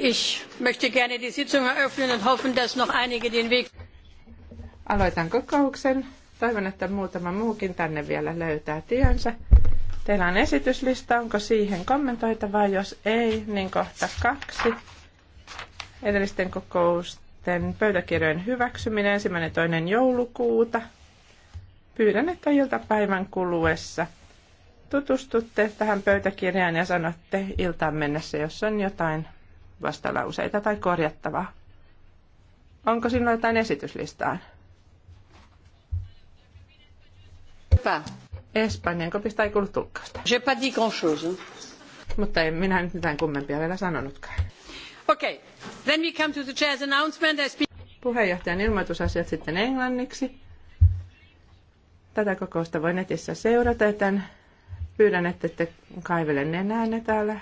Ich möchte gerne die Sitzung eröffnen und hoffen, dass noch einige den Weg... Aloitan kokouksen. Toivon, että muutama muukin tänne vielä löytää tiensä. Teillä on esityslista, onko siihen kommentoitavaa? Jos ei, niin kohta kaksi. Edellisten kokousten pöytäkirjojen hyväksyminen ensimmäinen toinen joulukuuta. Pyydän, että iltapäivän kuluessa tutustutte tähän pöytäkirjaan ja sanotte iltaan mennessä, jos on jotain vastalauseita tai korjattavaa? Onko sinulla jotain esityslistaan? Pää. Espanjan kopista ei kuulu tulkkausta. J'ai pas dit grand chose. Mutta en minä nyt mitään kummempia vielä sanonutkaan. Okay, then we come to the chair's announcement. As... Puheenjohtajan ilmoitusasiat sitten englanniksi. Tätä kokousta voi netissä seurata, joten pyydän, että te kaivele nenäänne täällä.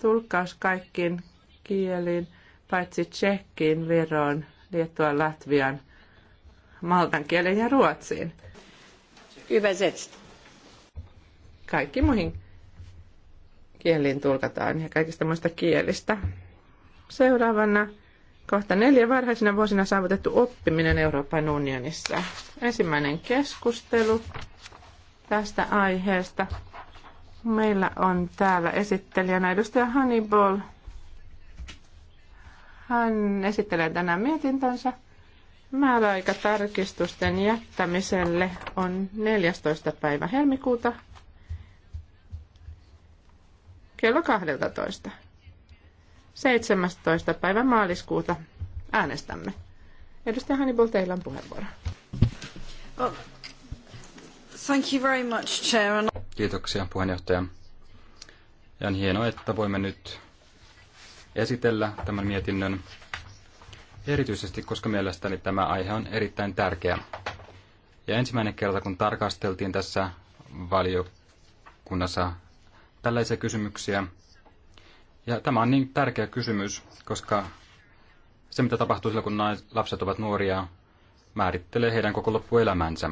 Tulkkaus kaikkiin kieliin, paitsi Tsekkiin, Viroon, Liettuan, Latvian, Maltan kielen ja Ruotsiin. Übersetzt. Kaikki muihin kieliin tulkataan ja kaikista muista kielistä. Seuraavana kohta neljä varhaisina vuosina saavutettu oppiminen Euroopan unionissa. Ensimmäinen keskustelu tästä aiheesta. Meillä on täällä esittelijänä edustaja Hannibal hän esittelee tänään mietintönsä. Määräaika tarkistusten jättämiselle on 14. päivä helmikuuta kello 12. 17. päivä maaliskuuta äänestämme. Edustaja Hannibal, teillä on puheenvuoro. Oh, thank you very much, Chair. Kiitoksia puheenjohtaja. Ja on hienoa, että voimme nyt esitellä tämän mietinnön erityisesti, koska mielestäni tämä aihe on erittäin tärkeä. Ja ensimmäinen kerta, kun tarkasteltiin tässä valiokunnassa tällaisia kysymyksiä, ja tämä on niin tärkeä kysymys, koska se, mitä tapahtuu silloin, kun lapset ovat nuoria, määrittelee heidän koko loppuelämänsä.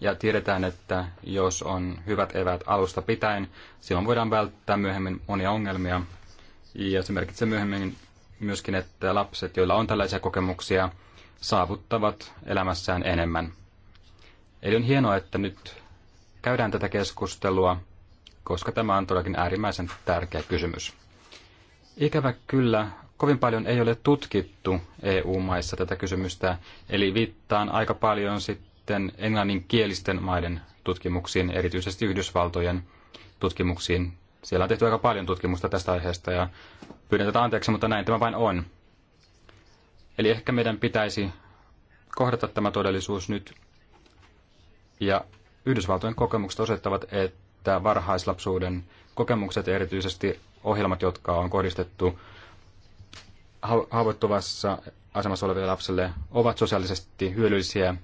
Ja tiedetään, että jos on hyvät evät alusta pitäen, silloin voidaan välttää myöhemmin monia ongelmia, ja se merkitsee myöhemmin myöskin, että lapset, joilla on tällaisia kokemuksia, saavuttavat elämässään enemmän. Eli on hienoa, että nyt käydään tätä keskustelua, koska tämä on todellakin äärimmäisen tärkeä kysymys. Ikävä kyllä, kovin paljon ei ole tutkittu EU-maissa tätä kysymystä, eli viittaan aika paljon sitten englanninkielisten maiden tutkimuksiin, erityisesti Yhdysvaltojen tutkimuksiin, siellä on tehty aika paljon tutkimusta tästä aiheesta ja pyydän tätä anteeksi, mutta näin tämä vain on. Eli ehkä meidän pitäisi kohdata tämä todellisuus nyt. Ja Yhdysvaltojen kokemukset osoittavat, että varhaislapsuuden kokemukset ja erityisesti ohjelmat, jotka on kohdistettu haavoittuvassa asemassa oleville lapsille, ovat sosiaalisesti hyödyllisiä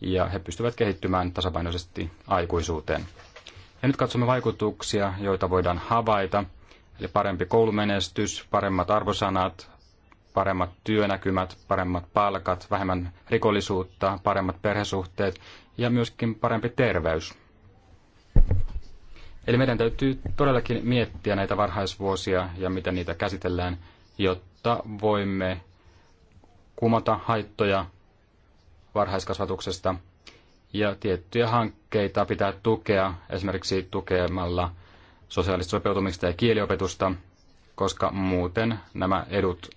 ja he pystyvät kehittymään tasapainoisesti aikuisuuteen. Ja nyt katsomme vaikutuksia, joita voidaan havaita. Eli parempi koulumenestys, paremmat arvosanat, paremmat työnäkymät, paremmat palkat, vähemmän rikollisuutta, paremmat perhesuhteet ja myöskin parempi terveys. Eli meidän täytyy todellakin miettiä näitä varhaisvuosia ja miten niitä käsitellään, jotta voimme kumota haittoja varhaiskasvatuksesta ja tiettyjä hankkeita pitää tukea, esimerkiksi tukemalla sosiaalista sopeutumista ja kieliopetusta, koska muuten nämä edut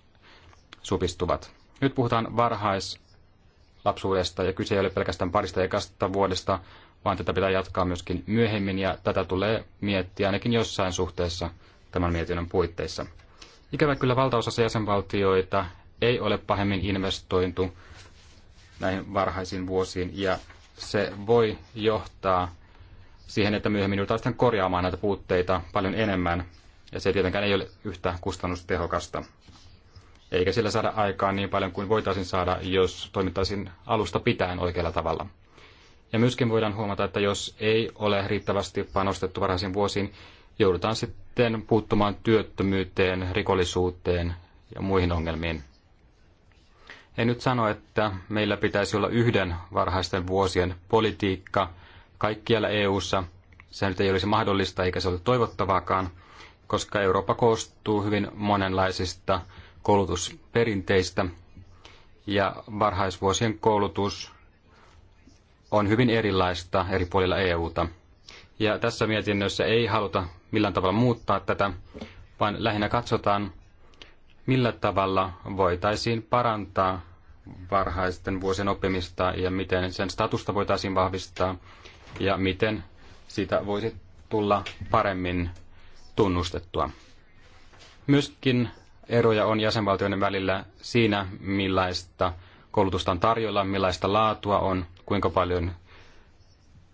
supistuvat. Nyt puhutaan varhaislapsuudesta ja kyse ei ole pelkästään parista ekasta vuodesta, vaan tätä pitää jatkaa myöskin myöhemmin ja tätä tulee miettiä ainakin jossain suhteessa tämän mietinnön puitteissa. Ikävä kyllä valtaosassa jäsenvaltioita ei ole pahemmin investointu näihin varhaisiin vuosiin ja se voi johtaa siihen, että myöhemmin joudutaan sitten korjaamaan näitä puutteita paljon enemmän, ja se tietenkään ei ole yhtä kustannustehokasta. Eikä sillä saada aikaan niin paljon kuin voitaisiin saada, jos toimittaisiin alusta pitäen oikealla tavalla. Ja myöskin voidaan huomata, että jos ei ole riittävästi panostettu varhaisiin vuosiin, joudutaan sitten puuttumaan työttömyyteen, rikollisuuteen ja muihin ongelmiin. En nyt sano, että meillä pitäisi olla yhden varhaisten vuosien politiikka kaikkialla EU:ssa. Se nyt ei olisi mahdollista eikä se ole toivottavaakaan, koska Eurooppa koostuu hyvin monenlaisista koulutusperinteistä ja varhaisvuosien koulutus on hyvin erilaista eri puolilla EUta. Ja tässä mietinnössä ei haluta millään tavalla muuttaa tätä, vaan lähinnä katsotaan, millä tavalla voitaisiin parantaa varhaisten vuosien oppimista ja miten sen statusta voitaisiin vahvistaa ja miten siitä voisi tulla paremmin tunnustettua. Myöskin eroja on jäsenvaltioiden välillä siinä, millaista koulutusta on tarjolla, millaista laatua on, kuinka paljon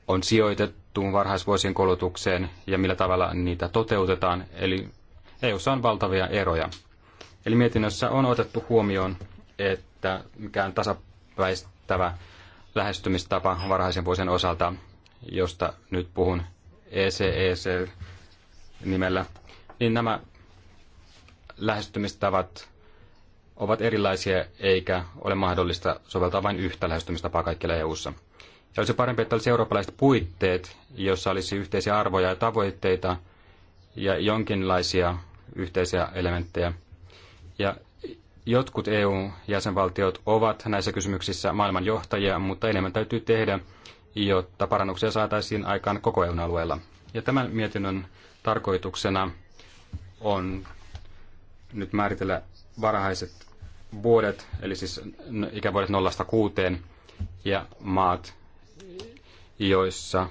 on sijoitettu varhaisvuosien koulutukseen ja millä tavalla niitä toteutetaan. Eli EU:ssa on valtavia eroja. Eli mietinnössä on otettu huomioon, että että mikään tasapäistävä lähestymistapa varhaisen vuosien osalta, josta nyt puhun ECEC-nimellä, niin nämä lähestymistavat ovat erilaisia eikä ole mahdollista soveltaa vain yhtä lähestymistapaa kaikkialla EU-ssa. Ja olisi parempi, että olisi eurooppalaiset puitteet, jossa olisi yhteisiä arvoja ja tavoitteita ja jonkinlaisia yhteisiä elementtejä. Ja Jotkut EU-jäsenvaltiot ovat näissä kysymyksissä maailmanjohtajia, mutta enemmän täytyy tehdä, jotta parannuksia saataisiin aikaan koko EUn alueella. Ja tämän mietinnön tarkoituksena on nyt määritellä varhaiset vuodet, eli siis ikävuodet nollasta kuuteen, ja maat, joissa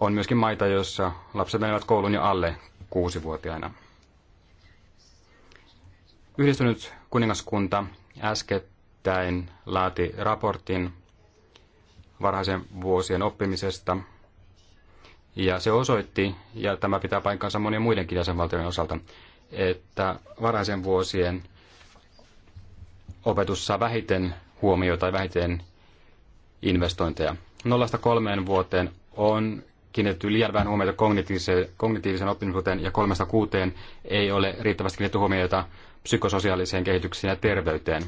on myöskin maita, joissa lapset menevät koulun jo alle kuusi vuotiaina Yhdistynyt kuningaskunta äskettäin laati raportin varhaisen vuosien oppimisesta. Ja se osoitti, ja tämä pitää paikkansa monien muidenkin jäsenvaltioiden osalta, että varhaisen vuosien opetus saa vähiten huomiota tai vähiten investointeja. 0-3 vuoteen on kiinnitetty liian vähän huomiota kognitiiviseen, kognitiiviseen oppimisuuteen ja kolmesta kuuteen ei ole riittävästi kiinnitetty huomiota psykososiaaliseen kehitykseen ja terveyteen.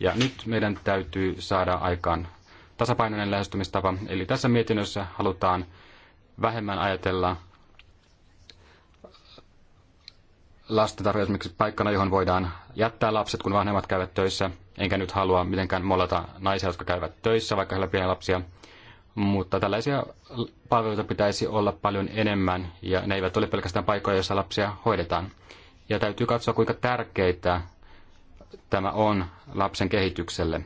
Ja nyt meidän täytyy saada aikaan tasapainoinen lähestymistapa. Eli tässä mietinnössä halutaan vähemmän ajatella tarve esimerkiksi paikkana, johon voidaan jättää lapset, kun vanhemmat käyvät töissä. Enkä nyt halua mitenkään mollata naisia, jotka käyvät töissä, vaikka heillä pieniä lapsia. Mutta tällaisia palveluita pitäisi olla paljon enemmän, ja ne eivät ole pelkästään paikkoja, joissa lapsia hoidetaan. Ja täytyy katsoa, kuinka tärkeitä tämä on lapsen kehitykselle.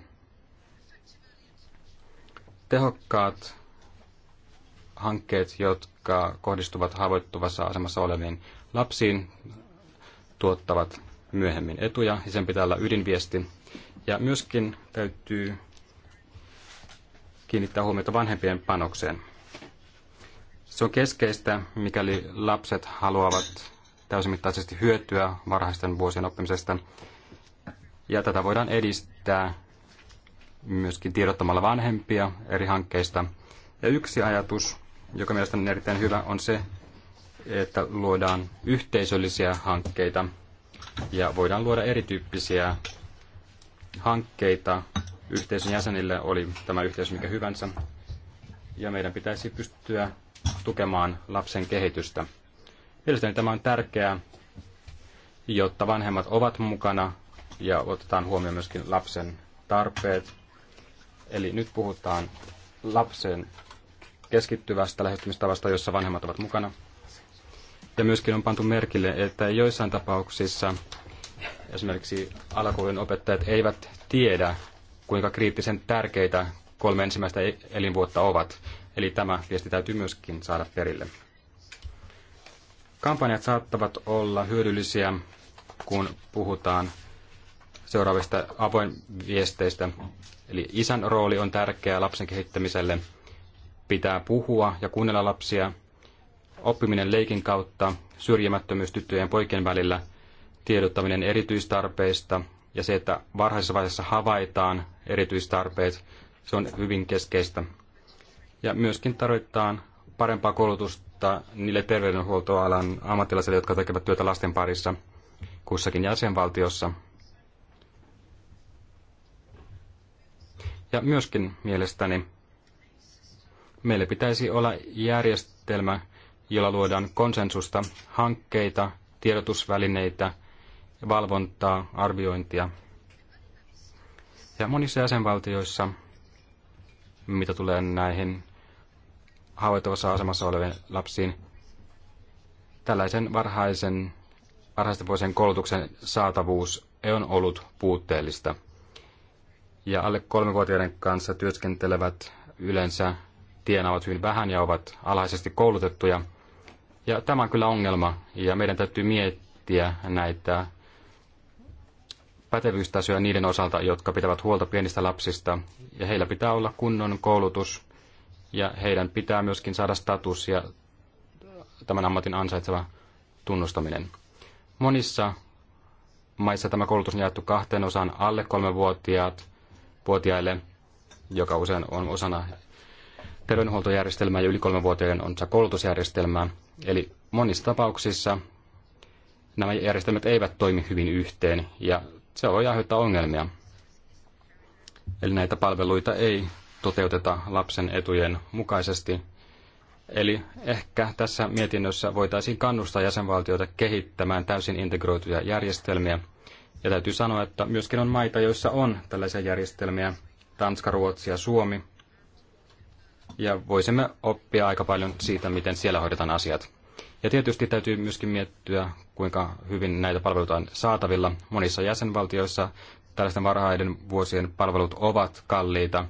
Tehokkaat hankkeet, jotka kohdistuvat haavoittuvassa asemassa oleviin lapsiin, tuottavat myöhemmin etuja, ja sen pitää olla ydinviesti. Ja myöskin täytyy kiinnittää huomiota vanhempien panokseen. Se on keskeistä, mikäli lapset haluavat täysimittaisesti hyötyä varhaisten vuosien oppimisesta. Ja tätä voidaan edistää myöskin tiedottamalla vanhempia eri hankkeista. Ja yksi ajatus, joka mielestäni on erittäin hyvä, on se, että luodaan yhteisöllisiä hankkeita ja voidaan luoda erityyppisiä hankkeita yhteisön jäsenille, oli tämä yhteisö mikä hyvänsä. Ja meidän pitäisi pystyä tukemaan lapsen kehitystä. Mielestäni tämä on tärkeää, jotta vanhemmat ovat mukana ja otetaan huomioon myöskin lapsen tarpeet. Eli nyt puhutaan lapsen keskittyvästä lähestymistavasta, jossa vanhemmat ovat mukana. Ja myöskin on pantu merkille, että joissain tapauksissa esimerkiksi alakoulun opettajat eivät tiedä, kuinka kriittisen tärkeitä kolme ensimmäistä elinvuotta ovat. Eli tämä viesti täytyy myöskin saada perille. Kampanjat saattavat olla hyödyllisiä, kun puhutaan seuraavista avoin viesteistä. Eli isän rooli on tärkeä lapsen kehittämiselle. Pitää puhua ja kuunnella lapsia. Oppiminen leikin kautta, syrjimättömyys tyttöjen ja poikien välillä, tiedottaminen erityistarpeista ja se, että varhaisessa vaiheessa havaitaan erityistarpeet, se on hyvin keskeistä. Ja myöskin tarvitaan parempaa koulutusta mutta niille terveydenhuoltoalan ammattilaisille, jotka tekevät työtä lasten parissa kussakin jäsenvaltiossa. Ja myöskin mielestäni meillä pitäisi olla järjestelmä, jolla luodaan konsensusta, hankkeita, tiedotusvälineitä, valvontaa, arviointia. Ja monissa jäsenvaltioissa, mitä tulee näihin haavoittuvassa asemassa oleviin lapsiin. Tällaisen varhaisen, varhaisten vuosien koulutuksen saatavuus on ollut puutteellista. Ja alle kolmevuotiaiden kanssa työskentelevät yleensä tienaavat hyvin vähän ja ovat alhaisesti koulutettuja. Ja tämä on kyllä ongelma, ja meidän täytyy miettiä näitä pätevyystasoja niiden osalta, jotka pitävät huolta pienistä lapsista, ja heillä pitää olla kunnon koulutus ja heidän pitää myöskin saada status ja tämän ammatin ansaitseva tunnustaminen. Monissa maissa tämä koulutus on jaettu kahteen osaan alle kolme vuotiaat, vuotiaille, joka usein on osana terveydenhuoltojärjestelmää ja yli vuotiaiden on osa koulutusjärjestelmää. Eli monissa tapauksissa nämä järjestelmät eivät toimi hyvin yhteen ja se voi aiheuttaa ongelmia. Eli näitä palveluita ei toteuteta lapsen etujen mukaisesti. Eli ehkä tässä mietinnössä voitaisiin kannustaa jäsenvaltioita kehittämään täysin integroituja järjestelmiä. Ja täytyy sanoa, että myöskin on maita, joissa on tällaisia järjestelmiä, Tanska, Ruotsi ja Suomi. Ja voisimme oppia aika paljon siitä, miten siellä hoidetaan asiat. Ja tietysti täytyy myöskin miettiä, kuinka hyvin näitä palveluita on saatavilla. Monissa jäsenvaltioissa tällaisten varhaiden vuosien palvelut ovat kalliita,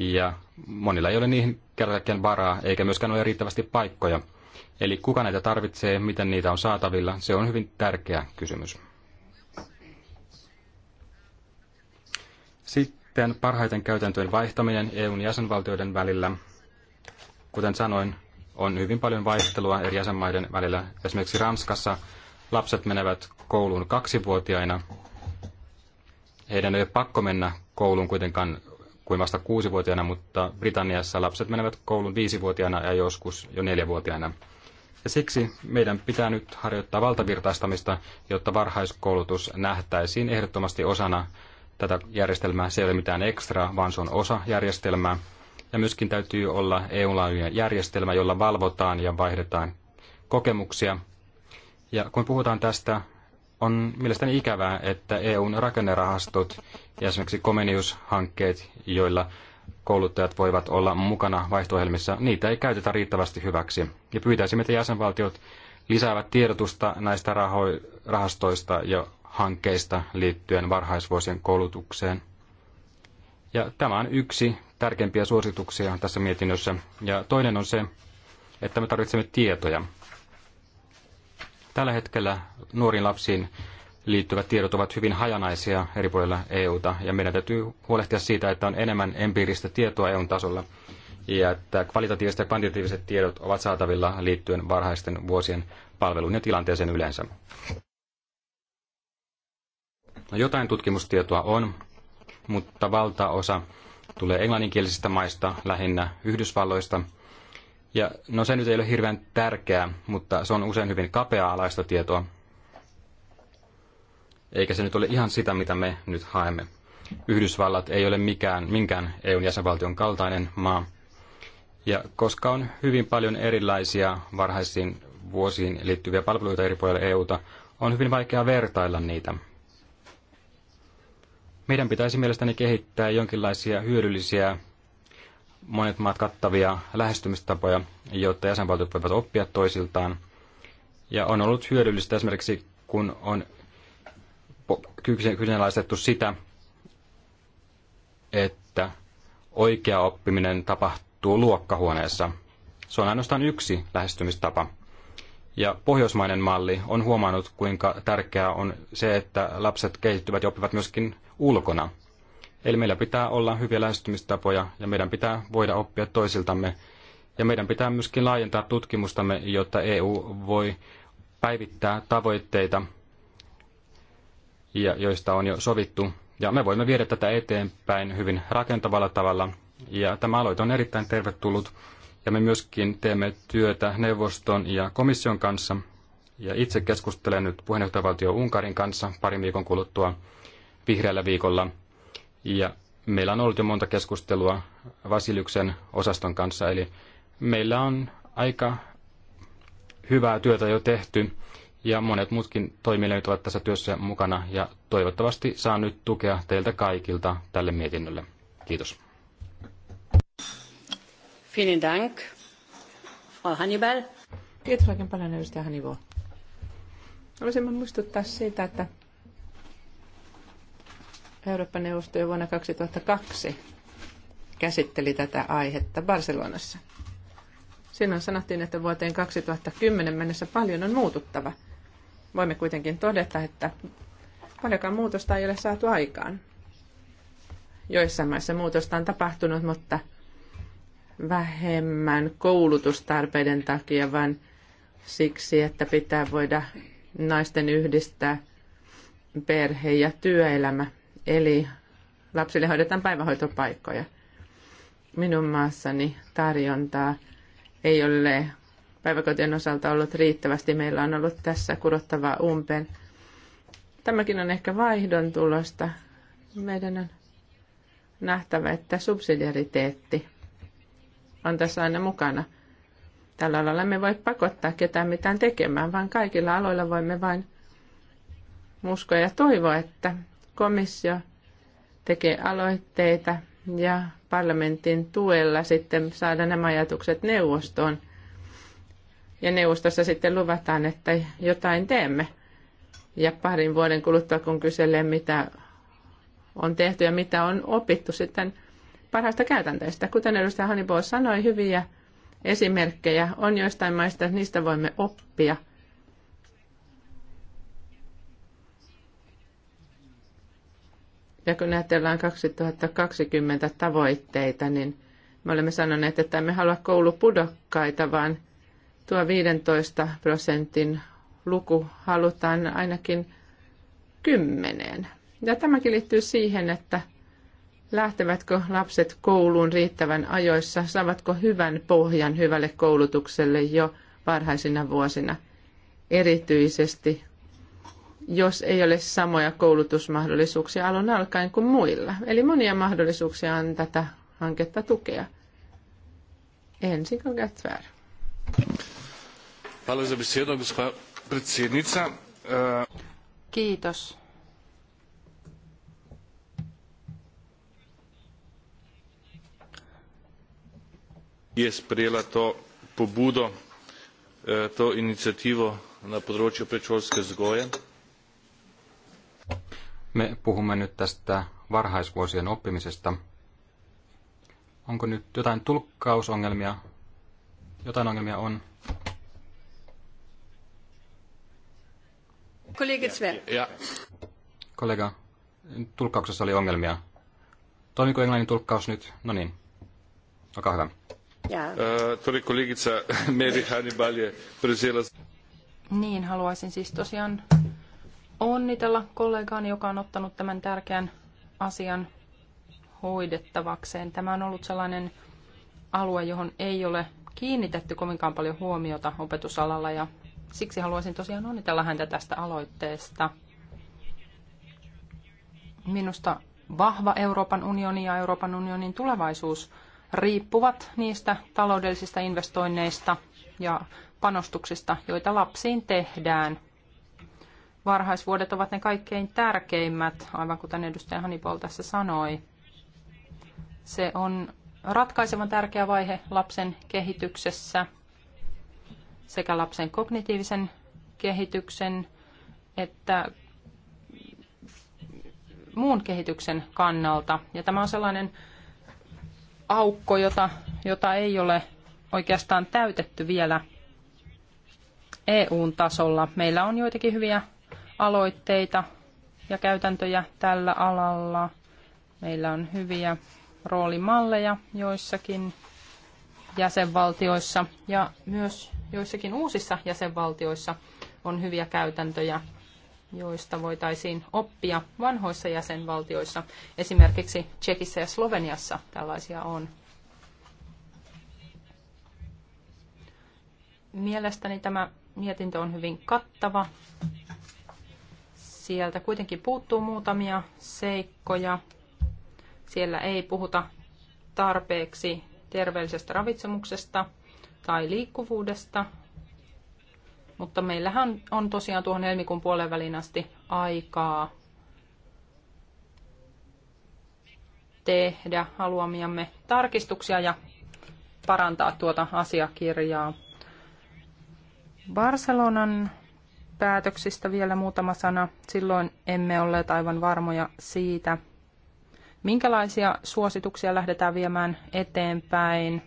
ja monilla ei ole niihin kertakaikkiaan varaa, eikä myöskään ole riittävästi paikkoja. Eli kuka näitä tarvitsee, miten niitä on saatavilla, se on hyvin tärkeä kysymys. Sitten parhaiten käytäntöjen vaihtaminen EUn jäsenvaltioiden välillä. Kuten sanoin, on hyvin paljon vaihtelua eri jäsenmaiden välillä. Esimerkiksi Ranskassa lapset menevät kouluun kaksivuotiaina. Heidän ei ole pakko mennä kouluun kuitenkaan kuin vasta kuusivuotiaana, mutta Britanniassa lapset menevät koulun viisivuotiaana ja joskus jo neljävuotiaana. Ja siksi meidän pitää nyt harjoittaa valtavirtaistamista, jotta varhaiskoulutus nähtäisiin ehdottomasti osana tätä järjestelmää. Se ei ole mitään ekstraa, vaan se on osa järjestelmää. Ja myöskin täytyy olla EU-laajuinen järjestelmä, jolla valvotaan ja vaihdetaan kokemuksia. Ja kun puhutaan tästä on mielestäni ikävää, että EUn rakennerahastot ja esimerkiksi Comenius-hankkeet, joilla kouluttajat voivat olla mukana vaihtoehdelmissa, niitä ei käytetä riittävästi hyväksi. Ja pyytäisimme, että jäsenvaltiot lisäävät tiedotusta näistä rahastoista ja hankkeista liittyen varhaisvuosien koulutukseen. Ja tämä on yksi tärkeimpiä suosituksia tässä mietinnössä. Ja toinen on se, että me tarvitsemme tietoja. Tällä hetkellä nuoriin lapsiin liittyvät tiedot ovat hyvin hajanaisia eri puolilla EUta, ja meidän täytyy huolehtia siitä, että on enemmän empiiristä tietoa EUn tasolla, ja että kvalitatiiviset ja kvantitatiiviset tiedot ovat saatavilla liittyen varhaisten vuosien palveluun ja tilanteeseen yleensä. No, jotain tutkimustietoa on, mutta valtaosa tulee englanninkielisistä maista, lähinnä Yhdysvalloista – ja no se nyt ei ole hirveän tärkeää, mutta se on usein hyvin kapea-alaista tietoa. Eikä se nyt ole ihan sitä, mitä me nyt haemme. Yhdysvallat ei ole mikään, minkään EUn jäsenvaltion kaltainen maa. Ja koska on hyvin paljon erilaisia varhaisiin vuosiin liittyviä palveluita eri puolilla EUta, on hyvin vaikea vertailla niitä. Meidän pitäisi mielestäni kehittää jonkinlaisia hyödyllisiä monet maat kattavia lähestymistapoja, jotta jäsenvaltiot voivat oppia toisiltaan. Ja on ollut hyödyllistä esimerkiksi, kun on kyseenalaistettu sitä, että oikea oppiminen tapahtuu luokkahuoneessa. Se on ainoastaan yksi lähestymistapa. Ja pohjoismainen malli on huomannut, kuinka tärkeää on se, että lapset kehittyvät ja oppivat myöskin ulkona. Eli meillä pitää olla hyviä lähestymistapoja ja meidän pitää voida oppia toisiltamme. Ja meidän pitää myöskin laajentaa tutkimustamme, jotta EU voi päivittää tavoitteita, joista on jo sovittu. Ja me voimme viedä tätä eteenpäin hyvin rakentavalla tavalla. Ja tämä aloite on erittäin tervetullut. Ja me myöskin teemme työtä neuvoston ja komission kanssa. Ja itse keskustelen nyt puheenjohtajavaltio Unkarin kanssa parin viikon kuluttua vihreällä viikolla – ja meillä on ollut jo monta keskustelua Vasiliuksen osaston kanssa, eli meillä on aika hyvää työtä jo tehty ja monet muutkin toimijat ovat tässä työssä mukana ja toivottavasti saan nyt tukea teiltä kaikilta tälle mietinnölle. Kiitos. Vielen Dank, Frau Hannibal. Kiitos oikein paljon, edustaja Hannibal. Haluaisin muistuttaa siitä, että Euroopan neuvosto jo vuonna 2002 käsitteli tätä aihetta Barcelonassa. Silloin sanottiin, että vuoteen 2010 mennessä paljon on muututtava. Voimme kuitenkin todeta, että paljonkaan muutosta ei ole saatu aikaan. Joissain maissa muutosta on tapahtunut, mutta vähemmän koulutustarpeiden takia, vaan siksi, että pitää voida naisten yhdistää perhe ja työelämä – Eli lapsille hoidetaan päivähoitopaikkoja. Minun maassani tarjontaa ei ole päiväkotien osalta ollut riittävästi. Meillä on ollut tässä kurottavaa umpeen. Tämäkin on ehkä vaihdon tulosta. Meidän on nähtävä, että subsidiariteetti on tässä aina mukana. Tällä alalla me voi pakottaa ketään mitään tekemään, vaan kaikilla aloilla voimme vain uskoa ja toivoa, että komissio tekee aloitteita ja parlamentin tuella sitten saada nämä ajatukset neuvostoon. Ja neuvostossa sitten luvataan, että jotain teemme. Ja parin vuoden kuluttua, kun kyselee, mitä on tehty ja mitä on opittu sitten parhaista käytänteistä. Kuten edustaja Hanibo sanoi, hyviä esimerkkejä on joistain maista, niistä voimme oppia – Ja kun ajatellaan 2020 tavoitteita, niin me olemme sanoneet, että emme halua koulupudokkaita, vaan tuo 15 prosentin luku halutaan ainakin kymmeneen. Ja tämäkin liittyy siihen, että lähtevätkö lapset kouluun riittävän ajoissa, saavatko hyvän pohjan hyvälle koulutukselle jo varhaisina vuosina, erityisesti jos ei ole samoja koulutusmahdollisuuksia alun alkaen kuin muilla. Eli monia mahdollisuuksia on tätä hanketta tukea. Ensin Gatvär. Hvala za besedo, gospa predsjednica. Eh, Kiitos. Je sprejela to pobudo, eh, to inicijativo na področju predšolske vzgoje me puhumme nyt tästä varhaisvuosien oppimisesta. Onko nyt jotain tulkkausongelmia? Jotain ongelmia on. Kollega Sven. Ja. Kollega, tulkkauksessa oli ongelmia. Toimiko englannin tulkkaus nyt? No niin. Olkaa hyvä. Tuli Torej, Meri Hannibalje prezela. Niin, haluaisin siis tosiaan onnitella kollegaani, joka on ottanut tämän tärkeän asian hoidettavakseen. Tämä on ollut sellainen alue, johon ei ole kiinnitetty kovinkaan paljon huomiota opetusalalla ja siksi haluaisin tosiaan onnitella häntä tästä aloitteesta. Minusta vahva Euroopan unioni ja Euroopan unionin tulevaisuus riippuvat niistä taloudellisista investoinneista ja panostuksista, joita lapsiin tehdään – varhaisvuodet ovat ne kaikkein tärkeimmät, aivan kuten edustaja Hanipol tässä sanoi. Se on ratkaisevan tärkeä vaihe lapsen kehityksessä sekä lapsen kognitiivisen kehityksen että muun kehityksen kannalta. Ja tämä on sellainen aukko, jota, jota ei ole oikeastaan täytetty vielä eu tasolla. Meillä on joitakin hyviä aloitteita ja käytäntöjä tällä alalla. Meillä on hyviä roolimalleja joissakin jäsenvaltioissa ja myös joissakin uusissa jäsenvaltioissa on hyviä käytäntöjä, joista voitaisiin oppia vanhoissa jäsenvaltioissa. Esimerkiksi Tsekissä ja Sloveniassa tällaisia on. Mielestäni tämä mietintö on hyvin kattava Sieltä kuitenkin puuttuu muutamia seikkoja. Siellä ei puhuta tarpeeksi terveellisestä ravitsemuksesta tai liikkuvuudesta, mutta meillähän on tosiaan tuohon helmikuun puolen välin asti aikaa tehdä haluamiamme tarkistuksia ja parantaa tuota asiakirjaa. Barcelonan päätöksistä vielä muutama sana. Silloin emme olleet aivan varmoja siitä, minkälaisia suosituksia lähdetään viemään eteenpäin.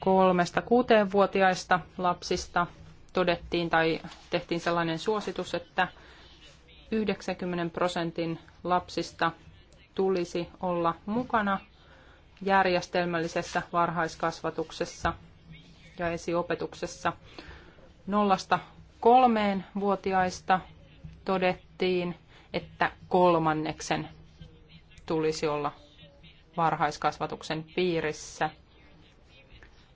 Kolmesta kuuteenvuotiaista lapsista todettiin tai tehtiin sellainen suositus, että 90 prosentin lapsista tulisi olla mukana järjestelmällisessä varhaiskasvatuksessa – ja esiopetuksessa. Nollasta kolmeen vuotiaista todettiin, että kolmanneksen tulisi olla varhaiskasvatuksen piirissä.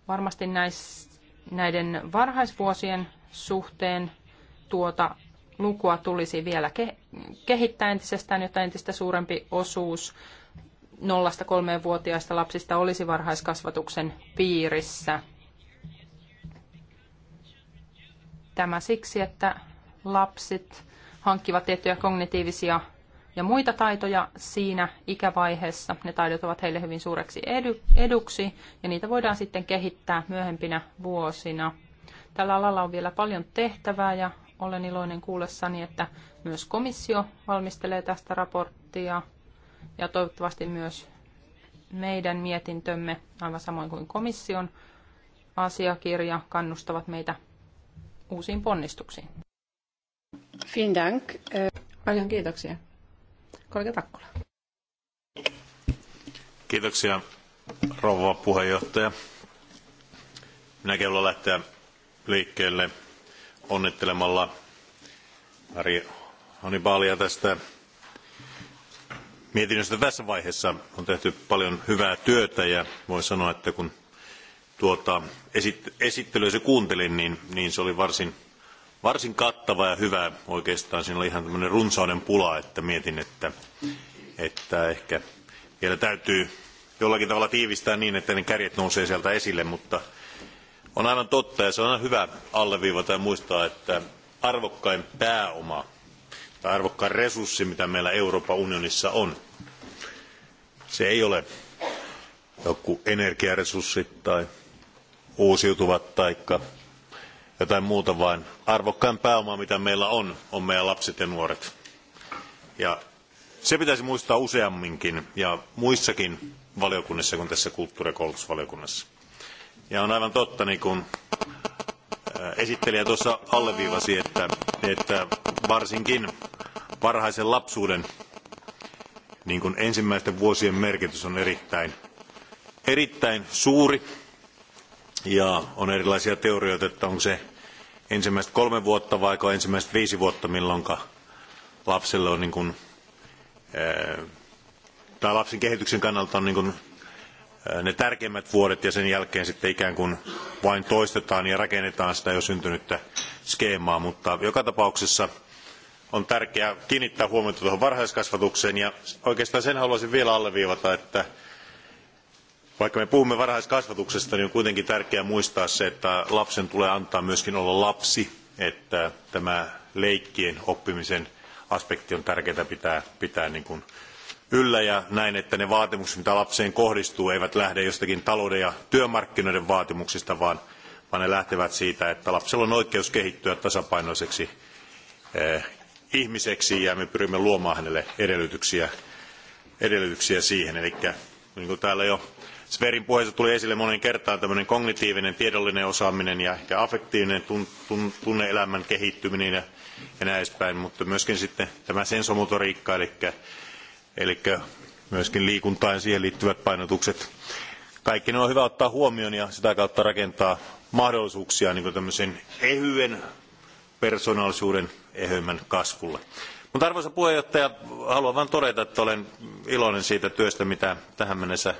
Varmasti näis, näiden varhaisvuosien suhteen tuota lukua tulisi vielä kehittää entisestään, jotta entistä suurempi osuus 0-3-vuotiaista lapsista olisi varhaiskasvatuksen piirissä. Tämä siksi, että lapset hankkivat tiettyjä kognitiivisia ja muita taitoja siinä ikävaiheessa. Ne taidot ovat heille hyvin suureksi edu, eduksi ja niitä voidaan sitten kehittää myöhempinä vuosina. Tällä alalla on vielä paljon tehtävää ja olen iloinen kuullessani, että myös komissio valmistelee tästä raporttia ja toivottavasti myös meidän mietintömme, aivan samoin kuin komission asiakirja, kannustavat meitä uusiin ponnistuksiin. Vielen Dank. Paljon kiitoksia. Kollega Takkula. Kiitoksia, rouva puheenjohtaja. Minäkin haluan lähteä liikkeelle onnittelemalla Mari Hannibalia tästä mietinnöstä tässä vaiheessa. On tehty paljon hyvää työtä ja voi sanoa, että kun tuota, esittelyä se kuuntelin, niin, niin se oli varsin, varsin kattava ja hyvä. Oikeastaan siinä oli ihan tämmöinen runsauden pula, että mietin, että, että ehkä vielä täytyy jollakin tavalla tiivistää niin, että ne kärjet nousee sieltä esille, mutta on aivan totta ja se on aina hyvä alleviivata ja muistaa, että arvokkain pääoma tai arvokkain resurssi, mitä meillä Euroopan unionissa on, se ei ole joku energiaresurssi tai uusiutuvat tai jotain muuta, vaan arvokkain pääoma, mitä meillä on, on meidän lapset ja nuoret. Ja se pitäisi muistaa useamminkin ja muissakin valiokunnissa kuin tässä kulttuuri- ja koulutusvaliokunnassa. Ja on aivan totta, niin kuin esittelijä tuossa alleviivasi, että, että varsinkin varhaisen lapsuuden niin kuin ensimmäisten vuosien merkitys on erittäin, erittäin suuri ja on erilaisia teorioita, että onko se ensimmäiset kolme vuotta vai ensimmäiset viisi vuotta, milloin lapselle on niin kuin, tai lapsen kehityksen kannalta on niin kuin ne tärkeimmät vuodet ja sen jälkeen sitten ikään kuin vain toistetaan ja rakennetaan sitä jo syntynyttä skeemaa, mutta joka tapauksessa on tärkeää kiinnittää huomiota tuohon varhaiskasvatukseen ja oikeastaan sen haluaisin vielä alleviivata, että vaikka me puhumme varhaiskasvatuksesta, niin on kuitenkin tärkeää muistaa se, että lapsen tulee antaa myöskin olla lapsi, että tämä leikkien oppimisen aspekti on tärkeää pitää, pitää niin kuin yllä ja näin, että ne vaatimukset, mitä lapseen kohdistuu, eivät lähde jostakin talouden ja työmarkkinoiden vaatimuksista, vaan, vaan ne lähtevät siitä, että lapsella on oikeus kehittyä tasapainoiseksi eh, ihmiseksi ja me pyrimme luomaan hänelle edellytyksiä, edellytyksiä siihen. Eli niin kuin täällä jo Sverin puheessa tuli esille monen kertaan tämmöinen kognitiivinen, tiedollinen osaaminen ja ehkä affektiivinen tun, tun, tunneelämän kehittyminen ja, ja näin edespäin, mutta myöskin sitten tämä sensomotoriikka, eli, eli myöskin liikuntaan ja siihen liittyvät painotukset. Kaikki ne on hyvä ottaa huomioon ja sitä kautta rakentaa mahdollisuuksia niin kuin tämmöisen ehyen persoonallisuuden eheymmän kasvulle. Mutta arvoisa puheenjohtaja, haluan vain todeta, että olen iloinen siitä työstä, mitä tähän mennessä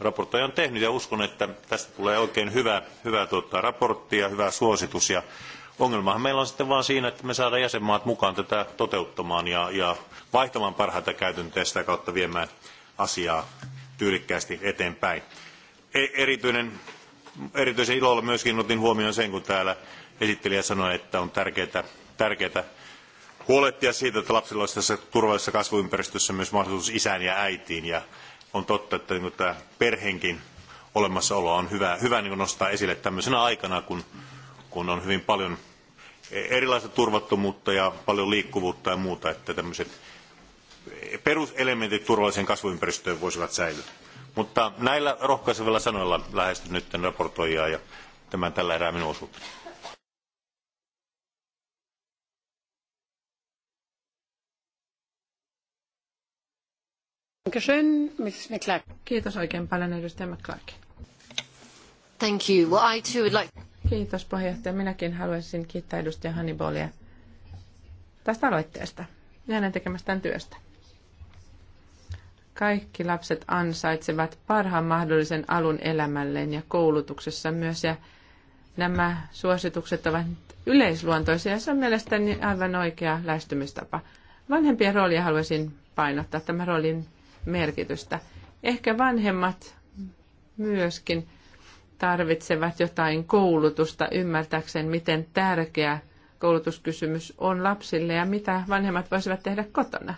raportoija on tehnyt ja uskon, että tästä tulee oikein hyvä, hyvä tuota, raportti ja hyvä suositus. Ja ongelmahan meillä on sitten vain siinä, että me saadaan jäsenmaat mukaan tätä toteuttamaan ja, ja vaihtamaan parhaita käytäntöjä sitä kautta viemään asiaa tyylikkäästi eteenpäin. E erityinen, erityisen ilolla myöskin otin huomioon sen, kun täällä esittelijä sanoi, että on tärkeää, tärkeää huolehtia siitä, että lapsilla olisi tässä turvallisessa kasvuympäristössä myös mahdollisuus isään ja äitiin. Ja on totta, että niin tämä perheenkin olemassaolo on hyvä, hyvä niin nostaa esille tämmöisenä aikana, kun, kun on hyvin paljon erilaista turvattomuutta ja paljon liikkuvuutta ja muuta, että tämmöiset peruselementit turvalliseen kasvuympäristöön voisivat säilyä. Mutta näillä rohkaisevilla sanoilla lähestyn nyt raportoijaa ja tämän tällä erää minun osuuteni. Kiitos oikein paljon edustaja McClarkin. Thank you. Well, I too would like... Kiitos puheenjohtaja. Minäkin haluaisin kiittää edustaja Hannibalia tästä aloitteesta ja hänen tekemästään työstä. Kaikki lapset ansaitsevat parhaan mahdollisen alun elämälleen ja koulutuksessa myös. Ja nämä suositukset ovat yleisluontoisia ja se on mielestäni aivan oikea lähestymistapa. Vanhempien roolia haluaisin painottaa. Tämä roolin merkitystä. Ehkä vanhemmat myöskin tarvitsevat jotain koulutusta ymmärtäkseen, miten tärkeä koulutuskysymys on lapsille ja mitä vanhemmat voisivat tehdä kotona.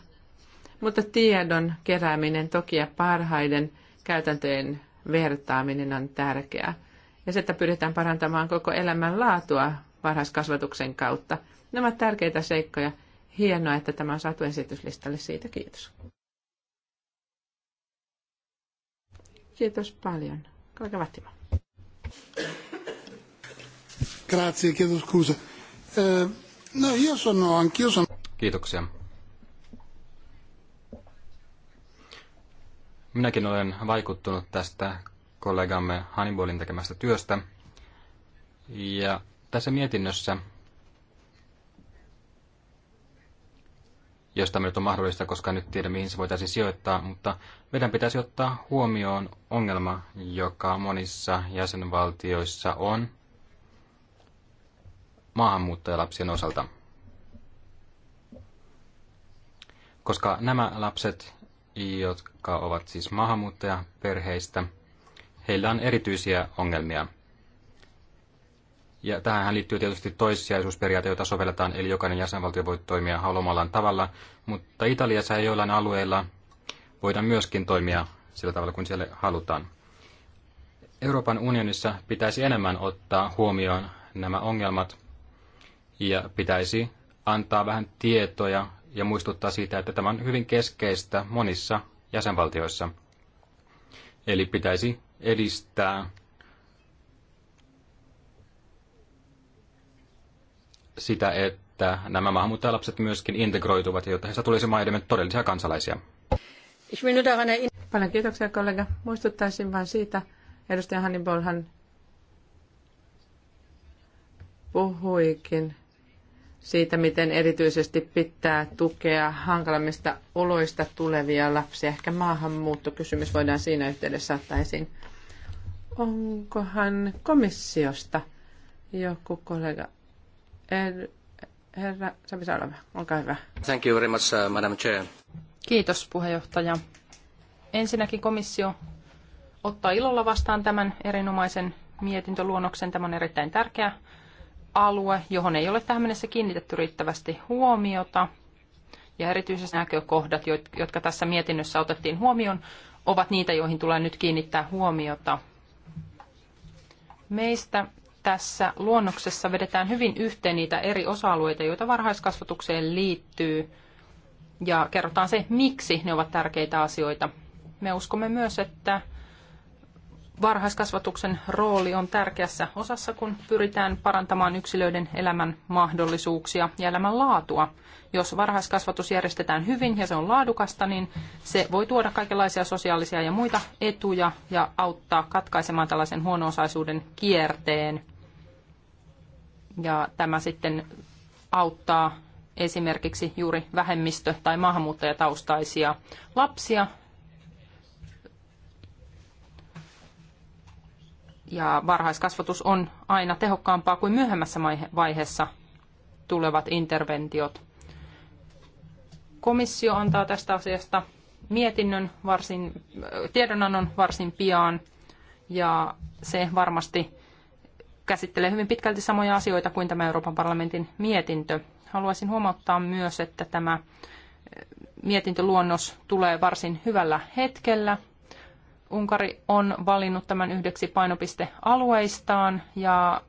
Mutta tiedon kerääminen toki ja parhaiden käytäntöjen vertaaminen on tärkeää. Ja se, että pyritään parantamaan koko elämän laatua varhaiskasvatuksen kautta. Nämä ovat tärkeitä seikkoja. Hienoa, että tämä on saatu esityslistalle. Siitä kiitos. Kiitos paljon. Kollega, vattima. Grazie, chiedo scusa. Eh, no, io sono, anch'io sono... Kiitoksia. Minäkin olen vaikuttunut tästä kollegamme Hannibalin tekemästä työstä. Ja tässä mietinnössä jos tämä nyt on mahdollista, koska nyt tiedä mihin se voitaisiin sijoittaa, mutta meidän pitäisi ottaa huomioon ongelma, joka monissa jäsenvaltioissa on maahanmuuttajalapsien osalta. Koska nämä lapset, jotka ovat siis maahanmuuttajaperheistä, heillä on erityisiä ongelmia. Ja tähän liittyy tietysti toissijaisuusperiaate, jota sovelletaan, eli jokainen jäsenvaltio voi toimia haluamallaan tavalla, mutta Italiassa ja joillain alueilla voidaan myöskin toimia sillä tavalla kun siellä halutaan. Euroopan unionissa pitäisi enemmän ottaa huomioon nämä ongelmat ja pitäisi antaa vähän tietoja ja muistuttaa siitä, että tämä on hyvin keskeistä monissa jäsenvaltioissa. Eli pitäisi edistää sitä, että nämä maahanmuuttajalapset myöskin integroituvat, jotta heistä tulisi maidemme todellisia kansalaisia. Paljon kiitoksia kollega. Muistuttaisin vain siitä, edustaja Hannibalhan puhuikin siitä, miten erityisesti pitää tukea hankalammista oloista tulevia lapsia. Ehkä maahanmuuttokysymys voidaan siinä yhteydessä ottaa esiin. Onkohan komissiosta joku kollega Er, herra Savisalava, olkaa hyvä. Thank you very much, uh, Madam Chair. Kiitos puheenjohtaja. Ensinnäkin komissio ottaa ilolla vastaan tämän erinomaisen mietintöluonnoksen. Tämä on erittäin tärkeä alue, johon ei ole tähän mennessä kiinnitetty riittävästi huomiota. Ja erityisesti näkökohdat, jotka tässä mietinnössä otettiin huomioon, ovat niitä, joihin tulee nyt kiinnittää huomiota. Meistä tässä luonnoksessa vedetään hyvin yhteen niitä eri osa-alueita, joita varhaiskasvatukseen liittyy, ja kerrotaan se, miksi ne ovat tärkeitä asioita. Me uskomme myös, että varhaiskasvatuksen rooli on tärkeässä osassa, kun pyritään parantamaan yksilöiden elämän mahdollisuuksia ja elämän laatua. Jos varhaiskasvatus järjestetään hyvin ja se on laadukasta, niin se voi tuoda kaikenlaisia sosiaalisia ja muita etuja ja auttaa katkaisemaan tällaisen huono-osaisuuden kierteen. Ja tämä sitten auttaa esimerkiksi juuri vähemmistö- tai maahanmuuttajataustaisia lapsia. Ja varhaiskasvatus on aina tehokkaampaa kuin myöhemmässä vaiheessa tulevat interventiot. Komissio antaa tästä asiasta mietinnön varsin, äh, tiedonannon varsin pian ja se varmasti käsittelee hyvin pitkälti samoja asioita kuin tämä Euroopan parlamentin mietintö. Haluaisin huomauttaa myös, että tämä eh, mietintöluonnos tulee varsin hyvällä hetkellä. Unkari on valinnut tämän yhdeksi painopistealueistaan ja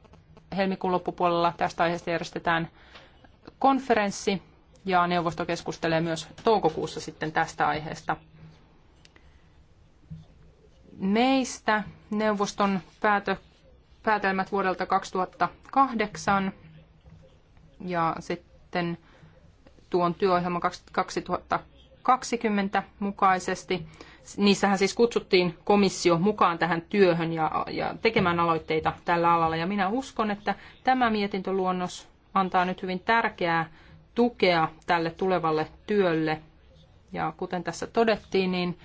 helmikuun loppupuolella tästä aiheesta järjestetään konferenssi ja neuvosto keskustelee myös toukokuussa sitten tästä aiheesta. Meistä neuvoston päätö, päätelmät vuodelta 2008 ja sitten tuon työohjelman 2020 mukaisesti. Niissähän siis kutsuttiin komissio mukaan tähän työhön ja, ja tekemään aloitteita tällä alalla. Ja minä uskon, että tämä mietintöluonnos antaa nyt hyvin tärkeää tukea tälle tulevalle työlle. Ja kuten tässä todettiin, niin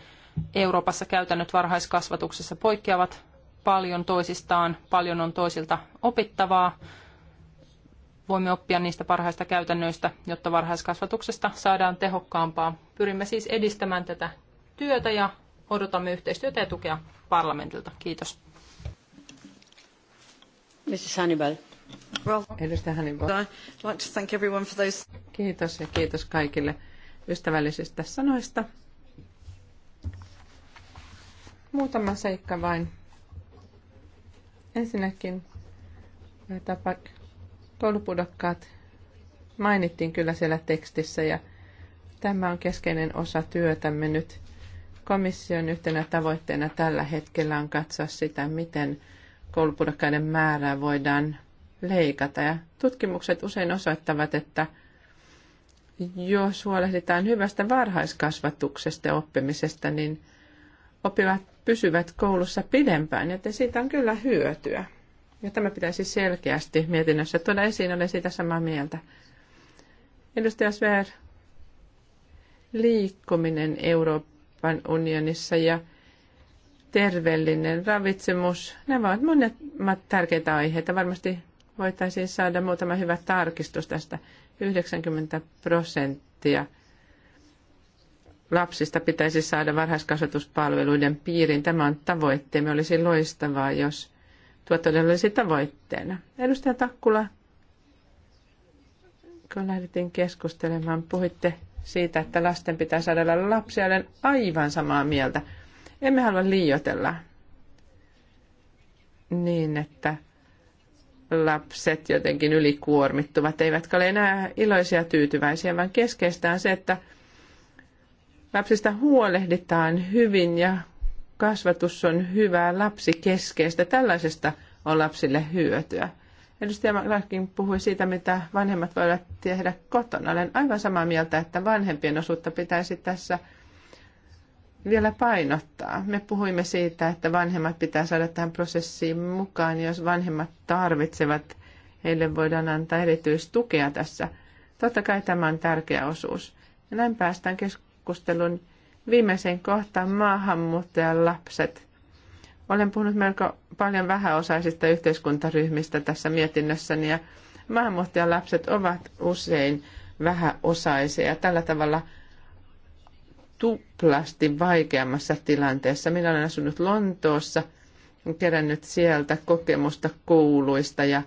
Euroopassa käytännöt varhaiskasvatuksessa poikkeavat paljon toisistaan, paljon on toisilta opittavaa. Voimme oppia niistä parhaista käytännöistä, jotta varhaiskasvatuksesta saadaan tehokkaampaa. Pyrimme siis edistämään tätä työtä ja odotamme yhteistyötä ja tukea parlamentilta. Kiitos. Mrs. Hannibal. Edustaja Hannibal. to thank everyone for those. Kiitos ja kiitos kaikille ystävällisistä sanoista. Muutama seikka vain Ensinnäkin tapa, koulupudokkaat mainittiin kyllä siellä tekstissä ja tämä on keskeinen osa työtämme nyt. Komission yhtenä tavoitteena tällä hetkellä on katsoa sitä, miten koulupudokkaiden määrää voidaan leikata. Ja tutkimukset usein osoittavat, että jos huolehditaan hyvästä varhaiskasvatuksesta ja oppimisesta, niin oppivat pysyvät koulussa pidempään, joten siitä on kyllä hyötyä. Ja tämä pitäisi selkeästi mietinnössä tuoda esiin, olen siitä samaa mieltä. Edustaja Sver, liikkuminen Euroopan unionissa ja terveellinen ravitsemus, nämä ovat monet tärkeitä aiheita. Varmasti voitaisiin saada muutama hyvä tarkistus tästä. 90 prosenttia – lapsista pitäisi saada varhaiskasvatuspalveluiden piiriin. Tämä on tavoitteemme. Olisi loistavaa, jos tuo todella olisi tavoitteena. Edustaja Takkula, kun lähdettiin keskustelemaan, puhuitte siitä, että lasten pitää saada olla lapsia. Olen aivan samaa mieltä. Emme halua liioitella niin, että lapset jotenkin ylikuormittuvat, eivätkä ole enää iloisia tyytyväisiä, vaan keskeistä on se, että – Lapsista huolehditaan hyvin ja kasvatus on hyvää lapsikeskeistä. Tällaisesta on lapsille hyötyä. Edustaja Markin puhui siitä, mitä vanhemmat voivat tehdä kotona. Olen aivan samaa mieltä, että vanhempien osuutta pitäisi tässä vielä painottaa. Me puhuimme siitä, että vanhemmat pitää saada tähän prosessiin mukaan. Jos vanhemmat tarvitsevat, heille voidaan antaa erityistukea tässä. Totta kai tämä on tärkeä osuus. Ja näin päästään keskusteluun keskustelun viimeiseen kohtaan maahanmuuttajan lapset. Olen puhunut melko paljon vähäosaisista yhteiskuntaryhmistä tässä mietinnössäni ja maahanmuuttajan lapset ovat usein vähäosaisia ja tällä tavalla tuplasti vaikeammassa tilanteessa. Minä olen asunut Lontoossa, kerännyt sieltä kokemusta kouluista ja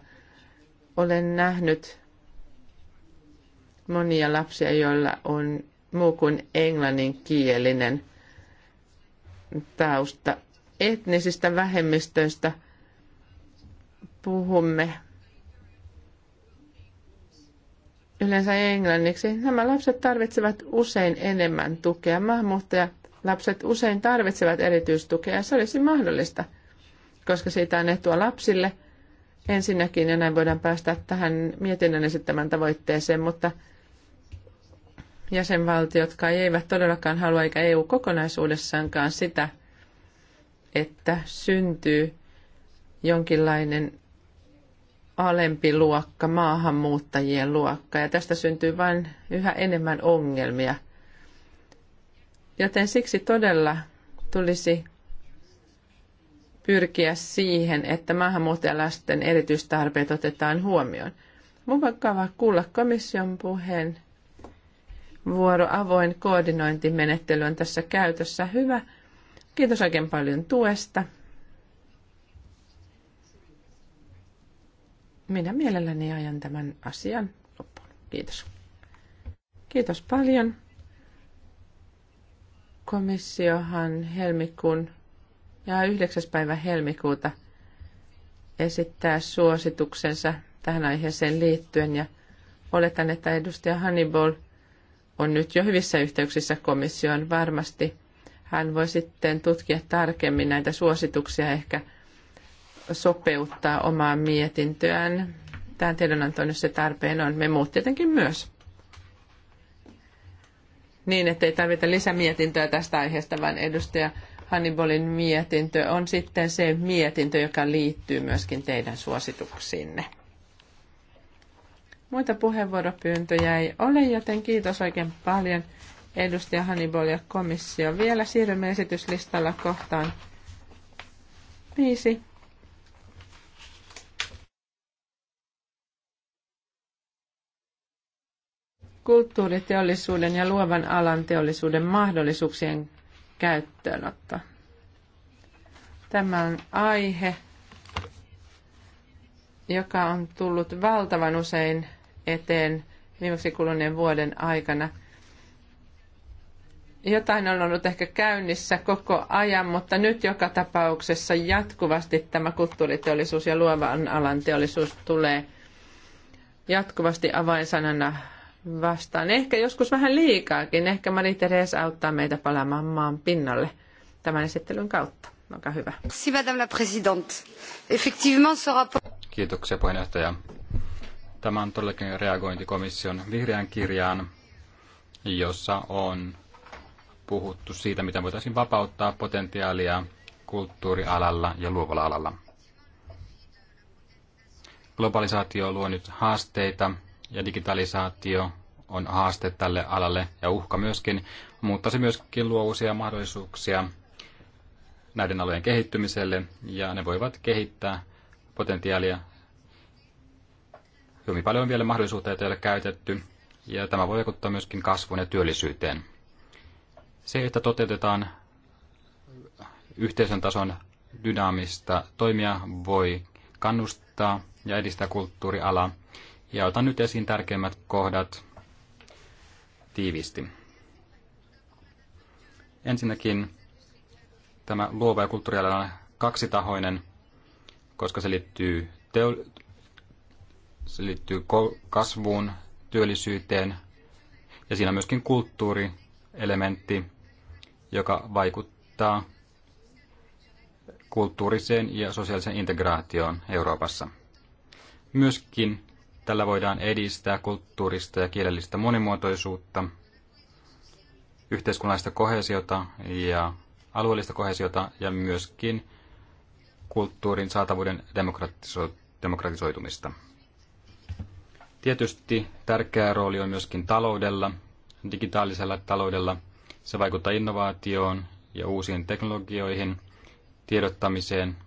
olen nähnyt monia lapsia, joilla on muu kuin englanninkielinen tausta. Etnisistä vähemmistöistä puhumme yleensä englanniksi. Nämä lapset tarvitsevat usein enemmän tukea. Maahanmuuttajat lapset usein tarvitsevat erityistukea se olisi mahdollista, koska siitä on etua lapsille ensinnäkin ja näin voidaan päästä tähän mietinnön esittämään tavoitteeseen, mutta – jäsenvaltiot kai eivät todellakaan halua, eikä EU kokonaisuudessaankaan sitä, että syntyy jonkinlainen alempi luokka, maahanmuuttajien luokka, ja tästä syntyy vain yhä enemmän ongelmia. Joten siksi todella tulisi pyrkiä siihen, että maahanmuuttajalasten erityistarpeet otetaan huomioon. Mun vakava kuulla komission puheen vuoro avoin koordinointimenettely on tässä käytössä hyvä. Kiitos oikein paljon tuesta. Minä mielelläni ajan tämän asian loppuun. Kiitos. Kiitos paljon. Komissiohan helmikuun ja 9. päivä helmikuuta esittää suosituksensa tähän aiheeseen liittyen ja oletan, että edustaja Hannibal – on nyt jo hyvissä yhteyksissä komissioon varmasti. Hän voi sitten tutkia tarkemmin näitä suosituksia, ehkä sopeuttaa omaa mietintöään tähän tiedonantoon, jos se tarpeen on. Me muut tietenkin myös. Niin, ettei tarvita lisämietintöä tästä aiheesta, vaan edustaja Hannibalin mietintö on sitten se mietintö, joka liittyy myöskin teidän suosituksiinne. Muita puheenvuoropyyntöjä ei ole, joten kiitos oikein paljon edustaja Hannibal ja komissio. Vielä siirrymme esityslistalla kohtaan viisi. kulttuuriteollisuuden ja luovan alan teollisuuden mahdollisuuksien käyttöönotto. Tämä on aihe, joka on tullut valtavan usein eteen viimeksi kuluneen vuoden aikana. Jotain on ollut ehkä käynnissä koko ajan, mutta nyt joka tapauksessa jatkuvasti tämä kulttuuriteollisuus ja luovan alan teollisuus tulee jatkuvasti avainsanana vastaan. Ehkä joskus vähän liikaakin. Ehkä Mari Teres auttaa meitä palaamaan maan pinnalle tämän esittelyn kautta. Olkaa hyvä. madame la présidente. Effectivement, ce rapport... Kiitoksia puheenjohtaja. Tämä on todellakin reagointi komission vihreään kirjaan, jossa on puhuttu siitä, mitä voitaisiin vapauttaa potentiaalia kulttuurialalla ja luovalla alalla. Globalisaatio luo nyt haasteita ja digitalisaatio on haaste tälle alalle ja uhka myöskin, mutta se myöskin luo uusia mahdollisuuksia näiden alojen kehittymiselle ja ne voivat kehittää potentiaalia Hyvin paljon on vielä mahdollisuutta, joita ei ole käytetty, ja tämä voi vaikuttaa myöskin kasvuun ja työllisyyteen. Se, että toteutetaan yhteisön tason dynaamista toimia, voi kannustaa ja edistää kulttuurialaa. Ja otan nyt esiin tärkeimmät kohdat tiivisti. Ensinnäkin tämä luova ja kulttuurialan kaksitahoinen, koska se liittyy teo- se liittyy kasvuun, työllisyyteen ja siinä on myöskin kulttuurielementti, joka vaikuttaa kulttuuriseen ja sosiaaliseen integraatioon Euroopassa. Myöskin tällä voidaan edistää kulttuurista ja kielellistä monimuotoisuutta, yhteiskunnallista kohesiota ja alueellista kohesiota ja myöskin kulttuurin saatavuuden demokratisoitumista. Tietysti tärkeä rooli on myöskin taloudella, digitaalisella taloudella. Se vaikuttaa innovaatioon ja uusiin teknologioihin, tiedottamiseen.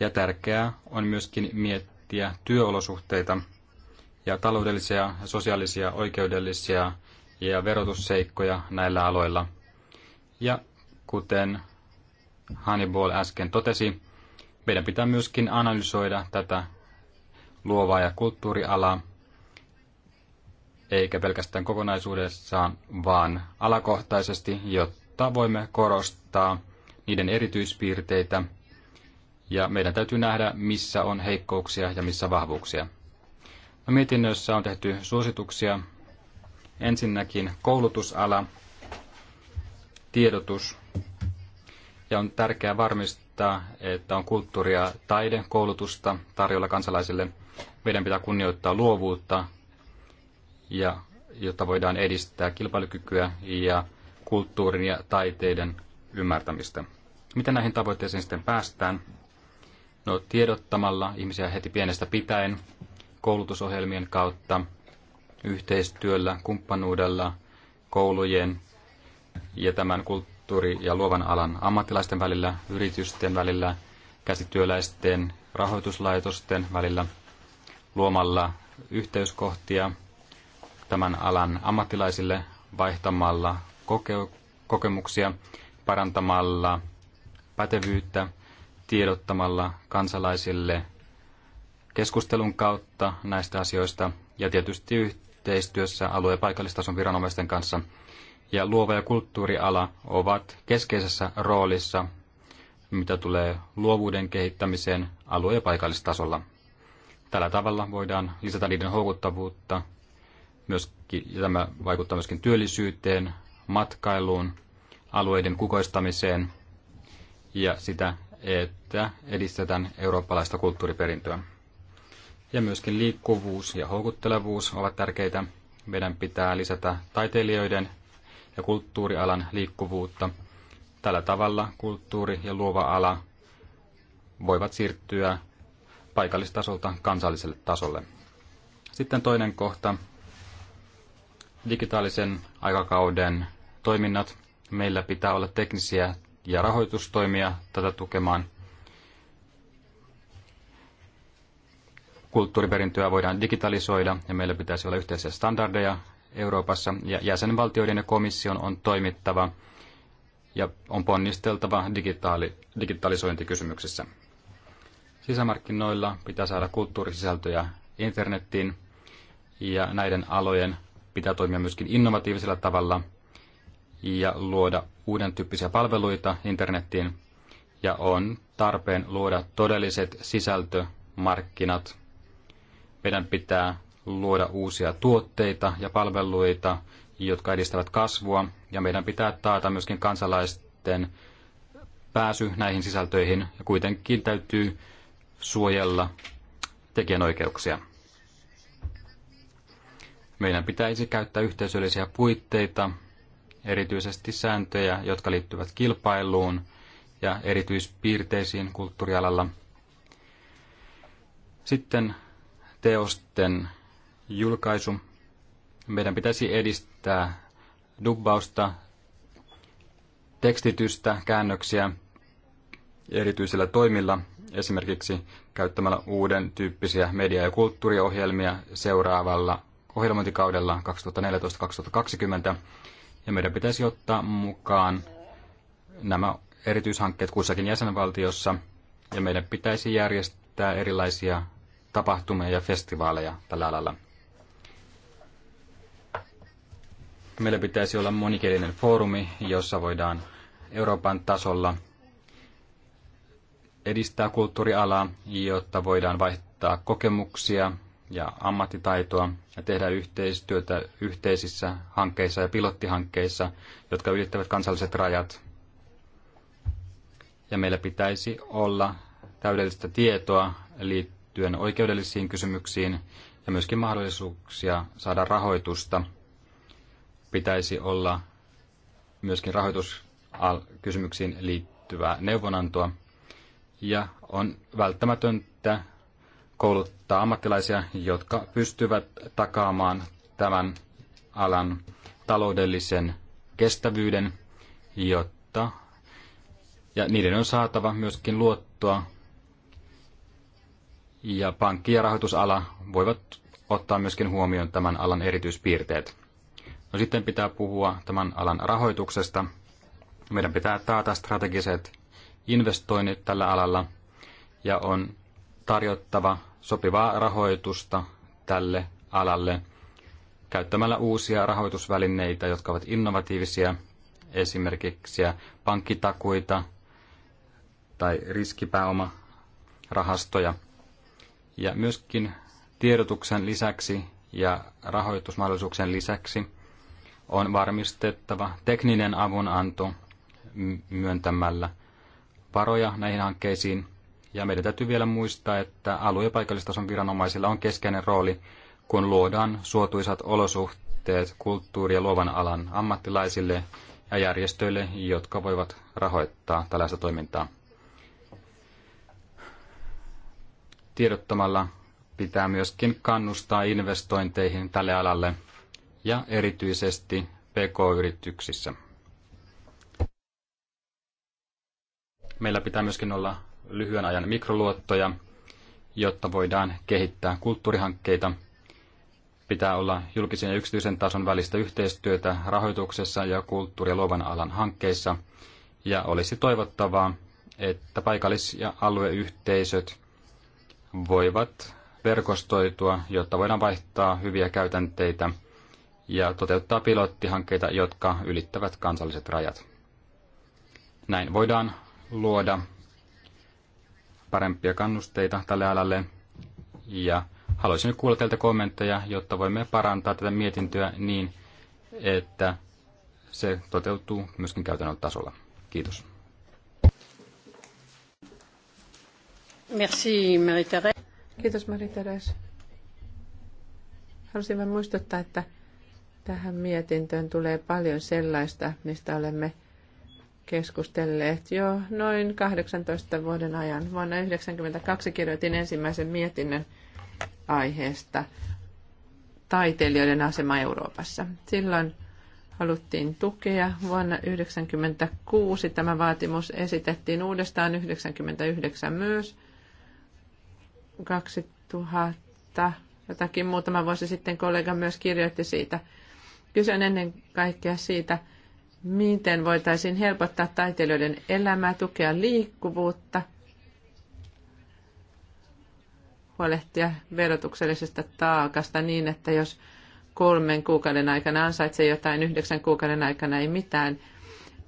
Ja tärkeää on myöskin miettiä työolosuhteita ja taloudellisia, sosiaalisia, oikeudellisia ja verotusseikkoja näillä aloilla. Ja kuten Hannibal äsken totesi, meidän pitää myöskin analysoida tätä luovaa ja kulttuurialaa, eikä pelkästään kokonaisuudessaan, vaan alakohtaisesti, jotta voimme korostaa niiden erityispiirteitä ja meidän täytyy nähdä, missä on heikkouksia ja missä vahvuuksia. No, mietinnössä on tehty suosituksia. Ensinnäkin koulutusala, tiedotus ja on tärkeää varmistaa, että on kulttuuria ja taidekoulutusta tarjolla kansalaisille – meidän pitää kunnioittaa luovuutta, ja, jotta voidaan edistää kilpailukykyä ja kulttuurin ja taiteiden ymmärtämistä. Miten näihin tavoitteisiin sitten päästään? No tiedottamalla ihmisiä heti pienestä pitäen, koulutusohjelmien kautta, yhteistyöllä, kumppanuudella, koulujen ja tämän kulttuuri- ja luovan alan ammattilaisten välillä, yritysten välillä, käsityöläisten, rahoituslaitosten välillä luomalla yhteyskohtia tämän alan ammattilaisille, vaihtamalla koke- kokemuksia, parantamalla pätevyyttä, tiedottamalla kansalaisille keskustelun kautta näistä asioista ja tietysti yhteistyössä alue- ja paikallistason viranomaisten kanssa. Ja luova ja kulttuuriala ovat keskeisessä roolissa, mitä tulee luovuuden kehittämiseen alue- ja paikallistasolla. Tällä tavalla voidaan lisätä niiden houkuttavuutta. Myöskin, ja tämä vaikuttaa myöskin työllisyyteen, matkailuun, alueiden kukoistamiseen ja sitä, että edistetään eurooppalaista kulttuuriperintöä. Ja myöskin liikkuvuus ja houkuttelevuus ovat tärkeitä. Meidän pitää lisätä taiteilijoiden ja kulttuurialan liikkuvuutta. Tällä tavalla kulttuuri ja luova ala voivat siirtyä paikallistasolta kansalliselle tasolle. Sitten toinen kohta, digitaalisen aikakauden toiminnat. Meillä pitää olla teknisiä ja rahoitustoimia tätä tukemaan. Kulttuuriperintöä voidaan digitalisoida ja meillä pitäisi olla yhteisiä standardeja Euroopassa ja jäsenvaltioiden ja komission on toimittava ja on ponnisteltava digitaali, digitalisointikysymyksissä. Sisämarkkinoilla pitää saada kulttuurisisältöjä internettiin ja näiden alojen pitää toimia myöskin innovatiivisella tavalla ja luoda uuden tyyppisiä palveluita internettiin ja on tarpeen luoda todelliset sisältömarkkinat. Meidän pitää luoda uusia tuotteita ja palveluita, jotka edistävät kasvua ja meidän pitää taata myöskin kansalaisten pääsy näihin sisältöihin ja kuitenkin täytyy suojella tekijänoikeuksia. Meidän pitäisi käyttää yhteisöllisiä puitteita, erityisesti sääntöjä, jotka liittyvät kilpailuun ja erityispiirteisiin kulttuurialalla. Sitten teosten julkaisu. Meidän pitäisi edistää dubbausta, tekstitystä, käännöksiä erityisillä toimilla, esimerkiksi käyttämällä uuden tyyppisiä media- ja kulttuuriohjelmia seuraavalla ohjelmointikaudella 2014-2020, ja meidän pitäisi ottaa mukaan nämä erityishankkeet kussakin jäsenvaltiossa, ja meidän pitäisi järjestää erilaisia tapahtumia ja festivaaleja tällä alalla. Meillä pitäisi olla monikielinen foorumi, jossa voidaan Euroopan tasolla – edistää kulttuurialaa, jotta voidaan vaihtaa kokemuksia ja ammattitaitoa ja tehdä yhteistyötä yhteisissä hankkeissa ja pilottihankkeissa, jotka ylittävät kansalliset rajat. Ja meillä pitäisi olla täydellistä tietoa liittyen oikeudellisiin kysymyksiin ja myöskin mahdollisuuksia saada rahoitusta. Pitäisi olla myöskin rahoituskysymyksiin liittyvää neuvonantoa ja on välttämätöntä kouluttaa ammattilaisia, jotka pystyvät takaamaan tämän alan taloudellisen kestävyyden, jotta ja niiden on saatava myöskin luottoa ja pankki- ja rahoitusala voivat ottaa myöskin huomioon tämän alan erityispiirteet. No sitten pitää puhua tämän alan rahoituksesta. Meidän pitää taata strategiset investoinnit tällä alalla ja on tarjottava sopivaa rahoitusta tälle alalle käyttämällä uusia rahoitusvälineitä, jotka ovat innovatiivisia, esimerkiksi pankkitakuita tai riskipääomarahastoja. Ja myöskin tiedotuksen lisäksi ja rahoitusmahdollisuuksien lisäksi on varmistettava tekninen avunanto myöntämällä – varoja näihin hankkeisiin. Ja meidän täytyy vielä muistaa, että alue- ja paikallistason viranomaisilla on keskeinen rooli, kun luodaan suotuisat olosuhteet kulttuuri- ja luovan alan ammattilaisille ja järjestöille, jotka voivat rahoittaa tällaista toimintaa. Tiedottamalla pitää myöskin kannustaa investointeihin tälle alalle ja erityisesti PK-yrityksissä. Meillä pitää myöskin olla lyhyen ajan mikroluottoja, jotta voidaan kehittää kulttuurihankkeita. Pitää olla julkisen ja yksityisen tason välistä yhteistyötä rahoituksessa ja kulttuuri- ja luovan alan hankkeissa. Ja olisi toivottavaa, että paikallis- ja alueyhteisöt voivat verkostoitua, jotta voidaan vaihtaa hyviä käytänteitä ja toteuttaa pilottihankkeita, jotka ylittävät kansalliset rajat. Näin voidaan luoda parempia kannusteita tälle alalle ja haluaisin nyt kuulla teiltä kommentteja, jotta voimme parantaa tätä mietintöä niin, että se toteutuu myöskin käytännön tasolla. Kiitos. Merci, Marie-Thérèse. Kiitos, Marie-Thérèse. Halusin vain muistuttaa, että tähän mietintöön tulee paljon sellaista, mistä olemme – keskustelleet jo noin 18 vuoden ajan. Vuonna 1992 kirjoitin ensimmäisen mietinnön aiheesta taiteilijoiden asema Euroopassa. Silloin haluttiin tukea. Vuonna 1996 tämä vaatimus esitettiin uudestaan 1999 myös. 2000 jotakin muutama vuosi sitten kollega myös kirjoitti siitä. Kyse on ennen kaikkea siitä, miten voitaisiin helpottaa taiteilijoiden elämää, tukea liikkuvuutta, huolehtia verotuksellisesta taakasta niin, että jos kolmen kuukauden aikana ansaitsee jotain, yhdeksän kuukauden aikana ei mitään.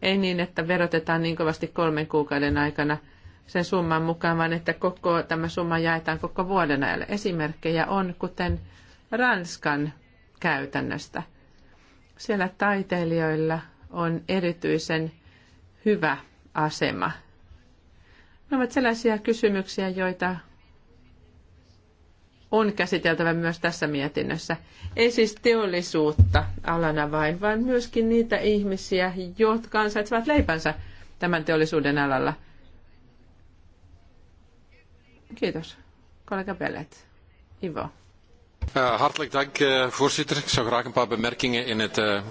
Ei niin, että verotetaan niin kovasti kolmen kuukauden aikana sen summan mukaan, vaan että koko tämä summa jaetaan koko vuoden ajalle. Esimerkkejä on, kuten Ranskan käytännöstä. Siellä taiteilijoilla on erityisen hyvä asema. Ne ovat sellaisia kysymyksiä, joita on käsiteltävä myös tässä mietinnössä. Ei siis teollisuutta alana vain, vaan myöskin niitä ihmisiä, jotka ansaitsevat leipänsä tämän teollisuuden alalla. Kiitos. Kollega Pellet. Ivo. Eh, hartelijk dank, eh, voorzitter. Ik zou graag een paar bemerkingen in het... Eh,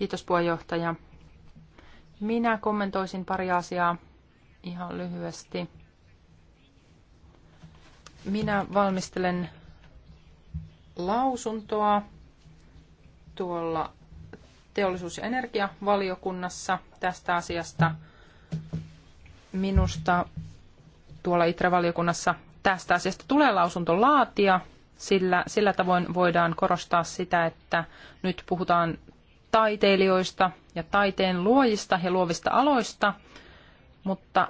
Kiitos puheenjohtaja. Minä kommentoisin pari asiaa ihan lyhyesti. Minä valmistelen lausuntoa tuolla teollisuus- ja energiavaliokunnassa tästä asiasta. Minusta tuolla ITRE-valiokunnassa tästä asiasta tulee lausunto laatia, sillä, sillä tavoin voidaan korostaa sitä, että nyt puhutaan taiteilijoista ja taiteen luojista ja luovista aloista, mutta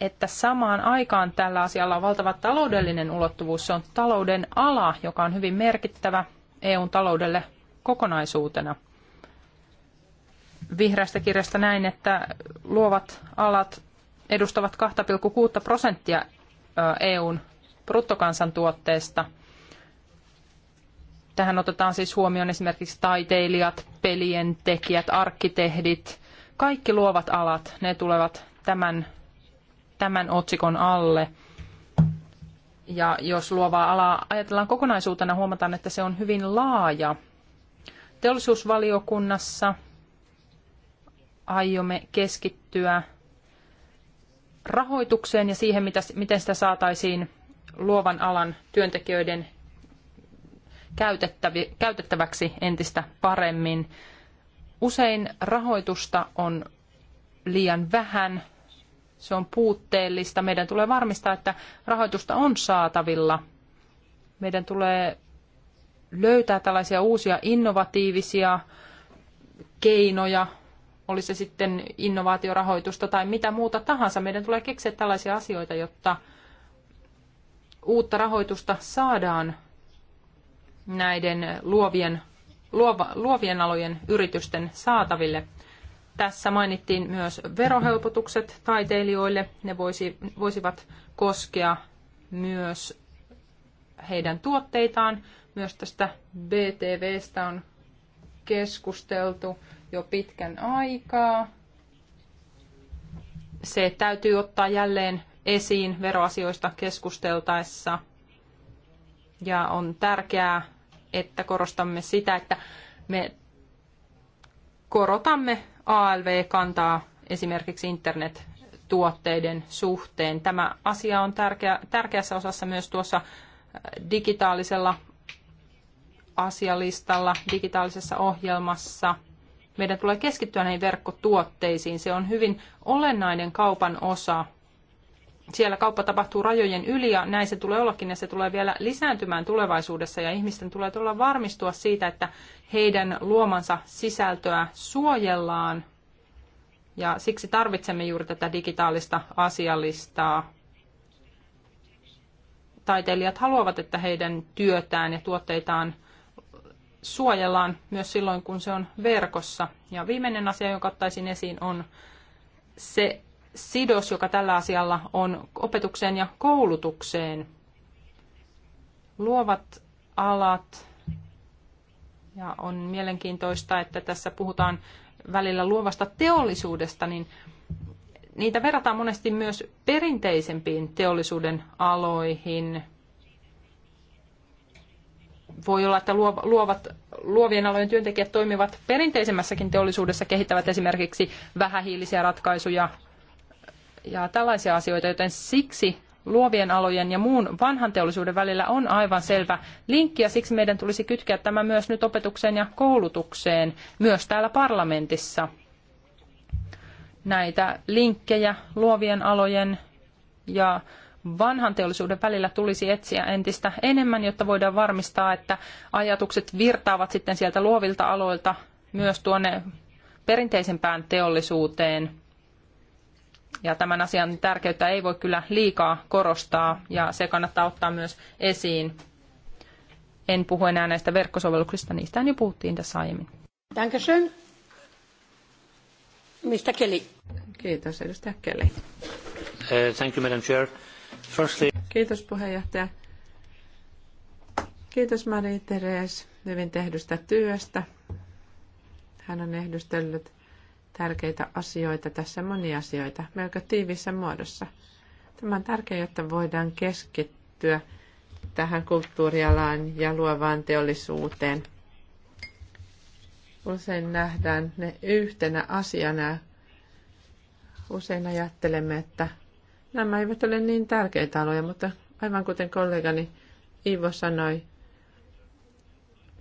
että samaan aikaan tällä asialla on valtava taloudellinen ulottuvuus. Se on talouden ala, joka on hyvin merkittävä EUn taloudelle kokonaisuutena. Vihreästä kirjasta näin, että luovat alat edustavat 2,6 prosenttia EUn bruttokansantuotteesta – Tähän otetaan siis huomioon esimerkiksi taiteilijat, pelien tekijät, arkkitehdit, kaikki luovat alat, ne tulevat tämän, tämän otsikon alle. Ja jos luovaa alaa ajatellaan kokonaisuutena, huomataan, että se on hyvin laaja. Teollisuusvaliokunnassa aiomme keskittyä rahoitukseen ja siihen, miten sitä saataisiin luovan alan työntekijöiden käytettäväksi entistä paremmin. Usein rahoitusta on liian vähän, se on puutteellista. Meidän tulee varmistaa, että rahoitusta on saatavilla. Meidän tulee löytää tällaisia uusia innovatiivisia keinoja, oli se sitten innovaatiorahoitusta tai mitä muuta tahansa. Meidän tulee keksiä tällaisia asioita, jotta uutta rahoitusta saadaan näiden luovien, luova, luovien alojen yritysten saataville. Tässä mainittiin myös verohelpotukset taiteilijoille. Ne voisi, voisivat koskea myös heidän tuotteitaan. Myös tästä BTVstä on keskusteltu jo pitkän aikaa. Se täytyy ottaa jälleen esiin veroasioista keskusteltaessa. Ja on tärkeää että korostamme sitä, että me korotamme ALV-kantaa esimerkiksi internet-tuotteiden suhteen. Tämä asia on tärkeä, tärkeässä osassa myös tuossa äh, digitaalisella asialistalla, digitaalisessa ohjelmassa. Meidän tulee keskittyä näihin verkkotuotteisiin. Se on hyvin olennainen kaupan osa siellä kauppa tapahtuu rajojen yli ja näin se tulee ollakin ja se tulee vielä lisääntymään tulevaisuudessa ja ihmisten tulee tulla varmistua siitä, että heidän luomansa sisältöä suojellaan ja siksi tarvitsemme juuri tätä digitaalista asialistaa. Taiteilijat haluavat, että heidän työtään ja tuotteitaan suojellaan myös silloin, kun se on verkossa. Ja viimeinen asia, jonka ottaisin esiin, on se, sidos, joka tällä asialla on opetukseen ja koulutukseen. Luovat alat, ja on mielenkiintoista, että tässä puhutaan välillä luovasta teollisuudesta, niin niitä verrataan monesti myös perinteisempiin teollisuuden aloihin. Voi olla, että luovat, luovien alojen työntekijät toimivat perinteisemmässäkin teollisuudessa, kehittävät esimerkiksi vähähiilisiä ratkaisuja, ja tällaisia asioita, joten siksi luovien alojen ja muun vanhan teollisuuden välillä on aivan selvä linkki ja siksi meidän tulisi kytkeä tämä myös nyt opetukseen ja koulutukseen myös täällä parlamentissa. Näitä linkkejä luovien alojen ja vanhan teollisuuden välillä tulisi etsiä entistä enemmän, jotta voidaan varmistaa, että ajatukset virtaavat sitten sieltä luovilta aloilta myös tuonne perinteisempään teollisuuteen – ja tämän asian tärkeyttä ei voi kyllä liikaa korostaa ja se kannattaa ottaa myös esiin. En puhu enää näistä verkkosovelluksista, niistä jo puhuttiin tässä aiemmin. Dankeschön. Mr. Kelly. Kiitos, edustaja Kelly. Uh, thank you, Madam Chair. Firstly... Kiitos puheenjohtaja. Kiitos Marie Therese hyvin tehdystä työstä. Hän on ehdustellut tärkeitä asioita. Tässä monia asioita melko tiivissä muodossa. Tämä on tärkeää, jotta voidaan keskittyä tähän kulttuurialaan ja luovaan teollisuuteen. Usein nähdään ne yhtenä asiana. Usein ajattelemme, että nämä eivät ole niin tärkeitä aloja, mutta aivan kuten kollegani Iivo sanoi,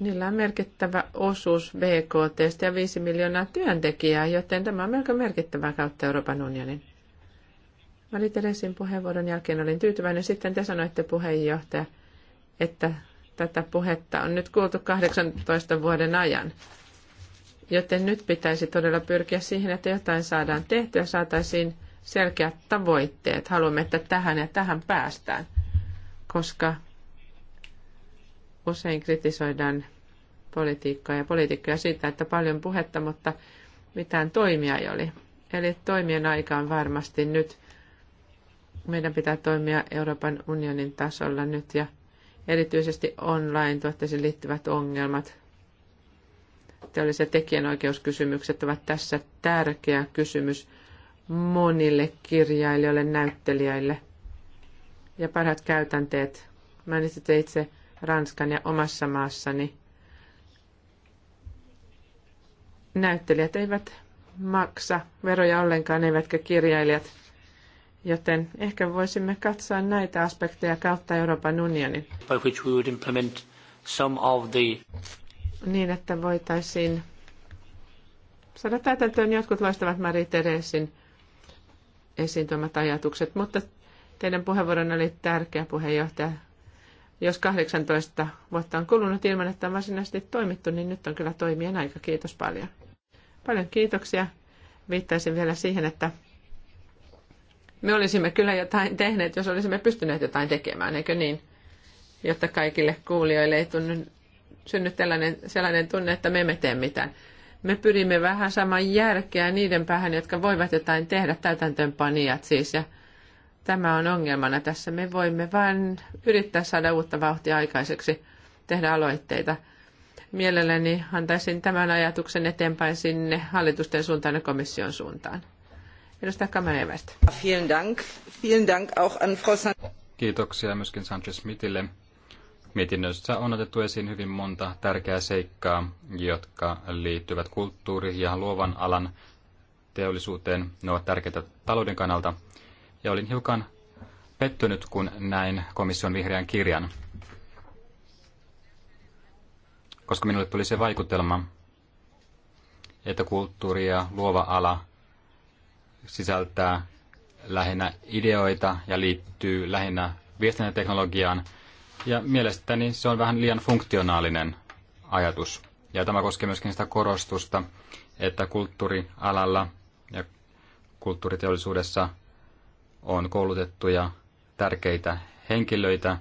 Niillä on merkittävä osuus BKT ja 5 miljoonaa työntekijää, joten tämä on melko merkittävä kautta Euroopan unionin. Mä Teresin puheenvuoron jälkeen olin tyytyväinen. Sitten te sanoitte puheenjohtaja, että tätä puhetta on nyt kuultu 18 vuoden ajan. Joten nyt pitäisi todella pyrkiä siihen, että jotain saadaan tehtyä, saataisiin selkeät tavoitteet. Haluamme, että tähän ja tähän päästään, koska Usein kritisoidaan politiikkaa ja poliitikkoja siitä, että paljon puhetta, mutta mitään toimia ei ole. Eli toimien aika on varmasti nyt. Meidän pitää toimia Euroopan unionin tasolla nyt ja erityisesti online-tuotteisiin liittyvät ongelmat. Teolliset tekijänoikeuskysymykset ovat tässä tärkeä kysymys monille kirjailijoille, näyttelijöille. Ja parhaat käytänteet. Mä itse Ranskan ja omassa maassani näyttelijät eivät maksa veroja ollenkaan, eivätkä kirjailijat. Joten ehkä voisimme katsoa näitä aspekteja kautta Euroopan unionin. By which we would implement some of the... Niin, että voitaisiin saada täytäntöön jotkut loistavat Marie Teresin esiin tuomat ajatukset, mutta teidän puheenvuoronne oli tärkeä puheenjohtaja jos 18 vuotta on kulunut ilman, että on varsinaisesti toimittu, niin nyt on kyllä toimien aika. Kiitos paljon. Paljon kiitoksia. Viittaisin vielä siihen, että me olisimme kyllä jotain tehneet, jos olisimme pystyneet jotain tekemään, eikö niin? Jotta kaikille kuulijoille ei tunnu, synny tällainen, sellainen tunne, että me emme tee mitään. Me pyrimme vähän saman järkeä niiden päähän, jotka voivat jotain tehdä, täytäntöönpanijat siis, ja tämä on ongelmana tässä. Me voimme vain yrittää saada uutta vauhtia aikaiseksi, tehdä aloitteita. Mielelläni antaisin tämän ajatuksen eteenpäin sinne hallitusten suuntaan ja komission suuntaan. Edustaja Kamenevästä. Kiitoksia myöskin Sanchez-Mitille. Mietinnössä on otettu esiin hyvin monta tärkeää seikkaa, jotka liittyvät kulttuuri- ja luovan alan teollisuuteen. Ne ovat tärkeitä talouden kannalta, ja olin hiukan pettynyt, kun näin komission vihreän kirjan, koska minulle tuli se vaikutelma, että kulttuuri ja luova ala sisältää lähinnä ideoita ja liittyy lähinnä viestintäteknologiaan. Ja mielestäni se on vähän liian funktionaalinen ajatus. Ja tämä koskee myöskin sitä korostusta, että kulttuurialalla ja kulttuuriteollisuudessa on koulutettuja tärkeitä henkilöitä,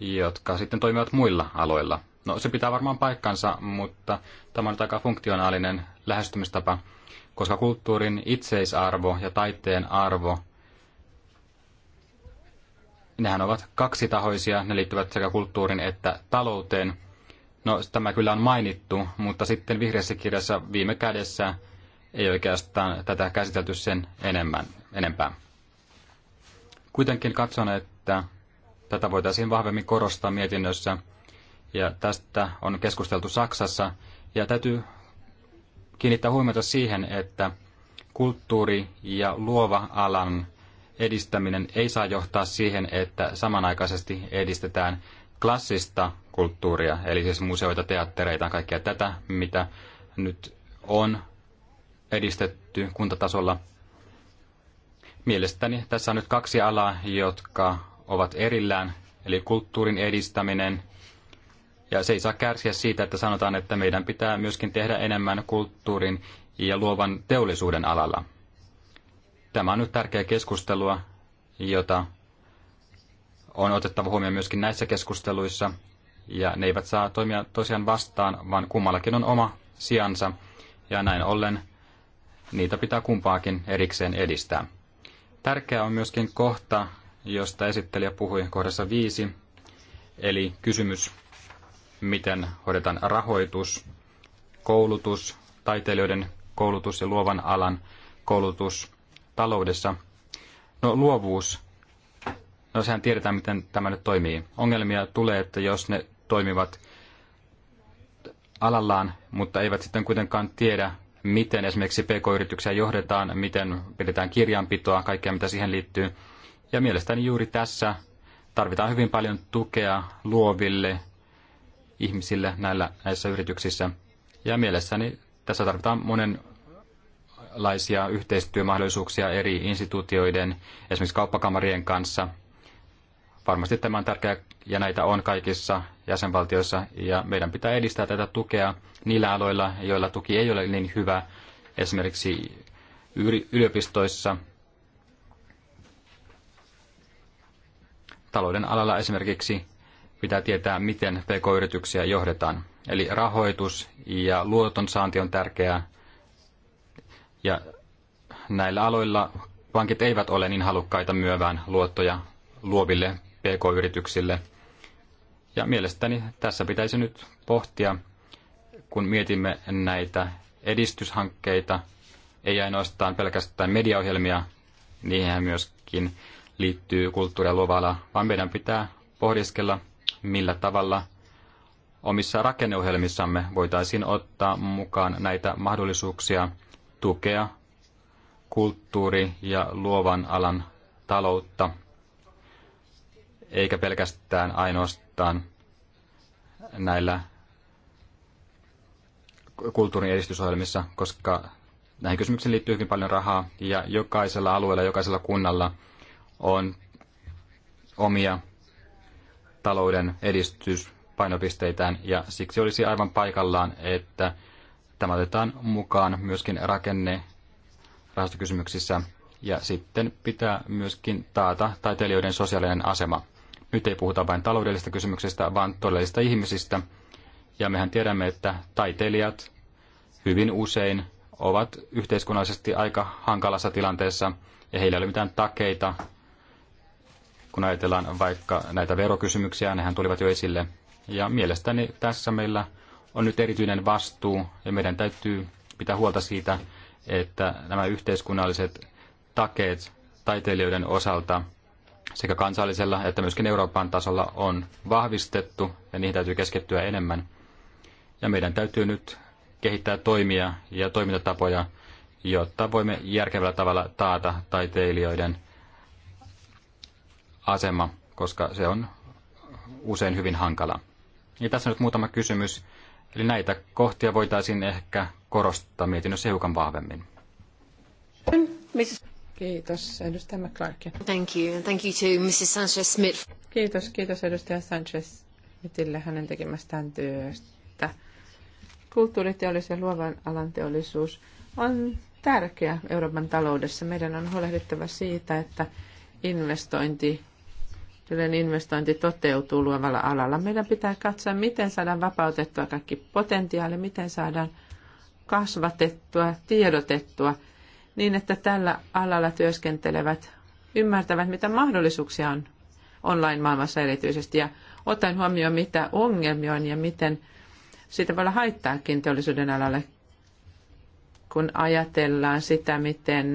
jotka sitten toimivat muilla aloilla. No se pitää varmaan paikkansa, mutta tämä on aika funktionaalinen lähestymistapa, koska kulttuurin itseisarvo ja taiteen arvo, nehän ovat kaksitahoisia, ne liittyvät sekä kulttuurin että talouteen. No tämä kyllä on mainittu, mutta sitten vihreässä kirjassa viime kädessä ei oikeastaan tätä käsitelty sen enemmän, enempää. Kuitenkin katson, että tätä voitaisiin vahvemmin korostaa mietinnössä, ja tästä on keskusteltu Saksassa, ja täytyy kiinnittää huomiota siihen, että kulttuuri- ja luova alan edistäminen ei saa johtaa siihen, että samanaikaisesti edistetään klassista kulttuuria, eli siis museoita, teattereita, kaikkea tätä, mitä nyt on edistetty kuntatasolla. Mielestäni tässä on nyt kaksi alaa, jotka ovat erillään, eli kulttuurin edistäminen. Ja se ei saa kärsiä siitä, että sanotaan, että meidän pitää myöskin tehdä enemmän kulttuurin ja luovan teollisuuden alalla. Tämä on nyt tärkeää keskustelua, jota on otettava huomioon myöskin näissä keskusteluissa, ja ne eivät saa toimia tosiaan vastaan, vaan kummallakin on oma sijansa, ja näin ollen niitä pitää kumpaakin erikseen edistää. Tärkeä on myöskin kohta, josta esittelijä puhui kohdassa viisi, eli kysymys, miten hoidetaan rahoitus, koulutus, taiteilijoiden koulutus ja luovan alan koulutus taloudessa. No luovuus, no sehän tiedetään, miten tämä nyt toimii. Ongelmia tulee, että jos ne toimivat alallaan, mutta eivät sitten kuitenkaan tiedä, miten esimerkiksi pk-yrityksiä johdetaan, miten pidetään kirjanpitoa, kaikkea mitä siihen liittyy. Ja mielestäni juuri tässä tarvitaan hyvin paljon tukea luoville ihmisille näillä, näissä yrityksissä. Ja mielestäni tässä tarvitaan monenlaisia yhteistyömahdollisuuksia eri instituutioiden, esimerkiksi kauppakamarien kanssa – Varmasti tämä on tärkeää ja näitä on kaikissa jäsenvaltioissa ja meidän pitää edistää tätä tukea niillä aloilla, joilla tuki ei ole niin hyvä, esimerkiksi yliopistoissa. Talouden alalla esimerkiksi pitää tietää, miten pk-yrityksiä johdetaan. Eli rahoitus ja saanti on tärkeää. Ja näillä aloilla pankit eivät ole niin halukkaita myövään luottoja luoville PK-yrityksille. Ja mielestäni tässä pitäisi nyt pohtia, kun mietimme näitä edistyshankkeita, ei ainoastaan pelkästään mediaohjelmia, niihin myöskin liittyy kulttuuri- ja luova ala, vaan meidän pitää pohdiskella, millä tavalla omissa rakenneohjelmissamme voitaisiin ottaa mukaan näitä mahdollisuuksia tukea kulttuuri- ja luovan alan taloutta eikä pelkästään ainoastaan näillä kulttuurin edistysohjelmissa, koska näihin kysymyksiin liittyy hyvin paljon rahaa ja jokaisella alueella, jokaisella kunnalla on omia talouden edistyspainopisteitään ja siksi olisi aivan paikallaan, että tämä otetaan mukaan myöskin rakenne rahastokysymyksissä ja sitten pitää myöskin taata taiteilijoiden sosiaalinen asema. Nyt ei puhuta vain taloudellisista kysymyksistä, vaan todellisista ihmisistä. Ja mehän tiedämme, että taiteilijat hyvin usein ovat yhteiskunnallisesti aika hankalassa tilanteessa ja heillä ei ole mitään takeita, kun ajatellaan vaikka näitä verokysymyksiä, nehän tulivat jo esille. Ja mielestäni tässä meillä on nyt erityinen vastuu ja meidän täytyy pitää huolta siitä, että nämä yhteiskunnalliset takeet taiteilijoiden osalta – sekä kansallisella että myöskin Euroopan tasolla on vahvistettu ja niihin täytyy keskittyä enemmän. Ja meidän täytyy nyt kehittää toimia ja toimintatapoja, jotta voimme järkevällä tavalla taata taiteilijoiden asema, koska se on usein hyvin hankala. Ja tässä nyt muutama kysymys. Eli näitä kohtia voitaisiin ehkä korostaa mietinnössä hiukan vahvemmin. Kiitos, edustaja McClarkin. Thank you. Thank you to Mrs. Sanchez-Smith. Kiitos, kiitos edustaja Sanchez-Smithille hänen tekemästään työstä. Kulttuuriteollisuus ja luovan alan teollisuus on tärkeä Euroopan taloudessa. Meidän on huolehdittava siitä, että investointi Ylen investointi toteutuu luovalla alalla. Meidän pitää katsoa, miten saadaan vapautettua kaikki potentiaali, miten saadaan kasvatettua, tiedotettua – niin, että tällä alalla työskentelevät ymmärtävät, mitä mahdollisuuksia on online-maailmassa erityisesti ja ottaen huomioon, mitä ongelmia on ja miten siitä voi olla haittaakin teollisuuden alalle, kun ajatellaan sitä, miten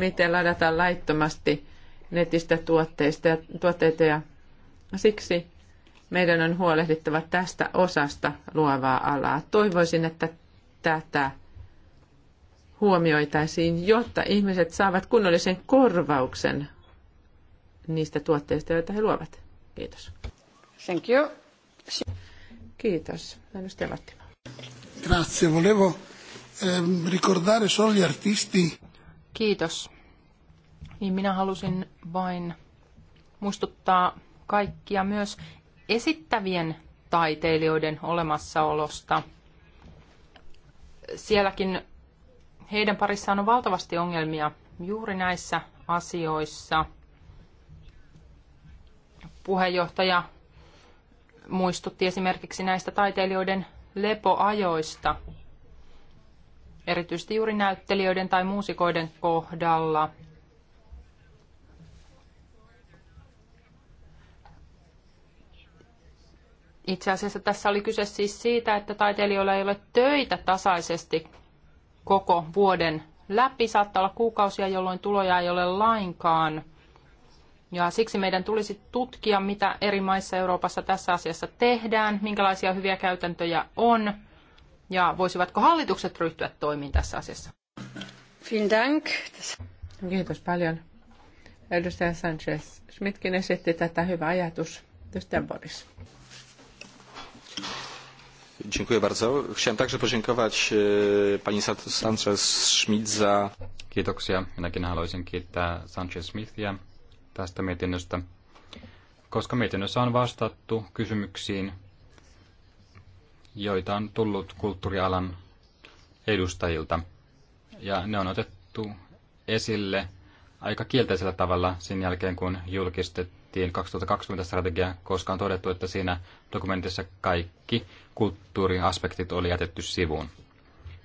Miten ladataan laittomasti netistä tuotteista ja tuotteita ja siksi meidän on huolehdittava tästä osasta luovaa alaa. Toivoisin, että tätä huomioitaisiin, jotta ihmiset saavat kunnollisen korvauksen niistä tuotteista, joita he luovat. Kiitos. Thank you. Kiitos. Edustaja Lattima. Grazie. Volevo ehm, ricordare solo gli artisti. Kiitos. Niin minä halusin vain muistuttaa kaikkia myös esittävien taiteilijoiden olemassaolosta. Sielläkin heidän parissaan on valtavasti ongelmia juuri näissä asioissa. Puheenjohtaja muistutti esimerkiksi näistä taiteilijoiden lepoajoista, erityisesti juuri näyttelijöiden tai muusikoiden kohdalla. Itse asiassa tässä oli kyse siis siitä, että taiteilijoilla ei ole töitä tasaisesti koko vuoden läpi. Saattaa olla kuukausia, jolloin tuloja ei ole lainkaan. Ja siksi meidän tulisi tutkia, mitä eri maissa Euroopassa tässä asiassa tehdään, minkälaisia hyviä käytäntöjä on ja voisivatko hallitukset ryhtyä toimiin tässä asiassa. Dank. Kiitos paljon. Edustaja Sanchez Schmidtkin esitti tätä hyvä ajatus. Edustaja Boris. Dziękuję bardzo. Chciałem także podziękować e, pani Sanchez-Schmidt za... Kiitoksia. Minäkin haluaisin kiittää Sanchez-Smithia tästä mietinnöstä, koska mietinnössä on vastattu kysymyksiin, joita on tullut kulttuurialan edustajilta. Ja ne on otettu esille aika kielteisellä tavalla sen jälkeen, kun julkistettiin laadittiin 2020-strategia, koska on todettu, että siinä dokumentissa kaikki kulttuuriaspektit oli jätetty sivuun.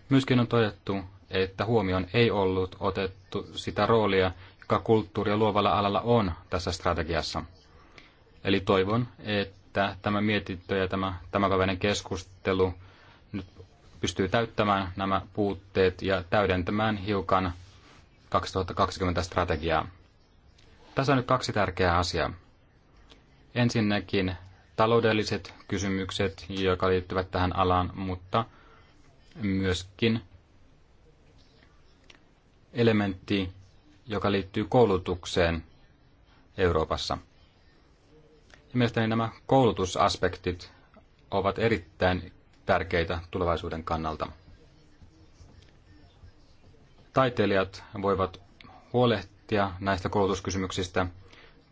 Myöskin on todettu, että huomioon ei ollut otettu sitä roolia, joka kulttuuri- ja luovalla alalla on tässä strategiassa. Eli toivon, että tämä mietintö ja tämä tämänpäiväinen keskustelu nyt pystyy täyttämään nämä puutteet ja täydentämään hiukan 2020 strategiaa. Tässä on nyt kaksi tärkeää asiaa. Ensinnäkin taloudelliset kysymykset, jotka liittyvät tähän alaan, mutta myöskin elementti, joka liittyy koulutukseen Euroopassa. Ja mielestäni nämä koulutusaspektit ovat erittäin tärkeitä tulevaisuuden kannalta. Taiteilijat voivat huolehtia raporttia näistä kulutuskysymyksistä,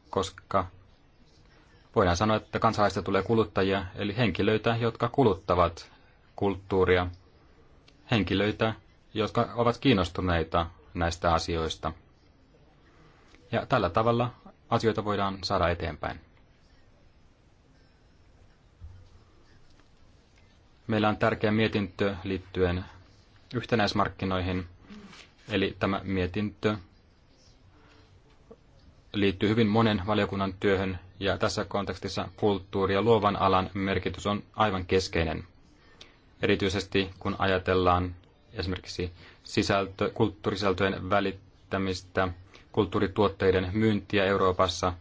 koska voidaan sanoa, että kansalaista tulee kuluttajia, eli henkilöitä, jotka kuluttavat kulttuuria, henkilöitä, jotka ovat kiinnostuneita näistä asioista. Ja tällä tavalla asioita voidaan saada eteenpäin. Meillä on tärkeä mietintö liittyen yhtenäismarkkinoihin, eli tämä mietintö liittyy hyvin monen valiokunnan työhön ja tässä kontekstissa kulttuuri ja luovan alan merkitys on aivan keskeinen. Erityisesti kun ajatellaan esimerkiksi sisältö, kulttuurisältöjen välittämistä, kulttuurituotteiden myyntiä Euroopassa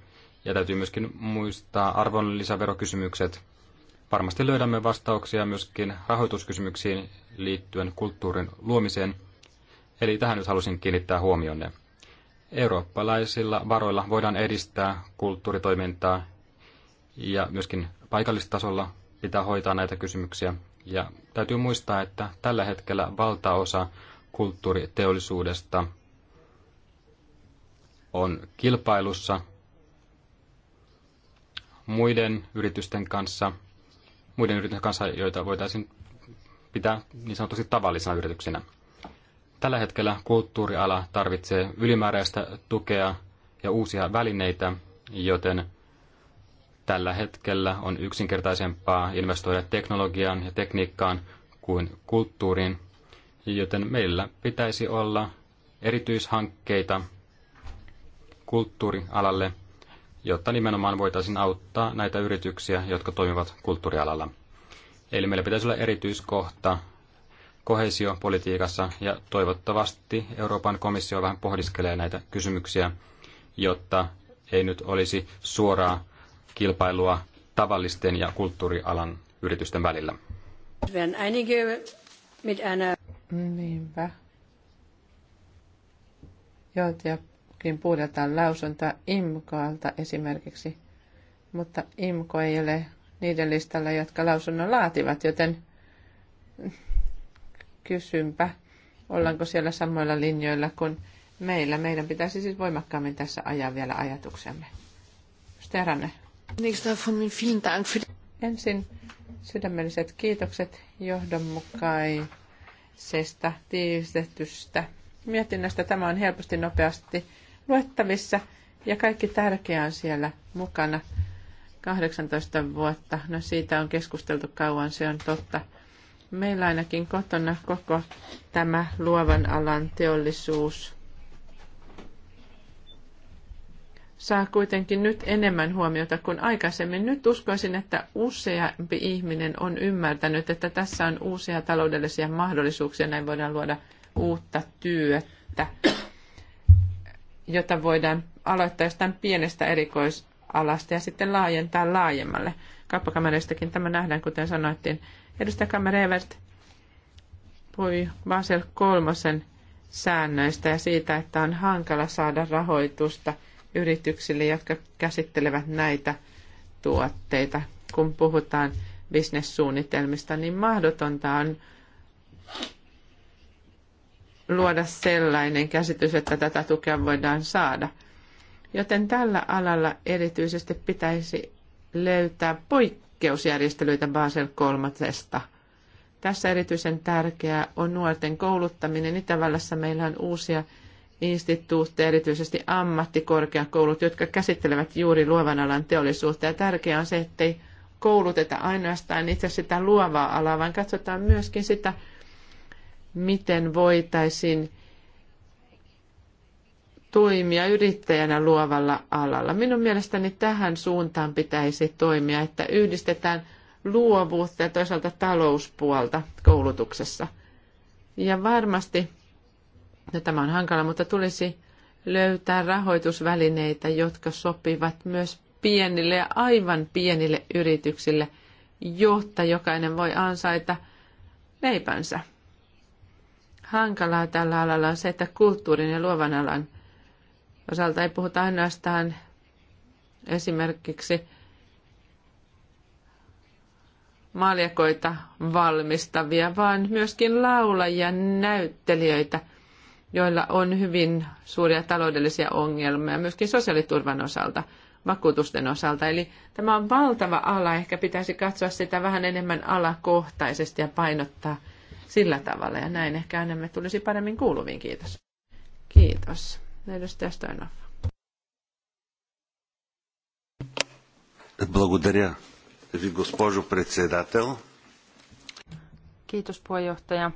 ja täytyy myöskin muistaa arvonlisäverokysymykset. Varmasti löydämme vastauksia myöskin rahoituskysymyksiin liittyen kulttuurin luomiseen. Eli tähän nyt halusin kiinnittää huomionne. Eurooppalaisilla varoilla voidaan edistää kulttuuritoimintaa ja myöskin paikallistasolla pitää hoitaa näitä kysymyksiä. Ja täytyy muistaa, että tällä hetkellä valtaosa kulttuuriteollisuudesta on kilpailussa muiden yritysten kanssa, muiden yritysten kanssa, joita voitaisiin pitää niin sanotusti tavallisina yrityksinä. Tällä hetkellä kulttuuriala tarvitsee ylimääräistä tukea ja uusia välineitä, joten tällä hetkellä on yksinkertaisempaa investoida teknologiaan ja tekniikkaan kuin kulttuuriin, joten meillä pitäisi olla erityishankkeita kulttuurialalle, jotta nimenomaan voitaisiin auttaa näitä yrityksiä, jotka toimivat kulttuurialalla. Eli meillä pitäisi olla erityiskohta kohesiopolitiikassa ja toivottavasti Euroopan komissio vähän pohdiskelee näitä kysymyksiä, jotta ei nyt olisi suoraa kilpailua tavallisten ja kulttuurialan yritysten välillä. Niinpä. Joitakin puhutaan lausunta IMKOalta esimerkiksi, mutta IMKO ei ole niiden listalla, jotka lausunnon laativat, joten kysympä, ollaanko siellä samoilla linjoilla kuin meillä. Meidän pitäisi siis voimakkaammin tässä ajaa vielä ajatuksemme. Steranne. Ensin sydämelliset kiitokset johdonmukaisesta, tiivistetystä mietinnästä. Tämä on helposti nopeasti luettavissa ja kaikki tärkeä on siellä mukana. 18 vuotta, no siitä on keskusteltu kauan, se on totta. Meillä ainakin kotona koko tämä luovan alan teollisuus saa kuitenkin nyt enemmän huomiota kuin aikaisemmin. Nyt uskoisin, että useampi ihminen on ymmärtänyt, että tässä on uusia taloudellisia mahdollisuuksia, näin voidaan luoda uutta työtä, jota voidaan aloittaa jostain pienestä erikoisalasta ja sitten laajentaa laajemmalle. Kauppakameristakin tämä nähdään, kuten sanoittiin, Edustaja Kamerevert puhui Basel kolmosen säännöistä ja siitä, että on hankala saada rahoitusta yrityksille, jotka käsittelevät näitä tuotteita. Kun puhutaan bisnessuunnitelmista, niin mahdotonta on luoda sellainen käsitys, että tätä tukea voidaan saada. Joten tällä alalla erityisesti pitäisi löytää poikkeuksia poikkeusjärjestelyitä Basel kolmatesta. Tässä erityisen tärkeää on nuorten kouluttaminen. Itävallassa meillä on uusia instituutteja, erityisesti ammattikorkeakoulut, jotka käsittelevät juuri luovan alan teollisuutta. Ja tärkeää on se, ettei kouluteta ainoastaan itse sitä luovaa alaa, vaan katsotaan myöskin sitä, miten voitaisiin toimia yrittäjänä luovalla alalla. Minun mielestäni tähän suuntaan pitäisi toimia, että yhdistetään luovuutta ja toisaalta talouspuolta koulutuksessa. Ja varmasti, no tämä on hankala, mutta tulisi löytää rahoitusvälineitä, jotka sopivat myös pienille ja aivan pienille yrityksille, jotta jokainen voi ansaita leipänsä. Hankalaa tällä alalla on se, että kulttuurin ja luovan alan osalta ei puhuta ainoastaan esimerkiksi maljakoita valmistavia, vaan myöskin laulajia, näyttelijöitä, joilla on hyvin suuria taloudellisia ongelmia, myöskin sosiaaliturvan osalta, vakuutusten osalta. Eli tämä on valtava ala, ehkä pitäisi katsoa sitä vähän enemmän alakohtaisesti ja painottaa sillä tavalla, ja näin ehkä enemmän tulisi paremmin kuuluviin. Kiitos. Kiitos. Edustaja Stoinov. Благодаря ви, госпожо председател. Kiitos puheenjohtaja.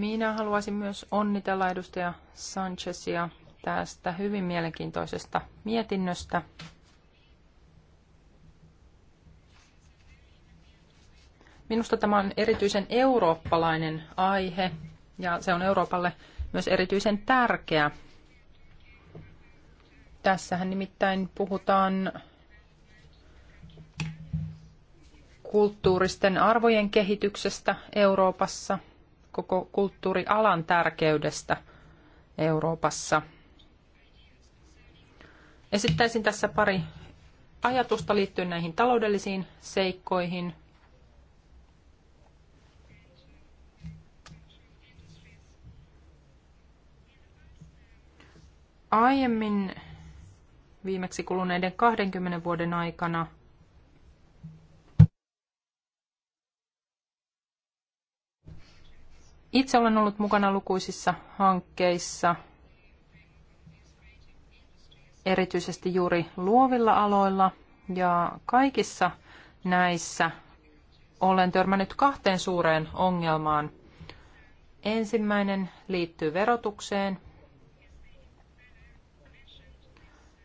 Minä haluaisin myös onnitella edustaja Sanchezia tästä hyvin mielenkiintoisesta mietinnöstä. Minusta tämä on erityisen eurooppalainen aihe ja se on Euroopalle myös erityisen tärkeä. Tässähän nimittäin puhutaan kulttuuristen arvojen kehityksestä Euroopassa, koko kulttuurialan tärkeydestä Euroopassa. Esittäisin tässä pari ajatusta liittyen näihin taloudellisiin seikkoihin Aiemmin viimeksi kuluneiden 20 vuoden aikana itse olen ollut mukana lukuisissa hankkeissa, erityisesti juuri luovilla aloilla, ja kaikissa näissä olen törmännyt kahteen suureen ongelmaan. Ensimmäinen liittyy verotukseen,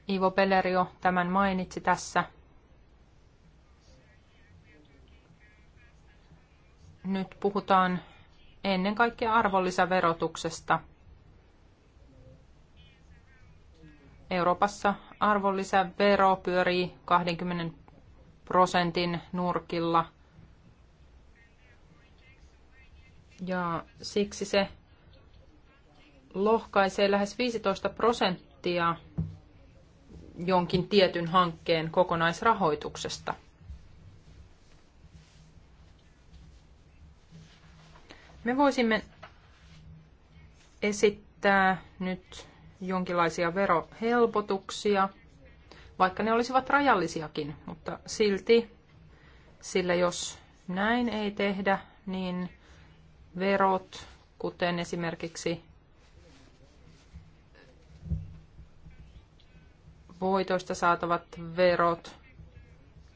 Ivo Pellerio tämän mainitsi tässä. Nyt puhutaan ennen kaikkea arvonlisäverotuksesta. Euroopassa arvonlisävero pyörii 20 prosentin nurkilla. Ja siksi se lohkaisee lähes 15 prosenttia jonkin tietyn hankkeen kokonaisrahoituksesta. Me voisimme esittää nyt jonkinlaisia verohelpotuksia, vaikka ne olisivat rajallisiakin, mutta silti, sillä jos näin ei tehdä, niin verot, kuten esimerkiksi voitoista saatavat verot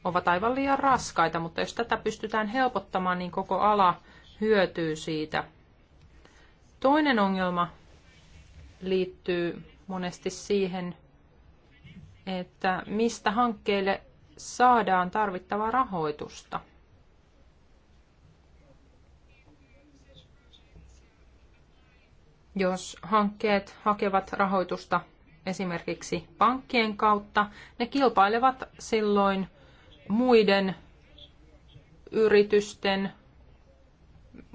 ovat aivan liian raskaita, mutta jos tätä pystytään helpottamaan, niin koko ala hyötyy siitä. Toinen ongelma liittyy monesti siihen, että mistä hankkeille saadaan tarvittavaa rahoitusta. Jos hankkeet hakevat rahoitusta esimerkiksi pankkien kautta, ne kilpailevat silloin muiden yritysten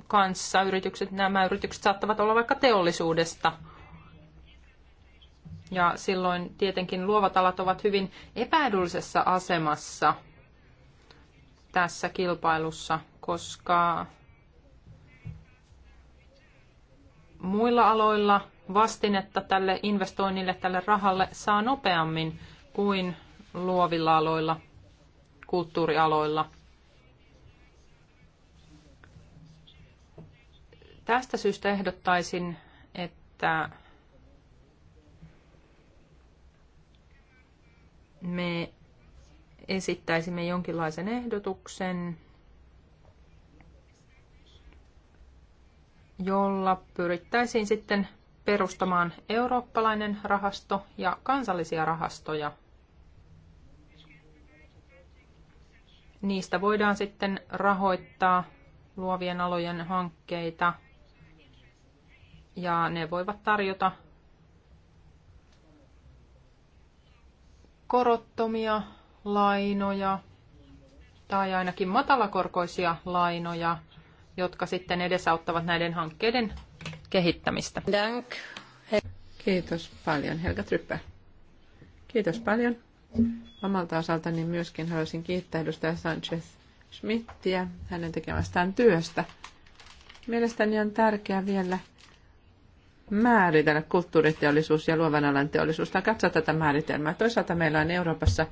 kanssa. Yritykset, nämä yritykset saattavat olla vaikka teollisuudesta. Ja silloin tietenkin luovat alat ovat hyvin epäedullisessa asemassa tässä kilpailussa, koska muilla aloilla vastinetta tälle investoinnille, tälle rahalle saa nopeammin kuin luovilla aloilla, kulttuurialoilla. Tästä syystä ehdottaisin, että me esittäisimme jonkinlaisen ehdotuksen, jolla pyrittäisiin sitten perustamaan eurooppalainen rahasto ja kansallisia rahastoja. Niistä voidaan sitten rahoittaa luovien alojen hankkeita ja ne voivat tarjota korottomia lainoja tai ainakin matalakorkoisia lainoja, jotka sitten edesauttavat näiden hankkeiden kehittämistä. Dank. Kiitos paljon, Helga Tryppä. Kiitos paljon. Omalta osaltani myöskin haluaisin kiittää edustaja Sanchez Schmidtiä hänen tekemästään työstä. Mielestäni on tärkeää vielä määritellä kulttuuriteollisuus ja luovan alan teollisuus tai katsoa tätä määritelmää. Toisaalta meillä on Euroopassa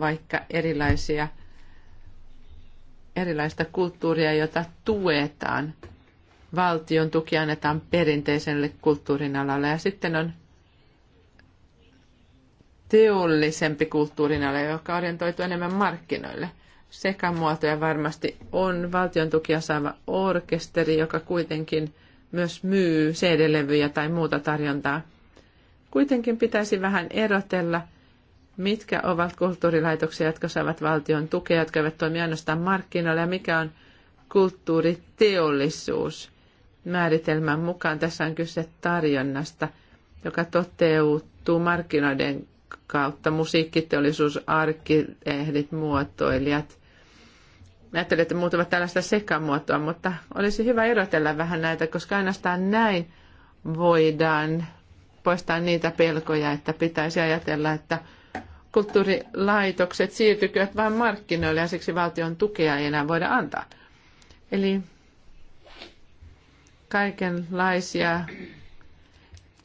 vaikka erilaisia, erilaista kulttuuria, jota tuetaan – valtion tuki annetaan perinteiselle kulttuurin alalle ja sitten on teollisempi kulttuurin ala, joka orientoituu enemmän markkinoille. sekä muotoja varmasti on valtion tukia saava orkesteri, joka kuitenkin myös myy CD-levyjä tai muuta tarjontaa. Kuitenkin pitäisi vähän erotella, mitkä ovat kulttuurilaitoksia, jotka saavat valtion tukea, jotka eivät toimi ainoastaan markkinoilla, ja mikä on kulttuuriteollisuus, määritelmän mukaan. Tässä on kyse tarjonnasta, joka toteutuu markkinoiden kautta. Musiikkiteollisuus, arkkitehdit, muotoilijat. Ajattelin, että muut ovat tällaista sekamuotoa, mutta olisi hyvä erotella vähän näitä, koska ainoastaan näin voidaan poistaa niitä pelkoja, että pitäisi ajatella, että kulttuurilaitokset siirtykyvät vain markkinoille ja siksi valtion tukea ei enää voida antaa. Eli Kaikenlaisia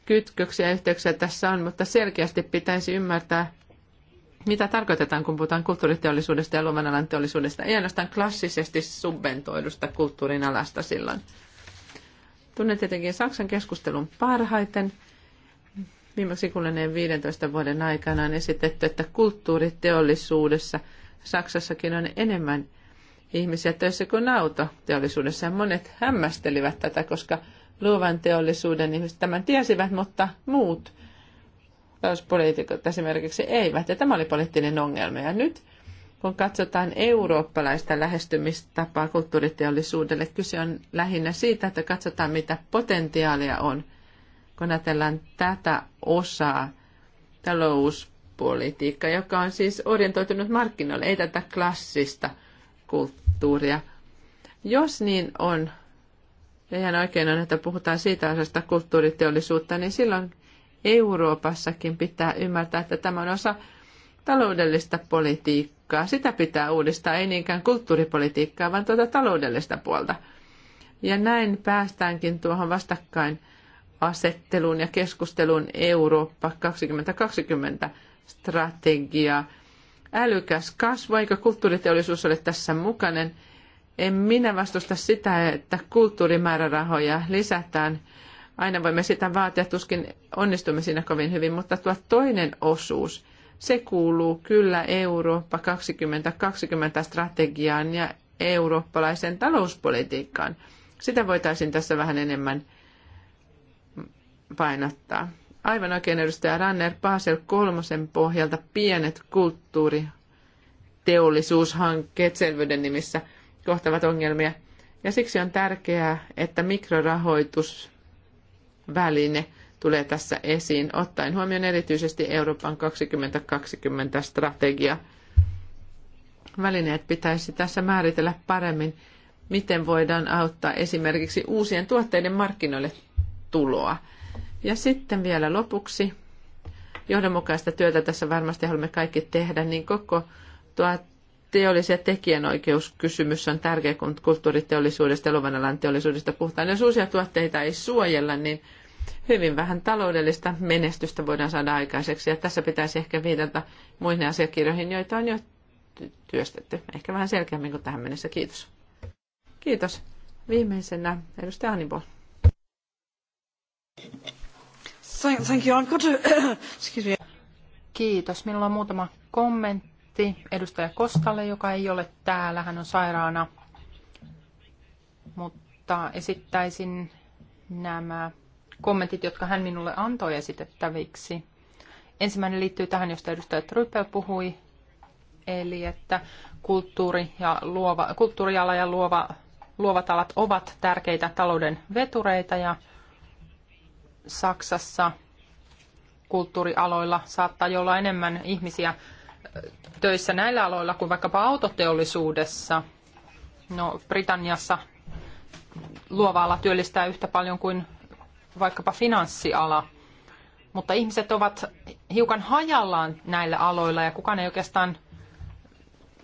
kytköksiä ja yhteyksiä tässä on, mutta selkeästi pitäisi ymmärtää, mitä tarkoitetaan, kun puhutaan kulttuuriteollisuudesta ja alan teollisuudesta, ei ainoastaan klassisesti subventoidusta kulttuurin alasta silloin. Tunnen tietenkin Saksan keskustelun parhaiten. Viimeksi kuluneen 15 vuoden aikana on esitetty, että kulttuuriteollisuudessa Saksassakin on enemmän ihmisiä töissä kuin autoteollisuudessa. Monet hämmästelivät tätä, koska luovan teollisuuden ihmiset tämän tiesivät, mutta muut talouspoliitikot esimerkiksi eivät. Ja tämä oli poliittinen ongelma. Ja nyt kun katsotaan eurooppalaista lähestymistapaa kulttuuriteollisuudelle, kyse on lähinnä siitä, että katsotaan mitä potentiaalia on, kun ajatellaan tätä osaa talouspolitiikkaa, joka on siis orientoitunut markkinoille, ei tätä klassista – kulttuuria. Jos niin on, ja ihan oikein on, että puhutaan siitä osasta kulttuuriteollisuutta, niin silloin Euroopassakin pitää ymmärtää, että tämä on osa taloudellista politiikkaa. Sitä pitää uudistaa, ei niinkään kulttuuripolitiikkaa, vaan tuota taloudellista puolta. Ja näin päästäänkin tuohon vastakkain asetteluun ja keskusteluun Eurooppa 2020 strategiaa älykäs kasvu, eikä kulttuuriteollisuus ole tässä mukainen. En minä vastusta sitä, että kulttuurimäärärahoja lisätään. Aina voimme sitä vaatia, tuskin onnistumme siinä kovin hyvin, mutta tuo toinen osuus, se kuuluu kyllä Eurooppa 2020 strategiaan ja eurooppalaiseen talouspolitiikkaan. Sitä voitaisiin tässä vähän enemmän painottaa. Aivan oikein edustaja Ranner Basel kolmosen pohjalta pienet kulttuuriteollisuushankkeet selvyyden nimissä kohtavat ongelmia. Ja siksi on tärkeää, että mikrorahoitusväline tulee tässä esiin, ottaen huomioon erityisesti Euroopan 2020-strategia. Välineet pitäisi tässä määritellä paremmin, miten voidaan auttaa esimerkiksi uusien tuotteiden markkinoille tuloa – ja sitten vielä lopuksi, johdonmukaista työtä tässä varmasti haluamme kaikki tehdä, niin koko tuo teollis- ja tekijänoikeuskysymys on tärkeä, kun kulttuuriteollisuudesta ja luvan teollisuudesta puhutaan. Jos uusia tuotteita ei suojella, niin hyvin vähän taloudellista menestystä voidaan saada aikaiseksi. Ja tässä pitäisi ehkä viitata muihin asiakirjoihin, joita on jo työstetty. Ehkä vähän selkeämmin kuin tähän mennessä. Kiitos. Kiitos. Viimeisenä edustaja Hannibal. Kiitos. Minulla on muutama kommentti edustaja Kostalle, joka ei ole täällä. Hän on sairaana. Mutta esittäisin nämä kommentit, jotka hän minulle antoi esitettäviksi. Ensimmäinen liittyy tähän, josta edustaja Trypel puhui, eli että kulttuuri ja luova, kulttuuriala ja luova, luovat alat ovat tärkeitä talouden vetureita ja Saksassa kulttuurialoilla saattaa olla enemmän ihmisiä töissä näillä aloilla kuin vaikkapa autoteollisuudessa. No, Britanniassa luova ala työllistää yhtä paljon kuin vaikkapa finanssiala. Mutta ihmiset ovat hiukan hajallaan näillä aloilla ja kukaan ei oikeastaan,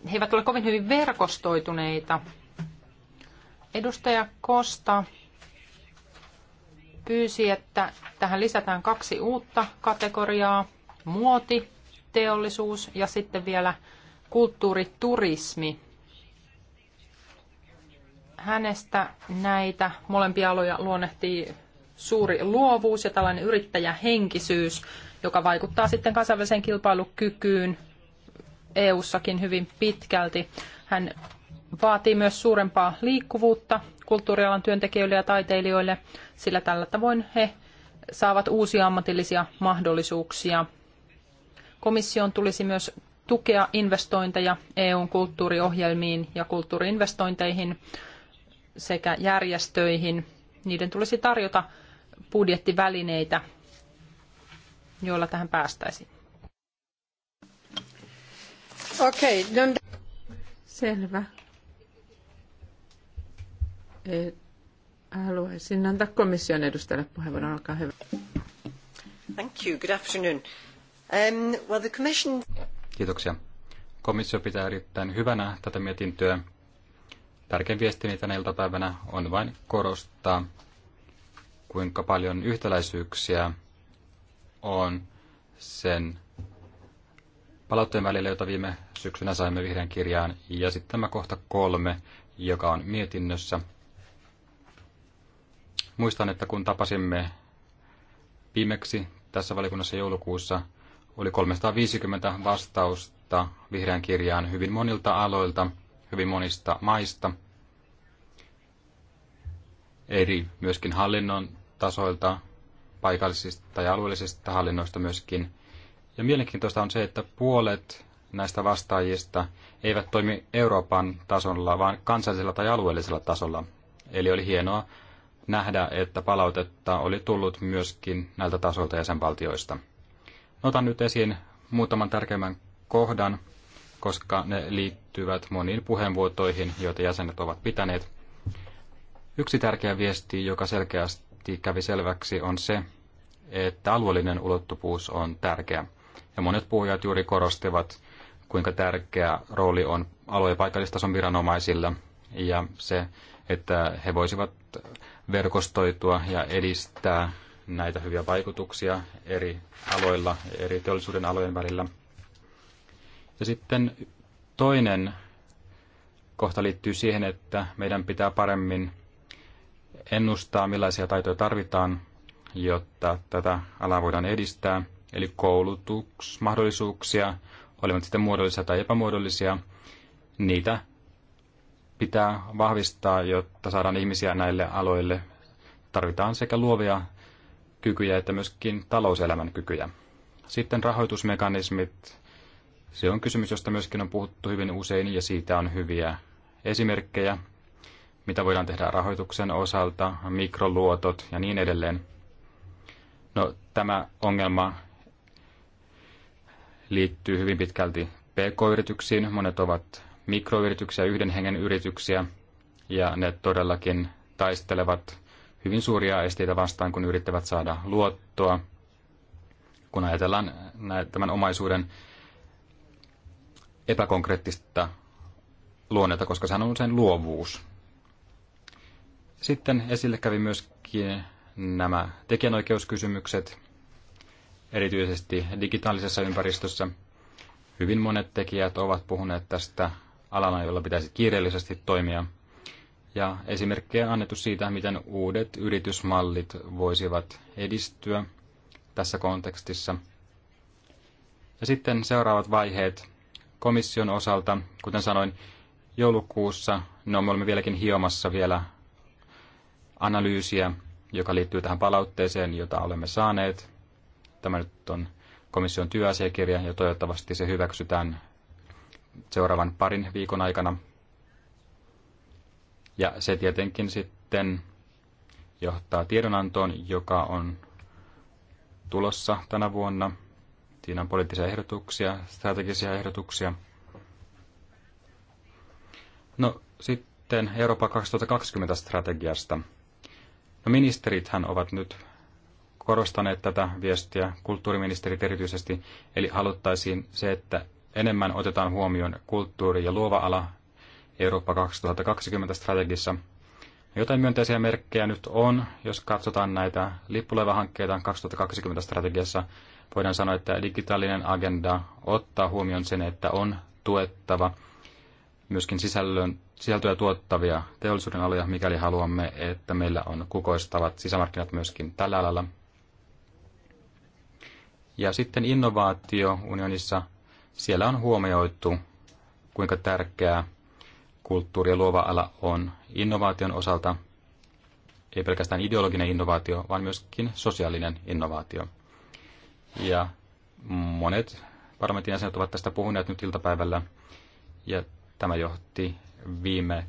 he eivät ole kovin hyvin verkostoituneita. Edustaja Kosta pyysi, että tähän lisätään kaksi uutta kategoriaa, muoti, teollisuus ja sitten vielä kulttuuriturismi. Hänestä näitä molempia aloja luonnehtii suuri luovuus ja tällainen yrittäjähenkisyys, joka vaikuttaa sitten kansainväliseen kilpailukykyyn EU-sakin hyvin pitkälti. Hän vaatii myös suurempaa liikkuvuutta kulttuurialan työntekijöille ja taiteilijoille, sillä tällä tavoin he saavat uusia ammatillisia mahdollisuuksia. Komission tulisi myös tukea investointeja EUn kulttuuriohjelmiin ja kulttuuriinvestointeihin sekä järjestöihin. Niiden tulisi tarjota budjettivälineitä, joilla tähän päästäisiin. Okei, okay, no- Selvä. Eh, haluaisin antaa komission edustajalle puheenvuoron. Olkaa hyvä. Thank you. Good afternoon. Um, well, the commission... Kiitoksia. Komissio pitää erittäin hyvänä tätä mietintöä. Tärkein viestini tänä iltapäivänä on vain korostaa, kuinka paljon yhtäläisyyksiä on sen palautteen välillä, jota viime syksynä saimme vihreän kirjaan, ja sitten tämä kohta kolme, joka on mietinnössä – Muistan, että kun tapasimme viimeksi tässä valikunnassa joulukuussa, oli 350 vastausta vihreän kirjaan hyvin monilta aloilta, hyvin monista maista, eri myöskin hallinnon tasoilta, paikallisista ja alueellisista hallinnoista myöskin. Ja mielenkiintoista on se, että puolet näistä vastaajista eivät toimi Euroopan tasolla, vaan kansallisella tai alueellisella tasolla. Eli oli hienoa nähdä, että palautetta oli tullut myöskin näiltä tasoilta jäsenvaltioista. Otan nyt esiin muutaman tärkeimmän kohdan, koska ne liittyvät moniin puheenvuotoihin, joita jäsenet ovat pitäneet. Yksi tärkeä viesti, joka selkeästi kävi selväksi, on se, että alueellinen ulottuvuus on tärkeä. Ja monet puhujat juuri korostivat, kuinka tärkeä rooli on alue- ja paikallistason viranomaisilla ja se, että he voisivat verkostoitua ja edistää näitä hyviä vaikutuksia eri aloilla, eri teollisuuden alojen välillä. Ja sitten toinen kohta liittyy siihen, että meidän pitää paremmin ennustaa, millaisia taitoja tarvitaan, jotta tätä alaa voidaan edistää. Eli koulutusmahdollisuuksia, olivat sitten muodollisia tai epämuodollisia, niitä pitää vahvistaa, jotta saadaan ihmisiä näille aloille. Tarvitaan sekä luovia kykyjä että myöskin talouselämän kykyjä. Sitten rahoitusmekanismit. Se on kysymys, josta myöskin on puhuttu hyvin usein ja siitä on hyviä esimerkkejä, mitä voidaan tehdä rahoituksen osalta, mikroluotot ja niin edelleen. No, tämä ongelma liittyy hyvin pitkälti PK-yrityksiin. Monet ovat mikroyrityksiä, yhden hengen yrityksiä, ja ne todellakin taistelevat hyvin suuria esteitä vastaan, kun yrittävät saada luottoa. Kun ajatellaan tämän omaisuuden epäkonkreettista luonnetta, koska sehän on usein luovuus. Sitten esille kävi myöskin nämä tekijänoikeuskysymykset, erityisesti digitaalisessa ympäristössä. Hyvin monet tekijät ovat puhuneet tästä alana, jolla pitäisi kiireellisesti toimia. Ja esimerkkejä annettu siitä, miten uudet yritysmallit voisivat edistyä tässä kontekstissa. Ja sitten seuraavat vaiheet komission osalta, kuten sanoin, joulukuussa, no me olemme vieläkin hiomassa vielä analyysiä, joka liittyy tähän palautteeseen, jota olemme saaneet. Tämä nyt on komission työasiakirja ja toivottavasti se hyväksytään seuraavan parin viikon aikana. Ja se tietenkin sitten johtaa tiedonantoon, joka on tulossa tänä vuonna. Siinä on poliittisia ehdotuksia, strategisia ehdotuksia. No sitten Eurooppa 2020 strategiasta. No ministerithän ovat nyt korostaneet tätä viestiä, kulttuuriministerit erityisesti, eli haluttaisiin se, että enemmän otetaan huomioon kulttuuri- ja luova ala Eurooppa 2020 strategissa. Jotain myönteisiä merkkejä nyt on, jos katsotaan näitä lippulevahankkeita 2020 strategiassa. Voidaan sanoa, että digitaalinen agenda ottaa huomioon sen, että on tuettava myöskin sisällön, sisältöä tuottavia teollisuuden aloja, mikäli haluamme, että meillä on kukoistavat sisämarkkinat myöskin tällä alalla. Ja sitten innovaatio unionissa – siellä on huomioitu, kuinka tärkeää kulttuuri ja luova ala on innovaation osalta, ei pelkästään ideologinen innovaatio, vaan myöskin sosiaalinen innovaatio. Ja monet parlamentin jäsenet ovat tästä puhuneet nyt iltapäivällä, ja tämä johti viime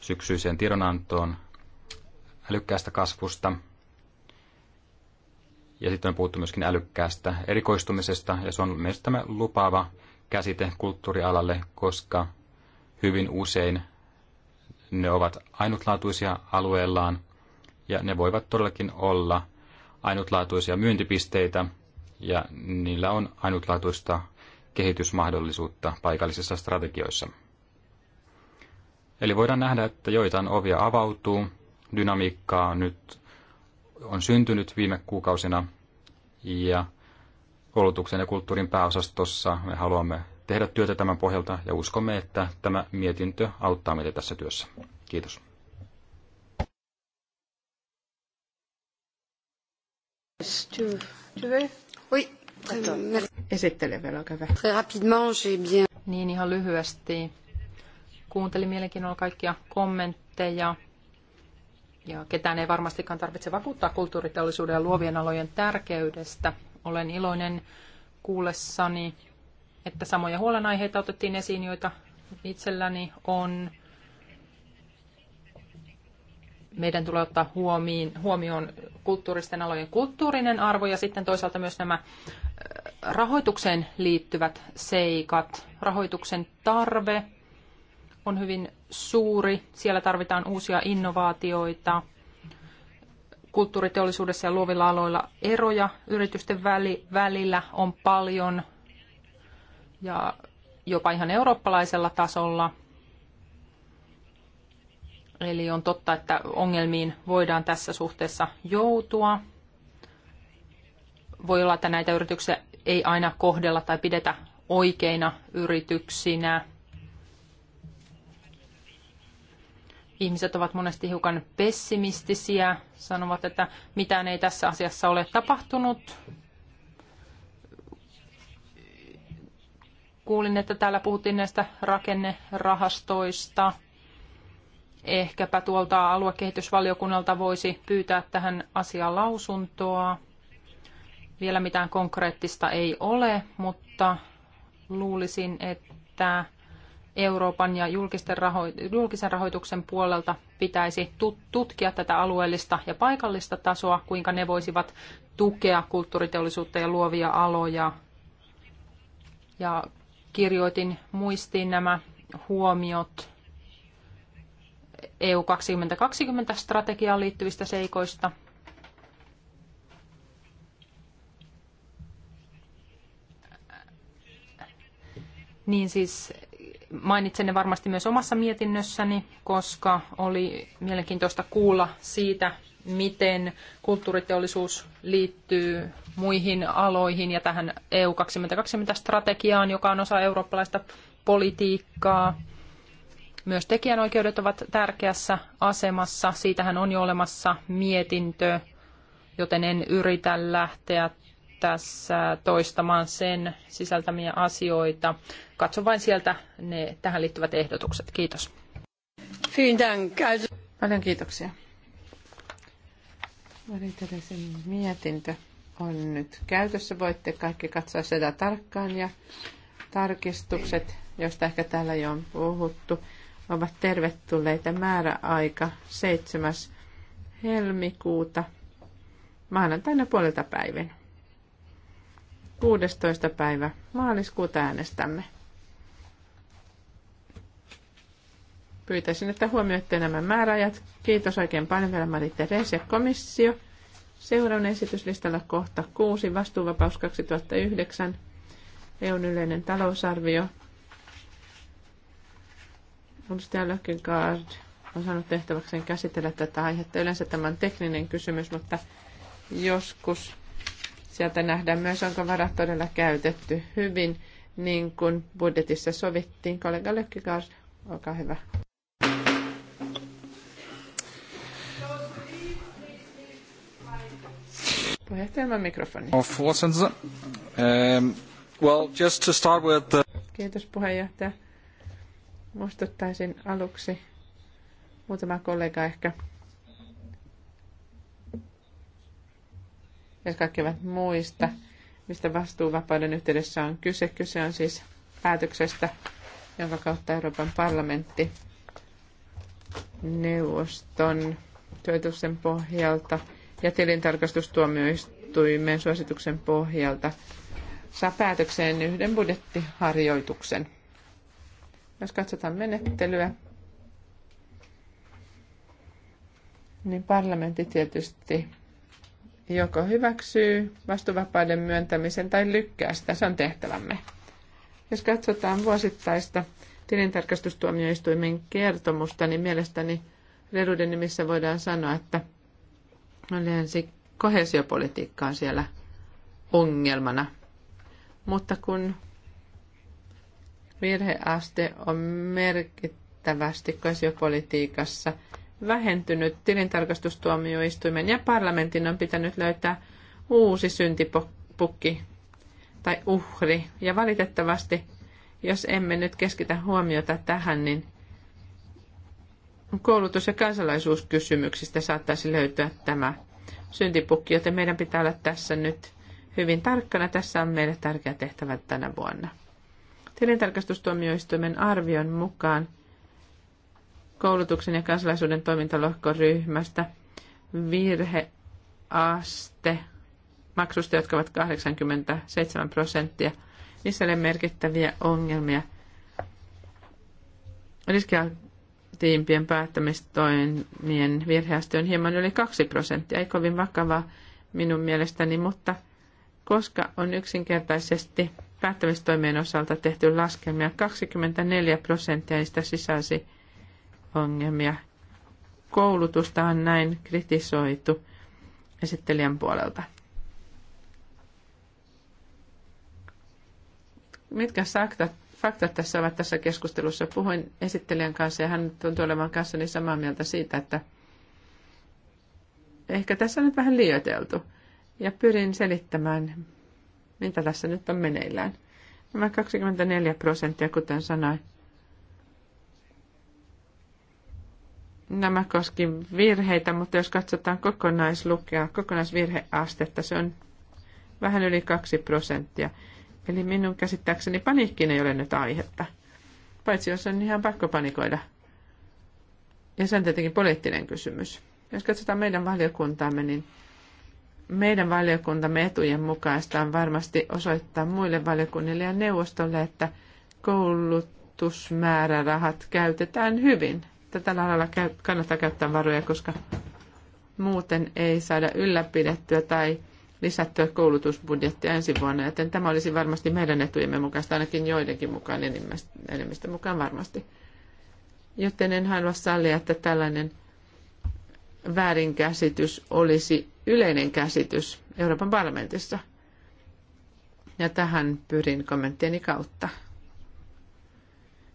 syksyiseen tiedonantoon älykkäästä kasvusta. Ja sitten on puhuttu myöskin älykkäästä erikoistumisesta, ja se on mielestäni lupaava käsite kulttuurialalle, koska hyvin usein ne ovat ainutlaatuisia alueellaan ja ne voivat todellakin olla ainutlaatuisia myyntipisteitä ja niillä on ainutlaatuista kehitysmahdollisuutta paikallisissa strategioissa. Eli voidaan nähdä, että joitain ovia avautuu, dynamiikkaa nyt on syntynyt viime kuukausina ja koulutuksen ja kulttuurin pääosastossa. Me haluamme tehdä työtä tämän pohjalta ja uskomme, että tämä mietintö auttaa meitä tässä työssä. Kiitos. Esittele vielä, olkaa hyvä. Niin ihan lyhyesti. Kuuntelin mielenkiinnolla kaikkia kommentteja. Ja ketään ei varmastikaan tarvitse vakuuttaa kulttuuriteollisuuden ja luovien alojen tärkeydestä. Olen iloinen kuullessani, että samoja huolenaiheita otettiin esiin, joita itselläni on. Meidän tulee ottaa huomioon kulttuuristen alojen kulttuurinen arvo ja sitten toisaalta myös nämä rahoitukseen liittyvät seikat. Rahoituksen tarve on hyvin suuri. Siellä tarvitaan uusia innovaatioita kulttuuriteollisuudessa ja luovilla aloilla eroja yritysten väli, välillä on paljon ja jopa ihan eurooppalaisella tasolla. Eli on totta, että ongelmiin voidaan tässä suhteessa joutua. Voi olla, että näitä yrityksiä ei aina kohdella tai pidetä oikeina yrityksinä. Ihmiset ovat monesti hiukan pessimistisiä, sanovat, että mitään ei tässä asiassa ole tapahtunut. Kuulin, että täällä puhuttiin näistä rakennerahastoista. Ehkäpä tuolta aluekehitysvaliokunnalta voisi pyytää tähän asiaan lausuntoa. Vielä mitään konkreettista ei ole, mutta luulisin, että Euroopan ja julkisen rahoituksen puolelta pitäisi tutkia tätä alueellista ja paikallista tasoa, kuinka ne voisivat tukea kulttuuriteollisuutta ja luovia aloja. Ja kirjoitin muistiin nämä huomiot EU 2020 strategiaan liittyvistä seikoista. Niin siis Mainitsen ne varmasti myös omassa mietinnössäni, koska oli mielenkiintoista kuulla siitä, miten kulttuuriteollisuus liittyy muihin aloihin ja tähän EU 2020-strategiaan, joka on osa eurooppalaista politiikkaa. Myös tekijänoikeudet ovat tärkeässä asemassa. Siitähän on jo olemassa mietintö, joten en yritä lähteä tässä toistamaan sen sisältämiä asioita. Katso vain sieltä ne tähän liittyvät ehdotukset. Kiitos. Paljon kiitoksia. Maritelesin mietintö on nyt käytössä. Voitte kaikki katsoa sitä tarkkaan ja tarkistukset, joista ehkä täällä jo on puhuttu, ovat tervetulleita. Määräaika 7. helmikuuta maanantaina puolelta päivän. 16. päivä maaliskuuta äänestämme. Pyytäisin, että huomioitte nämä määräajat. Kiitos oikein paljon vielä Mari Teres ja komissio. Seuraavan esityslistalla kohta 6, vastuuvapaus 2009, EUn yleinen talousarvio. Edustaja Lökkenkaard on saanut tehtäväkseen käsitellä tätä aihetta. Yleensä tämä on tekninen kysymys, mutta joskus Sieltä nähdään myös, onko varat todella käytetty hyvin, niin kuin budjetissa sovittiin. Kollega Lökkikaas, olkaa hyvä. Puheenjohtajan mikrofoni. Ähm, well, just to start with the... Kiitos puheenjohtaja. Muistuttaisin aluksi muutama kollega ehkä jos kaikki eivät muista, mistä vastuuvapauden yhteydessä on kyse. Kyse on siis päätöksestä, jonka kautta Euroopan parlamentti neuvoston työtuksen pohjalta ja tilintarkastustuomioistuimen suosituksen pohjalta saa päätökseen yhden budjettiharjoituksen. Jos katsotaan menettelyä, niin parlamentti tietysti joko hyväksyy vastuvapauden myöntämisen tai lykkää sitä. Se on tehtävämme. Jos katsotaan vuosittaista tilintarkastustuomioistuimen kertomusta, niin mielestäni Reduden nimissä voidaan sanoa, että yleensä kohesiopolitiikka on siellä ongelmana. Mutta kun virheaste on merkittävästi kohesiopolitiikassa – vähentynyt tilintarkastustuomioistuimen ja parlamentin on pitänyt löytää uusi syntipukki tai uhri. Ja valitettavasti, jos emme nyt keskitä huomiota tähän, niin koulutus- ja kansalaisuuskysymyksistä saattaisi löytyä tämä syntipukki, joten meidän pitää olla tässä nyt hyvin tarkkana. Tässä on meille tärkeä tehtävä tänä vuonna. Tilintarkastustuomioistuimen arvion mukaan – koulutuksen ja kansalaisuuden toimintalohkoryhmästä virheaste maksusta, jotka ovat 87 prosenttia. Niissä oli merkittäviä ongelmia. Riskialtiimpien päättämistoimien virheaste on hieman yli 2 prosenttia. Ei kovin vakava minun mielestäni, mutta koska on yksinkertaisesti päättämistoimien osalta tehty laskelmia, 24 prosenttia niistä sisälsi ongelmia. Koulutusta on näin kritisoitu esittelijän puolelta. Mitkä faktat, faktat tässä ovat tässä keskustelussa? Puhuin esittelijän kanssa ja hän tuntui olevan kanssani samaa mieltä siitä, että ehkä tässä on nyt vähän liioiteltu. Ja pyrin selittämään, mitä tässä nyt on meneillään. Nämä 24 prosenttia, kuten sanoin, nämä koski virheitä, mutta jos katsotaan kokonaislukea, kokonaisvirheastetta, se on vähän yli 2 prosenttia. Eli minun käsittääkseni paniikkiin ei ole nyt aihetta. Paitsi jos on ihan pakko panikoida. Ja se on tietenkin poliittinen kysymys. Jos katsotaan meidän valiokuntaamme, niin meidän valiokuntamme etujen mukaista on varmasti osoittaa muille valiokunnille ja neuvostolle, että koulutusmäärärahat käytetään hyvin. Tätä lailla kannattaa käyttää varoja, koska muuten ei saada ylläpidettyä tai lisättyä koulutusbudjettia ensi vuonna, joten tämä olisi varmasti meidän etujemme mukaista, ainakin joidenkin mukaan, enemmistö mukaan varmasti. Joten en halua sallia, että tällainen väärinkäsitys olisi yleinen käsitys Euroopan parlamentissa. Ja tähän pyrin kommenttieni kautta.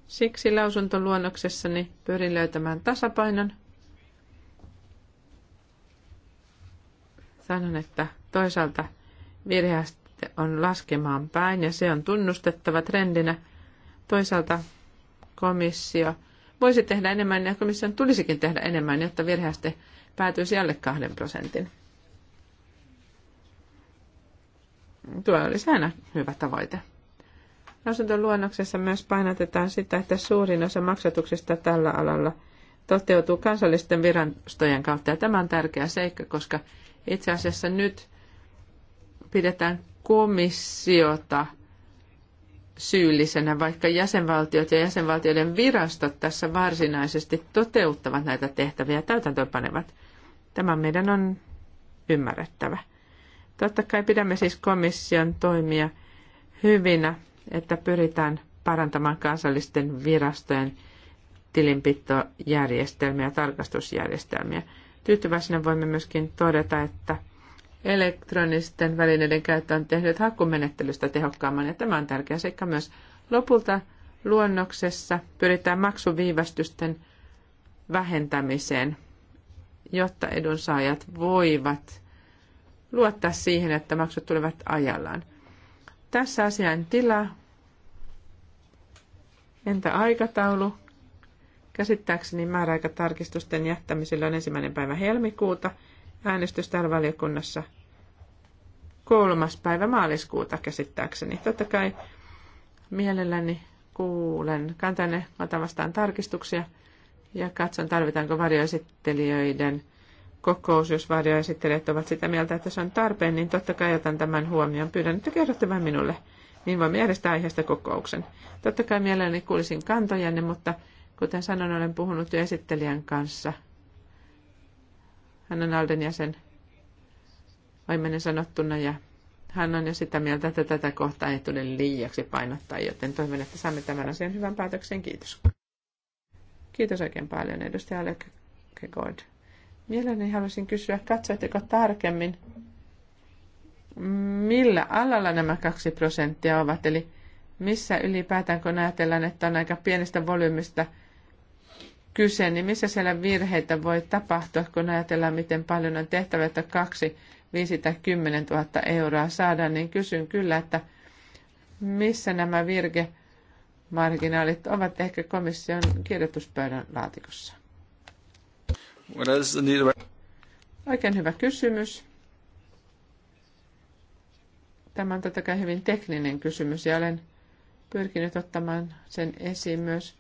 Siksi lausuntoluonnoksessani pyrin löytämään tasapainon. Sanon, että toisaalta virheaste on laskemaan päin ja se on tunnustettava trendinä. Toisaalta komissio voisi tehdä enemmän ja komission tulisikin tehdä enemmän, jotta virheaste päätyisi alle kahden prosentin. Tuo olisi aina hyvä tavoite luonnoksessa myös painotetaan sitä, että suurin osa maksatuksista tällä alalla toteutuu kansallisten virastojen kautta. Ja tämä on tärkeä seikka, koska itse asiassa nyt pidetään komissiota syyllisenä, vaikka jäsenvaltiot ja jäsenvaltioiden virastot tässä varsinaisesti toteuttavat näitä tehtäviä ja täytäntöönpanevat. Tämä meidän on ymmärrettävä. Totta kai pidämme siis komission toimia hyvinä että pyritään parantamaan kansallisten virastojen tilinpitojärjestelmiä ja tarkastusjärjestelmiä. Tyytyväisenä voimme myöskin todeta, että elektronisten välineiden käyttö on tehnyt hakumenettelystä tehokkaamman, ja tämä on tärkeä seikka myös. Lopulta luonnoksessa pyritään maksuviivästysten vähentämiseen, jotta edunsaajat voivat luottaa siihen, että maksut tulevat ajallaan. Tässä asian tila. Entä aikataulu? Käsittääkseni määräaikatarkistusten jättämisellä on ensimmäinen päivä helmikuuta. Äänestys täällä valiokunnassa kolmas päivä maaliskuuta käsittääkseni. Totta kai mielelläni kuulen kantanne, otan vastaan tarkistuksia ja katson tarvitaanko varjoesittelijöiden kokous, jos varjoesittelijät ovat sitä mieltä, että se on tarpeen, niin totta kai otan tämän huomioon. Pyydän, että kerrotte vain minulle, niin voimme järjestää aiheesta kokouksen. Totta kai mielelläni kuulisin kantojanne, mutta kuten sanon, olen puhunut jo esittelijän kanssa. Hän on Alden jäsen, vaimenen sanottuna, ja hän on jo sitä mieltä, että tätä kohtaa ei tule liiaksi painottaa, joten toivon, että saamme tämän asian hyvän päätöksen. Kiitos. Kiitos oikein paljon, edustaja Alec Kegord. Mielelläni haluaisin kysyä, katsoitteko tarkemmin, millä alalla nämä kaksi prosenttia ovat, eli missä ylipäätään, kun ajatellaan, että on aika pienestä volyymista kyse, niin missä siellä virheitä voi tapahtua, kun ajatellaan, miten paljon on tehtävä, että kaksi, viisi tai kymmenen tuhatta euroa saadaan, niin kysyn kyllä, että missä nämä virkemarginaalit ovat ehkä komission kirjoituspöydän laatikossa. Oikein hyvä kysymys. Tämä on totta kai hyvin tekninen kysymys ja olen pyrkinyt ottamaan sen esiin myös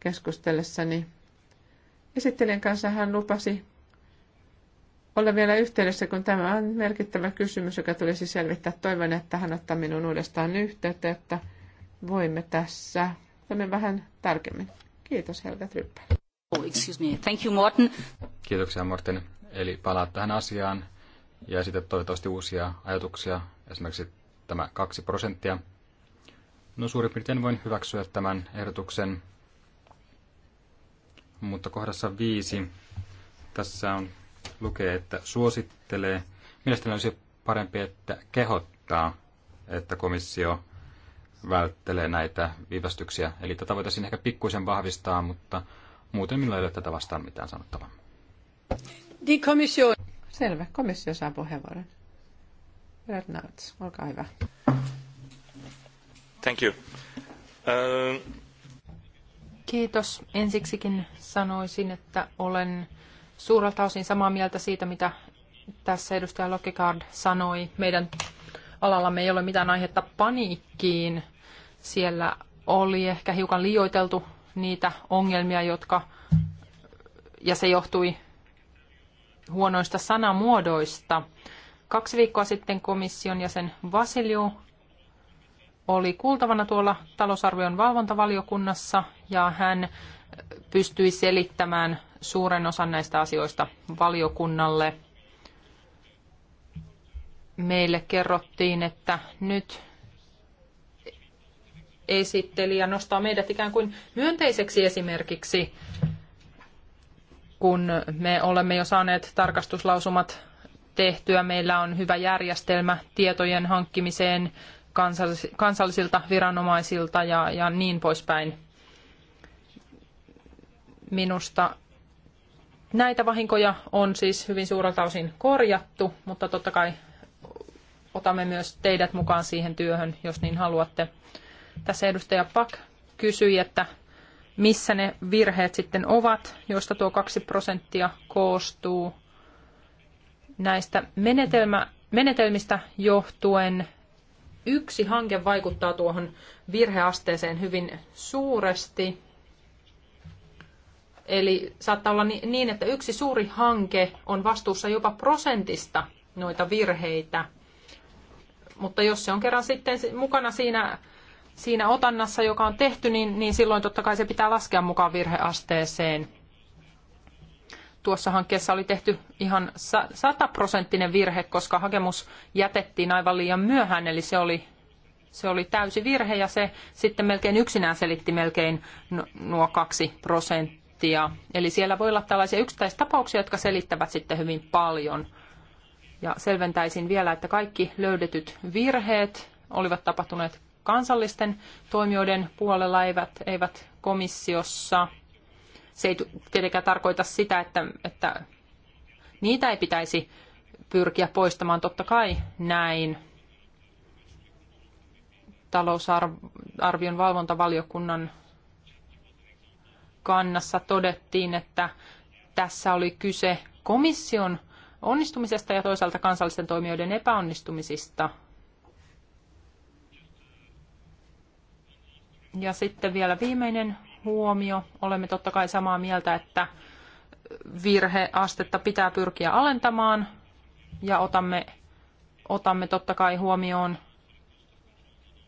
keskustellessani esittelijän kanssa. Hän lupasi olla vielä yhteydessä, kun tämä on merkittävä kysymys, joka tulisi selvittää. Toivon, että hän ottaa minun uudestaan yhteyttä, että voimme tässä toimia vähän tarkemmin. Kiitos Helga Tryppä. Oh, excuse me. Thank you, Morten. Kiitoksia, Morten. Eli palaat tähän asiaan ja sitten toivottavasti uusia ajatuksia, esimerkiksi tämä kaksi prosenttia. No suurin piirtein voin hyväksyä tämän ehdotuksen, mutta kohdassa viisi tässä on lukee, että suosittelee. Mielestäni olisi parempi, että kehottaa, että komissio välttelee näitä viivästyksiä. Eli tätä voitaisiin ehkä pikkuisen vahvistaa, mutta Muuten minulla ei ole tätä vastaan mitään sanottavaa. The commission. Selvä, komissio saa puheenvuoron. Bernards, olkaa hyvä. Thank you. Uh... Kiitos. Ensiksikin sanoisin, että olen suurelta osin samaa mieltä siitä, mitä tässä edustaja Lokikard sanoi. Meidän alallamme ei ole mitään aihetta paniikkiin. Siellä oli ehkä hiukan liioiteltu niitä ongelmia, jotka, ja se johtui huonoista sanamuodoista. Kaksi viikkoa sitten komission jäsen Vasiliu oli kuultavana tuolla talousarvion valvontavaliokunnassa ja hän pystyi selittämään suuren osan näistä asioista valiokunnalle. Meille kerrottiin, että nyt ja nostaa meidät ikään kuin myönteiseksi esimerkiksi, kun me olemme jo saaneet tarkastuslausumat tehtyä. Meillä on hyvä järjestelmä tietojen hankkimiseen kansallisilta viranomaisilta ja, ja niin poispäin. Minusta näitä vahinkoja on siis hyvin suurelta osin korjattu, mutta totta kai otamme myös teidät mukaan siihen työhön, jos niin haluatte. Tässä edustaja Pak kysyi, että missä ne virheet sitten ovat, joista tuo kaksi prosenttia koostuu. Näistä menetelmä, menetelmistä johtuen yksi hanke vaikuttaa tuohon virheasteeseen hyvin suuresti. Eli saattaa olla niin, että yksi suuri hanke on vastuussa jopa prosentista noita virheitä. Mutta jos se on kerran sitten mukana siinä siinä otannassa, joka on tehty, niin, niin silloin totta kai se pitää laskea mukaan virheasteeseen. Tuossa hankkeessa oli tehty ihan sataprosenttinen virhe, koska hakemus jätettiin aivan liian myöhään, eli se oli, se oli täysi virhe ja se sitten melkein yksinään selitti melkein nuo kaksi prosenttia. Eli siellä voi olla tällaisia yksittäistapauksia, jotka selittävät sitten hyvin paljon. Ja selventäisin vielä, että kaikki löydetyt virheet olivat tapahtuneet kansallisten toimijoiden puolella, eivät, eivät komissiossa. Se ei tietenkään tarkoita sitä, että, että niitä ei pitäisi pyrkiä poistamaan, totta kai näin. Talousarvion valvontavaliokunnan kannassa todettiin, että tässä oli kyse komission onnistumisesta ja toisaalta kansallisten toimijoiden epäonnistumisista – Ja sitten vielä viimeinen huomio. Olemme totta kai samaa mieltä, että virheastetta pitää pyrkiä alentamaan ja otamme, otamme totta kai huomioon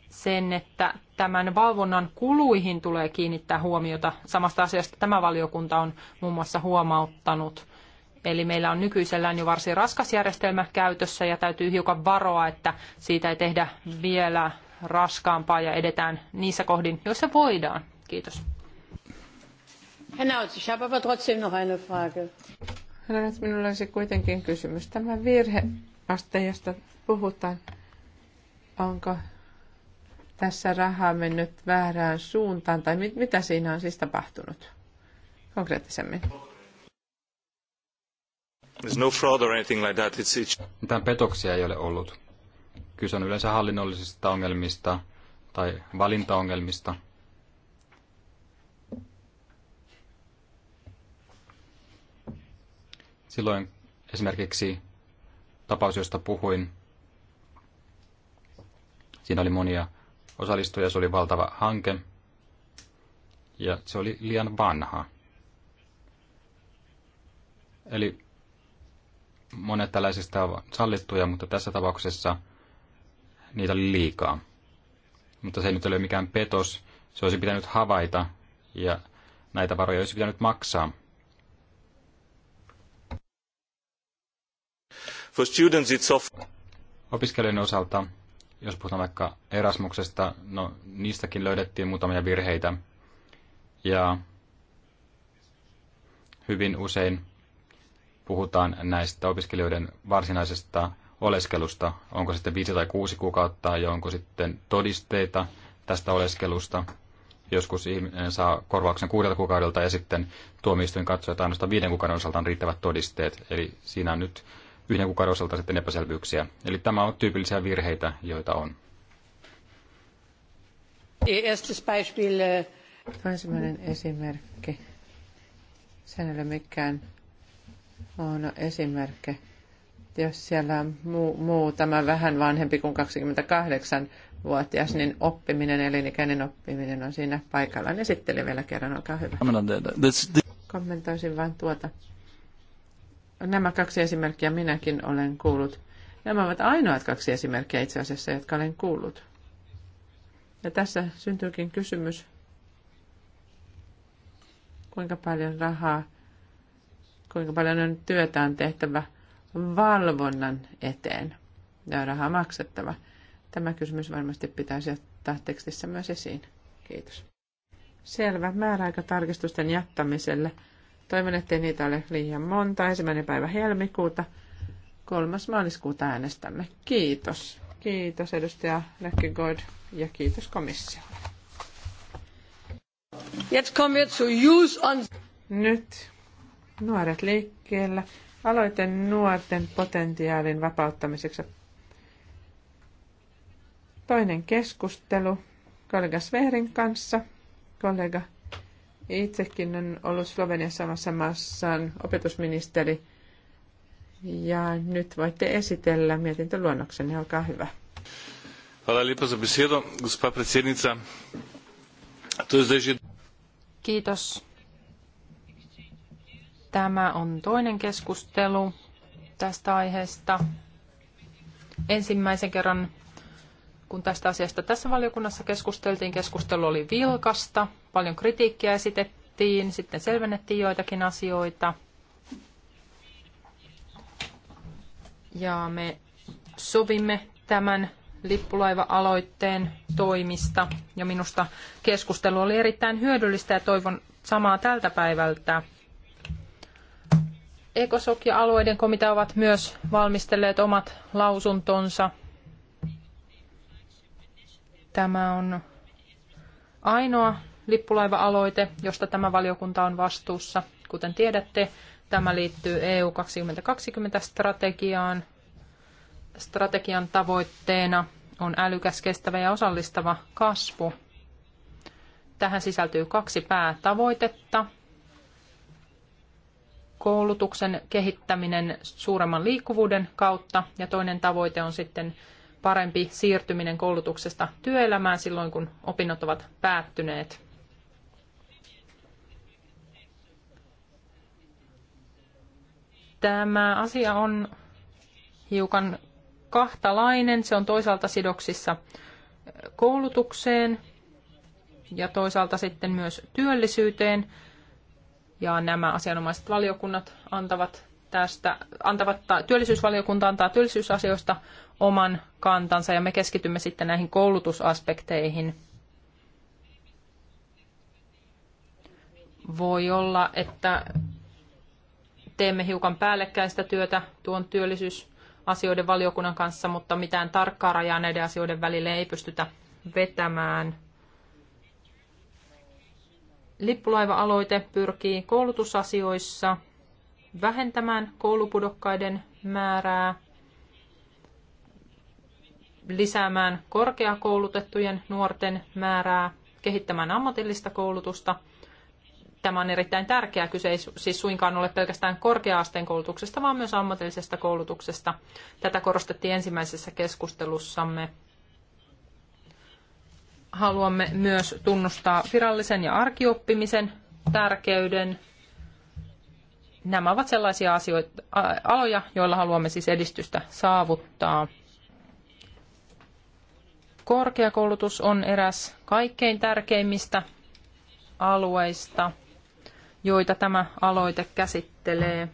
sen, että tämän valvonnan kuluihin tulee kiinnittää huomiota. Samasta asiasta tämä valiokunta on muun muassa huomauttanut. Eli meillä on nykyisellään jo varsin raskas järjestelmä käytössä ja täytyy hiukan varoa, että siitä ei tehdä vielä raskaampaa ja edetään niissä kohdin, joissa voidaan. Kiitos. Hinaut, ich habe aber trotzdem noch eine Frage. minulla olisi kuitenkin kysymys. Tämä virheaste, josta puhutaan, onko tässä rahaa mennyt väärään suuntaan tai mit, mitä siinä on siis tapahtunut konkreettisemmin? There's no fraud or anything like that. It's, it's... Mitään petoksia ei ole ollut. Kyse on yleensä hallinnollisista ongelmista tai valintaongelmista. Silloin esimerkiksi tapaus, josta puhuin, siinä oli monia osallistujia, se oli valtava hanke ja se oli liian vanha. Eli monet tällaisista ovat sallittuja, mutta tässä tapauksessa – niitä oli liikaa. Mutta se ei nyt ole mikään petos, se olisi pitänyt havaita ja näitä varoja olisi pitänyt maksaa. For students it's off. Opiskelijoiden osalta, jos puhutaan vaikka Erasmuksesta, no niistäkin löydettiin muutamia virheitä. Ja hyvin usein puhutaan näistä opiskelijoiden varsinaisesta oleskelusta. Onko sitten viisi tai kuusi kuukautta ja onko sitten todisteita tästä oleskelusta. Joskus ihminen saa korvauksen kuudelta kuukaudelta ja sitten tuomioistuin katsoo, että ainoastaan viiden kuukauden osalta on riittävät todisteet. Eli siinä on nyt yhden kuukauden osalta sitten epäselvyyksiä. Eli tämä on tyypillisiä virheitä, joita on. Ensimmäinen äh, esimerkki. Sen ei ole mikään huono esimerkki jos siellä on muu, muutama vähän vanhempi kuin 28-vuotias, niin oppiminen, elinikäinen oppiminen on siinä paikallaan. Esitteli vielä kerran, olkaa hyvä. Kommentoisin vain tuota. Nämä kaksi esimerkkiä minäkin olen kuullut. Nämä ovat ainoat kaksi esimerkkiä itse asiassa, jotka olen kuullut. Ja tässä syntyykin kysymys, kuinka paljon rahaa, kuinka paljon on työtä on tehtävä – valvonnan eteen ja rahaa maksettava. Tämä kysymys varmasti pitäisi ottaa tekstissä myös esiin. Kiitos. Selvä. Määräaika tarkistusten jättämiselle. Toivon, ettei niitä ole liian monta. Ensimmäinen päivä helmikuuta, kolmas maaliskuuta äänestämme. Kiitos. Kiitos edustaja Lekkigod ja kiitos komissiolle. Jetzt kommen wir zu Use on... Nyt nuoret liikkeellä. Aloite nuorten potentiaalin vapauttamiseksi. Toinen keskustelu kollega Sverin kanssa. Kollega itsekin on ollut Sloveniassa samassa maassa opetusministeri. Ja nyt voitte esitellä mietintöluonnoksen, olkaa hyvä. Kiitos Tämä on toinen keskustelu tästä aiheesta. Ensimmäisen kerran, kun tästä asiasta tässä valiokunnassa keskusteltiin, keskustelu oli vilkasta, paljon kritiikkiä esitettiin, sitten selvennettiin joitakin asioita. Ja me sovimme tämän lippulaiva-aloitteen toimista. Ja minusta keskustelu oli erittäin hyödyllistä ja toivon samaa tältä päivältä. ECOSOC ja alueiden komitea ovat myös valmistelleet omat lausuntonsa. Tämä on ainoa lippulaiva-aloite, josta tämä valiokunta on vastuussa. Kuten tiedätte, tämä liittyy EU 2020-strategiaan. Strategian tavoitteena on älykäs, kestävä ja osallistava kasvu. Tähän sisältyy kaksi päätavoitetta – koulutuksen kehittäminen suuremman liikkuvuuden kautta ja toinen tavoite on sitten parempi siirtyminen koulutuksesta työelämään silloin, kun opinnot ovat päättyneet. Tämä asia on hiukan kahtalainen. Se on toisaalta sidoksissa koulutukseen ja toisaalta sitten myös työllisyyteen ja nämä asianomaiset valiokunnat antavat tästä, antavat, työllisyysvaliokunta antaa työllisyysasioista oman kantansa ja me keskitymme sitten näihin koulutusaspekteihin. Voi olla, että teemme hiukan päällekkäistä työtä tuon työllisyysasioiden valiokunnan kanssa, mutta mitään tarkkaa rajaa näiden asioiden välille ei pystytä vetämään – Lippulaiva-aloite pyrkii koulutusasioissa vähentämään koulupudokkaiden määrää, lisäämään korkeakoulutettujen nuorten määrää, kehittämään ammatillista koulutusta. Tämä on erittäin tärkeää. Kyse ei siis suinkaan ole pelkästään korkea-asteen koulutuksesta, vaan myös ammatillisesta koulutuksesta. Tätä korostettiin ensimmäisessä keskustelussamme haluamme myös tunnustaa virallisen ja arkioppimisen tärkeyden. Nämä ovat sellaisia asioita, aloja, joilla haluamme siis edistystä saavuttaa. Korkeakoulutus on eräs kaikkein tärkeimmistä alueista, joita tämä aloite käsittelee.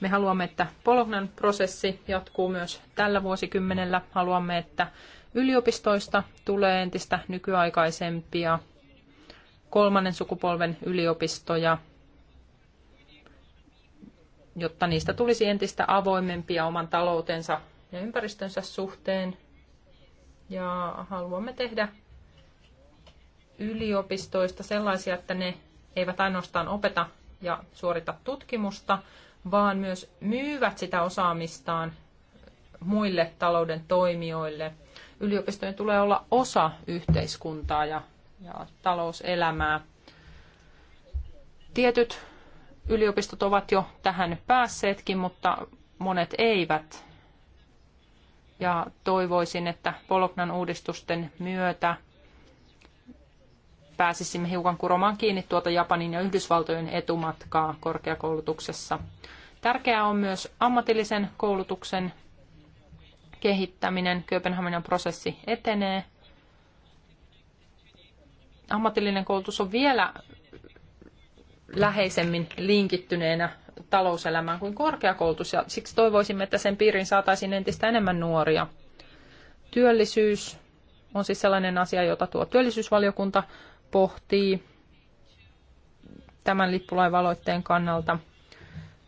Me haluamme, että Polognan prosessi jatkuu myös tällä vuosikymmenellä. Haluamme, että Yliopistoista tulee entistä nykyaikaisempia, kolmannen sukupolven yliopistoja, jotta niistä tulisi entistä avoimempia oman taloutensa ja ympäristönsä suhteen. Ja haluamme tehdä yliopistoista sellaisia, että ne eivät ainoastaan opeta ja suorita tutkimusta, vaan myös myyvät sitä osaamistaan muille talouden toimijoille – yliopistojen tulee olla osa yhteiskuntaa ja, ja talouselämää. Tietyt yliopistot ovat jo tähän päässeetkin, mutta monet eivät. Ja toivoisin, että Bolognan uudistusten myötä pääsisimme hiukan kuromaan kiinni tuota Japanin ja Yhdysvaltojen etumatkaa korkeakoulutuksessa. Tärkeää on myös ammatillisen koulutuksen kehittäminen, Kööpenhaminan prosessi etenee. Ammatillinen koulutus on vielä läheisemmin linkittyneenä talouselämään kuin korkeakoulutus, ja siksi toivoisimme, että sen piiriin saataisiin entistä enemmän nuoria. Työllisyys on siis sellainen asia, jota tuo työllisyysvaliokunta pohtii tämän lippulaivaloitteen kannalta.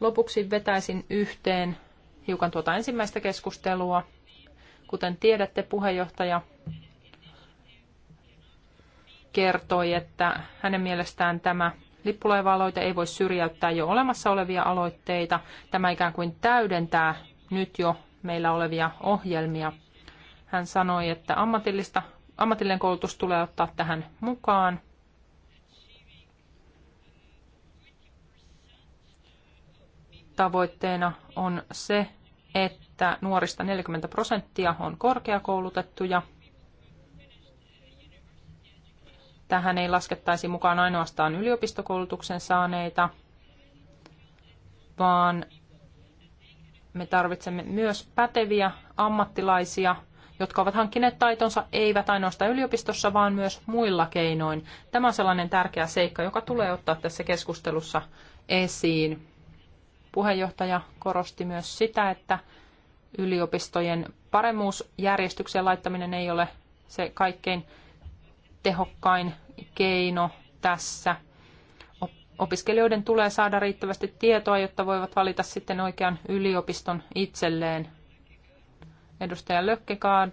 Lopuksi vetäisin yhteen hiukan tuota ensimmäistä keskustelua. Kuten tiedätte, puheenjohtaja kertoi, että hänen mielestään tämä lippulaiva-aloite ei voi syrjäyttää jo olemassa olevia aloitteita. Tämä ikään kuin täydentää nyt jo meillä olevia ohjelmia. Hän sanoi, että ammatillista, ammatillinen koulutus tulee ottaa tähän mukaan. Tavoitteena on se, että että nuorista 40 prosenttia on korkeakoulutettuja. Tähän ei laskettaisi mukaan ainoastaan yliopistokoulutuksen saaneita, vaan me tarvitsemme myös päteviä ammattilaisia, jotka ovat hankkineet taitonsa eivät ainoastaan yliopistossa, vaan myös muilla keinoin. Tämä on sellainen tärkeä seikka, joka tulee ottaa tässä keskustelussa esiin. Puheenjohtaja korosti myös sitä, että yliopistojen paremmuusjärjestykseen laittaminen ei ole se kaikkein tehokkain keino tässä. Opiskelijoiden tulee saada riittävästi tietoa, jotta voivat valita sitten oikean yliopiston itselleen. Edustaja lökkekaad,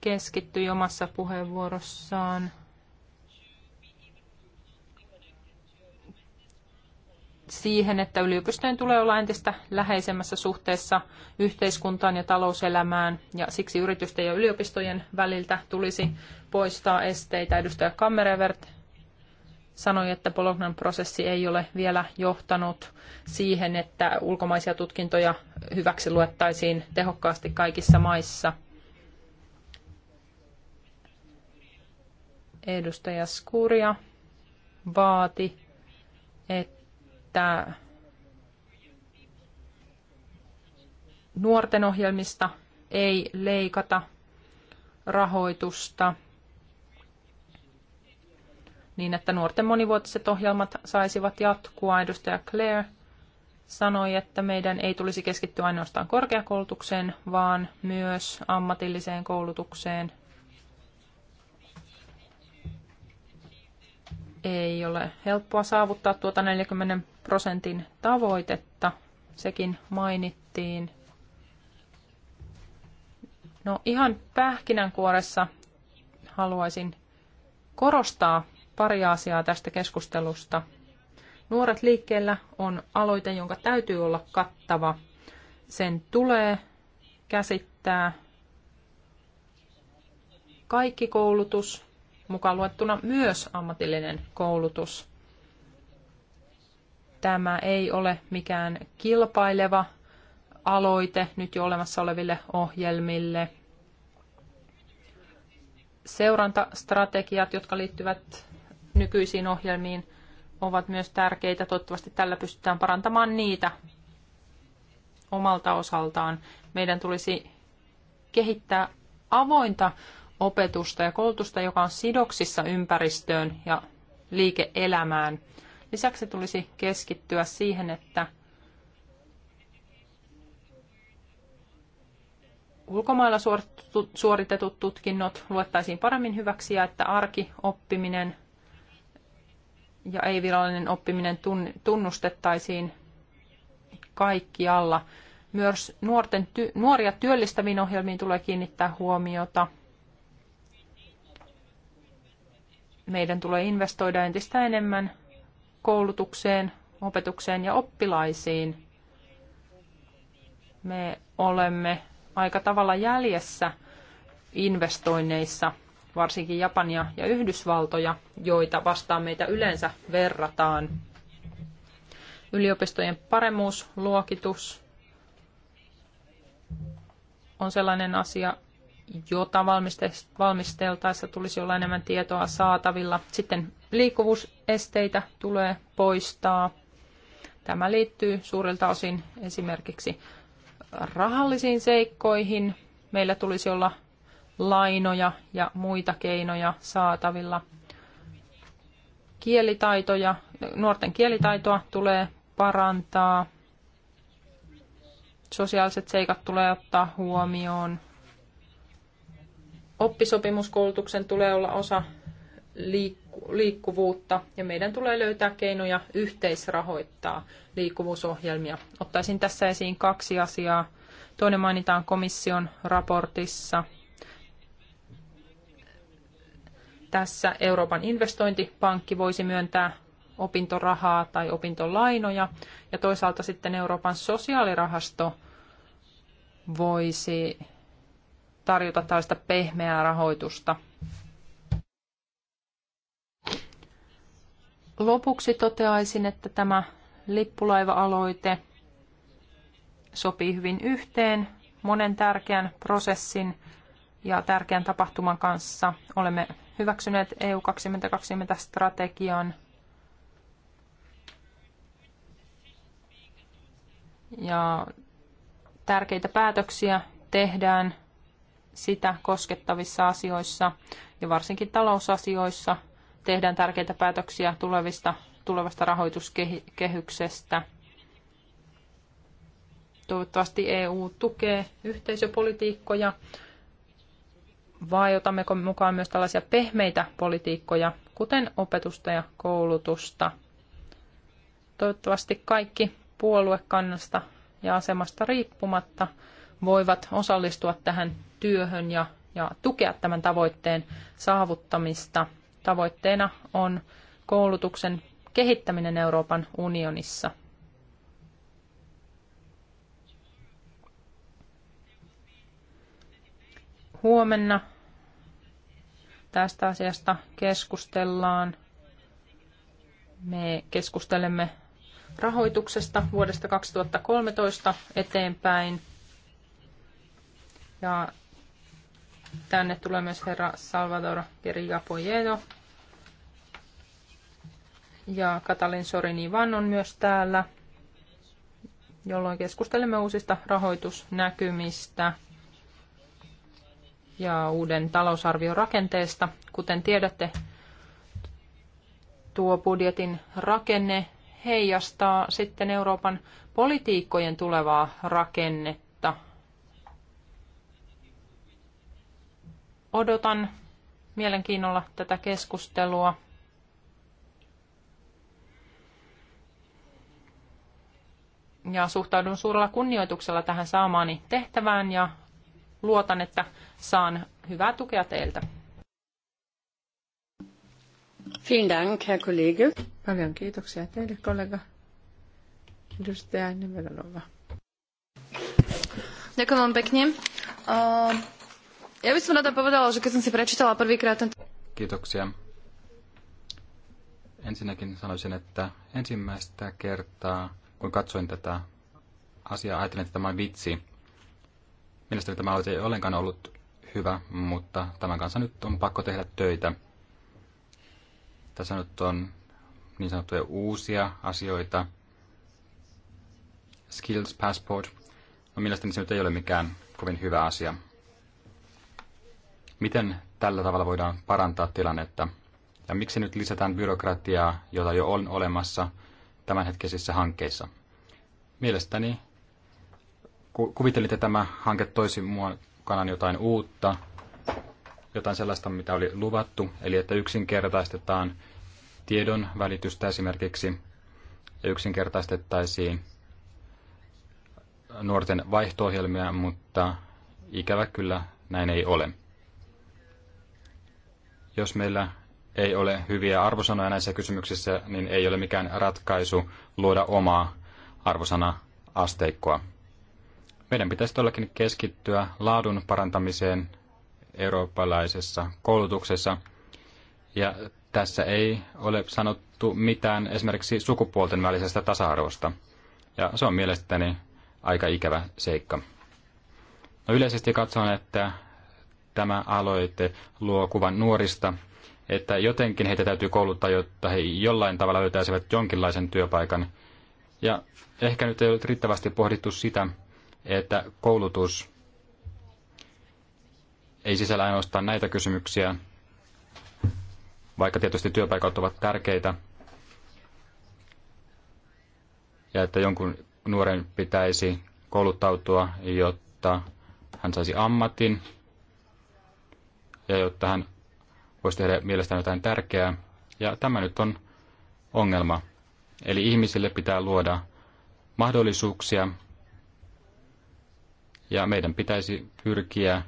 keskittyi omassa puheenvuorossaan siihen, että yliopistojen tulee olla entistä läheisemmässä suhteessa yhteiskuntaan ja talouselämään, ja siksi yritysten ja yliopistojen väliltä tulisi poistaa esteitä. Edustaja Kammerevert sanoi, että Bolognan prosessi ei ole vielä johtanut siihen, että ulkomaisia tutkintoja hyväksi luettaisiin tehokkaasti kaikissa maissa. Edustaja Skuria vaati, että päättää nuorten ohjelmista, ei leikata rahoitusta niin, että nuorten monivuotiset ohjelmat saisivat jatkua. Edustaja Claire sanoi, että meidän ei tulisi keskittyä ainoastaan korkeakoulutukseen, vaan myös ammatilliseen koulutukseen. Ei ole helppoa saavuttaa tuota 40 prosentin tavoitetta. Sekin mainittiin. No ihan pähkinänkuoressa haluaisin korostaa pari asiaa tästä keskustelusta. Nuoret liikkeellä on aloite, jonka täytyy olla kattava. Sen tulee käsittää kaikki koulutus, mukaan luettuna myös ammatillinen koulutus. Tämä ei ole mikään kilpaileva aloite nyt jo olemassa oleville ohjelmille. Seurantastrategiat, jotka liittyvät nykyisiin ohjelmiin, ovat myös tärkeitä. Toivottavasti tällä pystytään parantamaan niitä omalta osaltaan. Meidän tulisi kehittää avointa opetusta ja koulutusta, joka on sidoksissa ympäristöön ja liike-elämään. Lisäksi tulisi keskittyä siihen, että ulkomailla suoritetut tutkinnot luettaisiin paremmin hyväksi ja että arkioppiminen ja ei-virallinen oppiminen tunnustettaisiin kaikkialla. Myös nuorten, nuoria työllistäviin ohjelmiin tulee kiinnittää huomiota. Meidän tulee investoida entistä enemmän koulutukseen, opetukseen ja oppilaisiin. Me olemme aika tavalla jäljessä investoinneissa, varsinkin Japania ja Yhdysvaltoja, joita vastaan meitä yleensä verrataan. Yliopistojen paremmuusluokitus on sellainen asia, jota valmisteltaessa tulisi olla enemmän tietoa saatavilla. Sitten liikkuvuusesteitä tulee poistaa. Tämä liittyy suurelta osin esimerkiksi rahallisiin seikkoihin. Meillä tulisi olla lainoja ja muita keinoja saatavilla. Kielitaitoja, nuorten kielitaitoa tulee parantaa. Sosiaaliset seikat tulee ottaa huomioon. Oppisopimuskoulutuksen tulee olla osa liikkuvuutta ja meidän tulee löytää keinoja yhteisrahoittaa liikkuvuusohjelmia. Ottaisin tässä esiin kaksi asiaa. Toinen mainitaan komission raportissa. Tässä Euroopan investointipankki voisi myöntää opintorahaa tai opintolainoja ja toisaalta sitten Euroopan sosiaalirahasto voisi tarjota tällaista pehmeää rahoitusta. Lopuksi toteaisin, että tämä lippulaiva-aloite sopii hyvin yhteen monen tärkeän prosessin ja tärkeän tapahtuman kanssa. Olemme hyväksyneet EU 2020-strategian ja tärkeitä päätöksiä tehdään – sitä koskettavissa asioissa ja varsinkin talousasioissa tehdään tärkeitä päätöksiä tulevista, tulevasta rahoituskehyksestä. Toivottavasti EU tukee yhteisöpolitiikkoja, vai otammeko mukaan myös tällaisia pehmeitä politiikkoja, kuten opetusta ja koulutusta. Toivottavasti kaikki puoluekannasta ja asemasta riippumatta voivat osallistua tähän työhön ja, ja tukea tämän tavoitteen saavuttamista. Tavoitteena on koulutuksen kehittäminen Euroopan unionissa. Huomenna tästä asiasta keskustellaan. Me keskustelemme rahoituksesta vuodesta 2013 eteenpäin. Ja Tänne tulee myös herra Salvador Pirja Poyedo Ja Katalin Sorin Ivan on myös täällä, jolloin keskustelemme uusista rahoitusnäkymistä ja uuden talousarviorakenteesta. Kuten tiedätte, tuo budjetin rakenne heijastaa sitten Euroopan politiikkojen tulevaa rakennetta odotan mielenkiinnolla tätä keskustelua. Ja suhtaudun suurella kunnioituksella tähän saamaani tehtävään ja luotan, että saan hyvää tukea teiltä. Vielen Dank, Herr Kollege. Paljon kiitoksia teille, kollega. Edustaja Nivelonova. Ďakujem vám pekne. Uh... Ja by som rada povedala, že keď som si prečítala prvýkrát tento... Kiitoksia. Ensinnäkin sanoisin, että ensimmäistä kertaa, kun katsoin tätä asiaa, ajattelin, että tämä on vitsi. Mielestäni tämä olisi ollenkaan ollut hyvä, mutta tämän kanssa nyt on pakko tehdä töitä. Tässä nyt on niin sanottuja uusia asioita. Skills Passport. No mielestäni se nyt ei ole mikään kovin hyvä asia. Miten tällä tavalla voidaan parantaa tilannetta? Ja miksi nyt lisätään byrokratiaa, jota jo on olemassa tämänhetkisissä hankkeissa? Mielestäni kuvittelin, että tämä hanke toisi mukanaan jotain uutta, jotain sellaista, mitä oli luvattu, eli että yksinkertaistetaan tiedon välitystä esimerkiksi ja yksinkertaistettaisiin nuorten vaihto mutta ikävä kyllä näin ei ole. Jos meillä ei ole hyviä arvosanoja näissä kysymyksissä, niin ei ole mikään ratkaisu luoda omaa arvosana-asteikkoa. Meidän pitäisi todellakin keskittyä laadun parantamiseen eurooppalaisessa koulutuksessa. Ja tässä ei ole sanottu mitään esimerkiksi sukupuolten välisestä tasa-arvosta. Ja se on mielestäni aika ikävä seikka. No yleisesti katson, että tämä aloite luo kuvan nuorista, että jotenkin heitä täytyy kouluttaa, jotta he jollain tavalla löytäisivät jonkinlaisen työpaikan. Ja ehkä nyt ei ole riittävästi pohdittu sitä, että koulutus ei sisällä ainoastaan näitä kysymyksiä, vaikka tietysti työpaikat ovat tärkeitä, ja että jonkun nuoren pitäisi kouluttautua, jotta hän saisi ammatin, ja jotta hän voisi tehdä mielestään jotain tärkeää. Ja tämä nyt on ongelma. Eli ihmisille pitää luoda mahdollisuuksia ja meidän pitäisi pyrkiä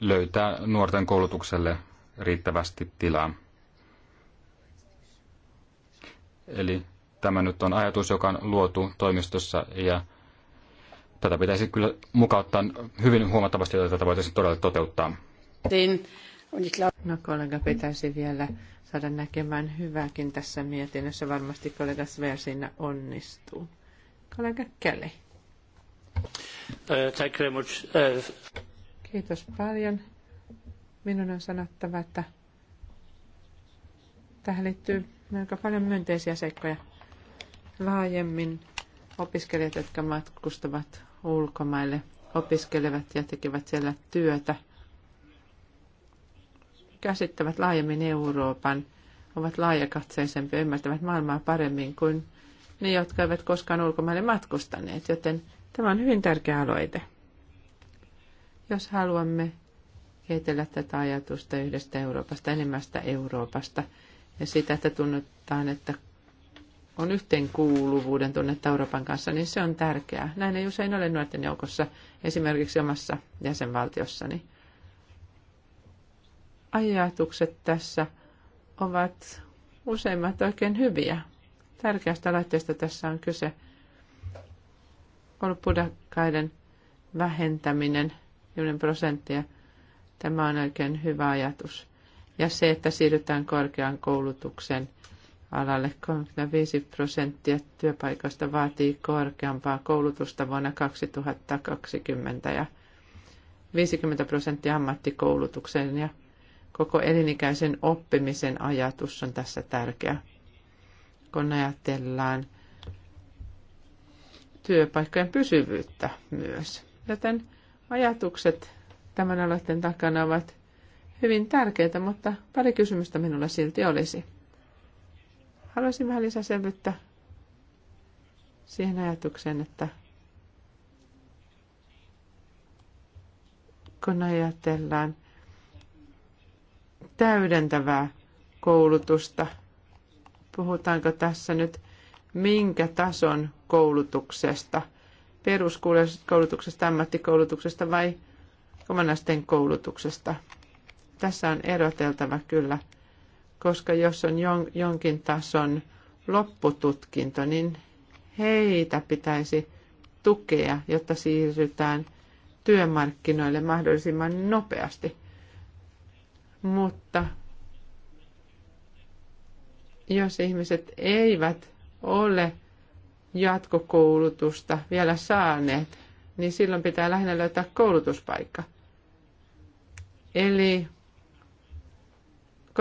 löytää nuorten koulutukselle riittävästi tilaa. Eli tämä nyt on ajatus, joka on luotu toimistossa ja Tätä pitäisi kyllä mukauttaa hyvin huomattavasti, jotta tätä voitaisiin todella toteuttaa. Niin, no kollega pitäisi vielä saada näkemään hyvääkin tässä mietinnössä. Varmasti kollega Sver siinä onnistuu. Kollega Kelly. Uh, uh, Kiitos paljon. Minun on sanottava, että tähän liittyy melko paljon myönteisiä seikkoja. Laajemmin opiskelijat, jotka matkustavat ulkomaille, opiskelevat ja tekevät siellä työtä, käsittävät laajemmin Euroopan, ovat laajakatseisempia, ymmärtävät maailmaa paremmin kuin ne, jotka eivät koskaan ulkomaille matkustaneet, joten tämä on hyvin tärkeä aloite. Jos haluamme kehitellä tätä ajatusta yhdestä Euroopasta, enemmästä Euroopasta ja sitä, että tunnetaan, että on yhteenkuuluvuuden tunnetta Euroopan kanssa, niin se on tärkeää. Näin ei usein ole nuorten joukossa, esimerkiksi omassa jäsenvaltiossani. Ajatukset tässä ovat useimmat oikein hyviä. Tärkeästä laitteesta tässä on kyse polpudakkaiden vähentäminen 10 prosenttia. Tämä on oikein hyvä ajatus. Ja se, että siirrytään korkean koulutuksen – alalle 35 prosenttia työpaikasta vaatii korkeampaa koulutusta vuonna 2020 ja 50 prosenttia ammattikoulutuksen ja koko elinikäisen oppimisen ajatus on tässä tärkeä. Kun ajatellaan työpaikkojen pysyvyyttä myös. Joten ajatukset tämän aloitteen takana ovat hyvin tärkeitä, mutta pari kysymystä minulla silti olisi. Haluaisin vähän lisää selvyyttä siihen ajatukseen, että kun ajatellaan täydentävää koulutusta, puhutaanko tässä nyt minkä tason koulutuksesta, peruskoulutuksesta, ammattikoulutuksesta vai omanasteen koulutuksesta. Tässä on eroteltava kyllä – koska jos on jonkin tason loppututkinto, niin heitä pitäisi tukea, jotta siirrytään työmarkkinoille mahdollisimman nopeasti. Mutta jos ihmiset eivät ole jatkokoulutusta vielä saaneet, niin silloin pitää lähinnä löytää koulutuspaikka. Eli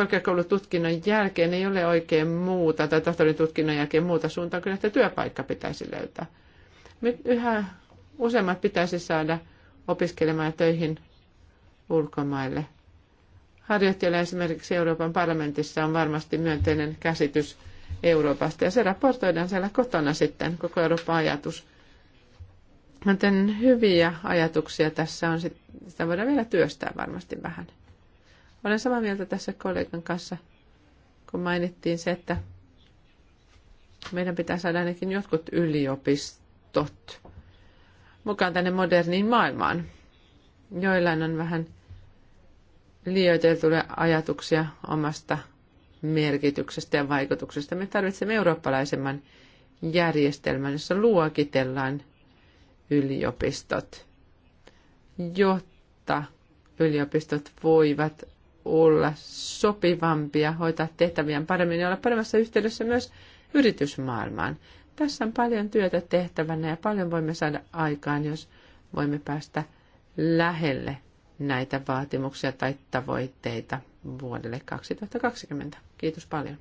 korkeakoulututkinnon jälkeen ei ole oikein muuta, tai tohtorin tutkinnon jälkeen muuta suuntaa kuin, että työpaikka pitäisi löytää. Nyt yhä useammat pitäisi saada opiskelemaan töihin ulkomaille. Harjoittajilla esimerkiksi Euroopan parlamentissa on varmasti myönteinen käsitys Euroopasta, ja se raportoidaan siellä kotona sitten, koko Euroopan ajatus. Joten hyviä ajatuksia tässä on, sitä voidaan vielä työstää varmasti vähän. Olen samaa mieltä tässä kollegan kanssa, kun mainittiin se, että meidän pitää saada ainakin jotkut yliopistot mukaan tänne moderniin maailmaan. Joillain on vähän liioiteltuja ajatuksia omasta merkityksestä ja vaikutuksesta. Me tarvitsemme eurooppalaisemman järjestelmän, jossa luokitellaan yliopistot, jotta yliopistot voivat olla sopivampia, hoitaa tehtäviä paremmin ja olla paremmassa yhteydessä myös yritysmaailmaan. Tässä on paljon työtä tehtävänä ja paljon voimme saada aikaan, jos voimme päästä lähelle näitä vaatimuksia tai tavoitteita vuodelle 2020. Kiitos paljon.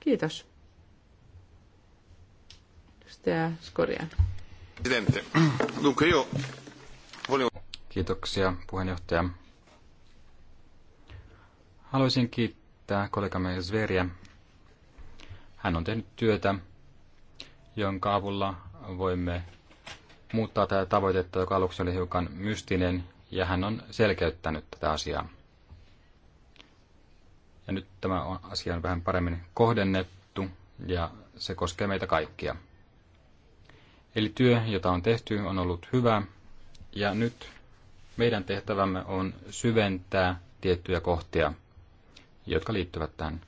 Kiitos. Edustaja Skorian. Presidente, dunque io Kiitoksia puheenjohtaja. Haluaisin kiittää kollegamme Zveriä. Hän on tehnyt työtä, jonka avulla voimme muuttaa tätä tavoitetta, joka aluksi oli hiukan mystinen, ja hän on selkeyttänyt tätä asiaa. Ja nyt tämä asia on vähän paremmin kohdennettu, ja se koskee meitä kaikkia. Eli työ, jota on tehty, on ollut hyvä, ja nyt meidän tehtävämme on syventää tiettyjä kohtia, jotka liittyvät tähän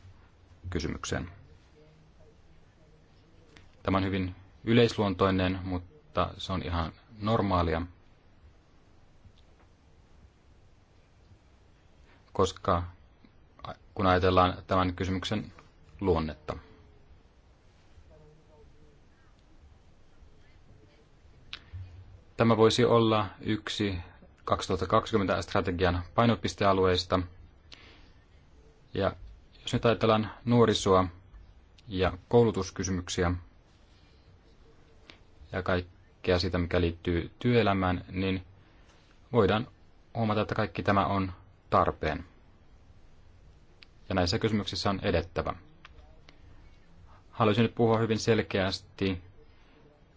kysymykseen. Tämä on hyvin yleisluontoinen, mutta se on ihan normaalia, koska kun ajatellaan tämän kysymyksen luonnetta. Tämä voisi olla yksi 2020 strategian painopistealueista. Ja jos nyt ajatellaan nuorisoa ja koulutuskysymyksiä ja kaikkea sitä, mikä liittyy työelämään, niin voidaan huomata, että kaikki tämä on tarpeen. Ja näissä kysymyksissä on edettävä. Haluaisin nyt puhua hyvin selkeästi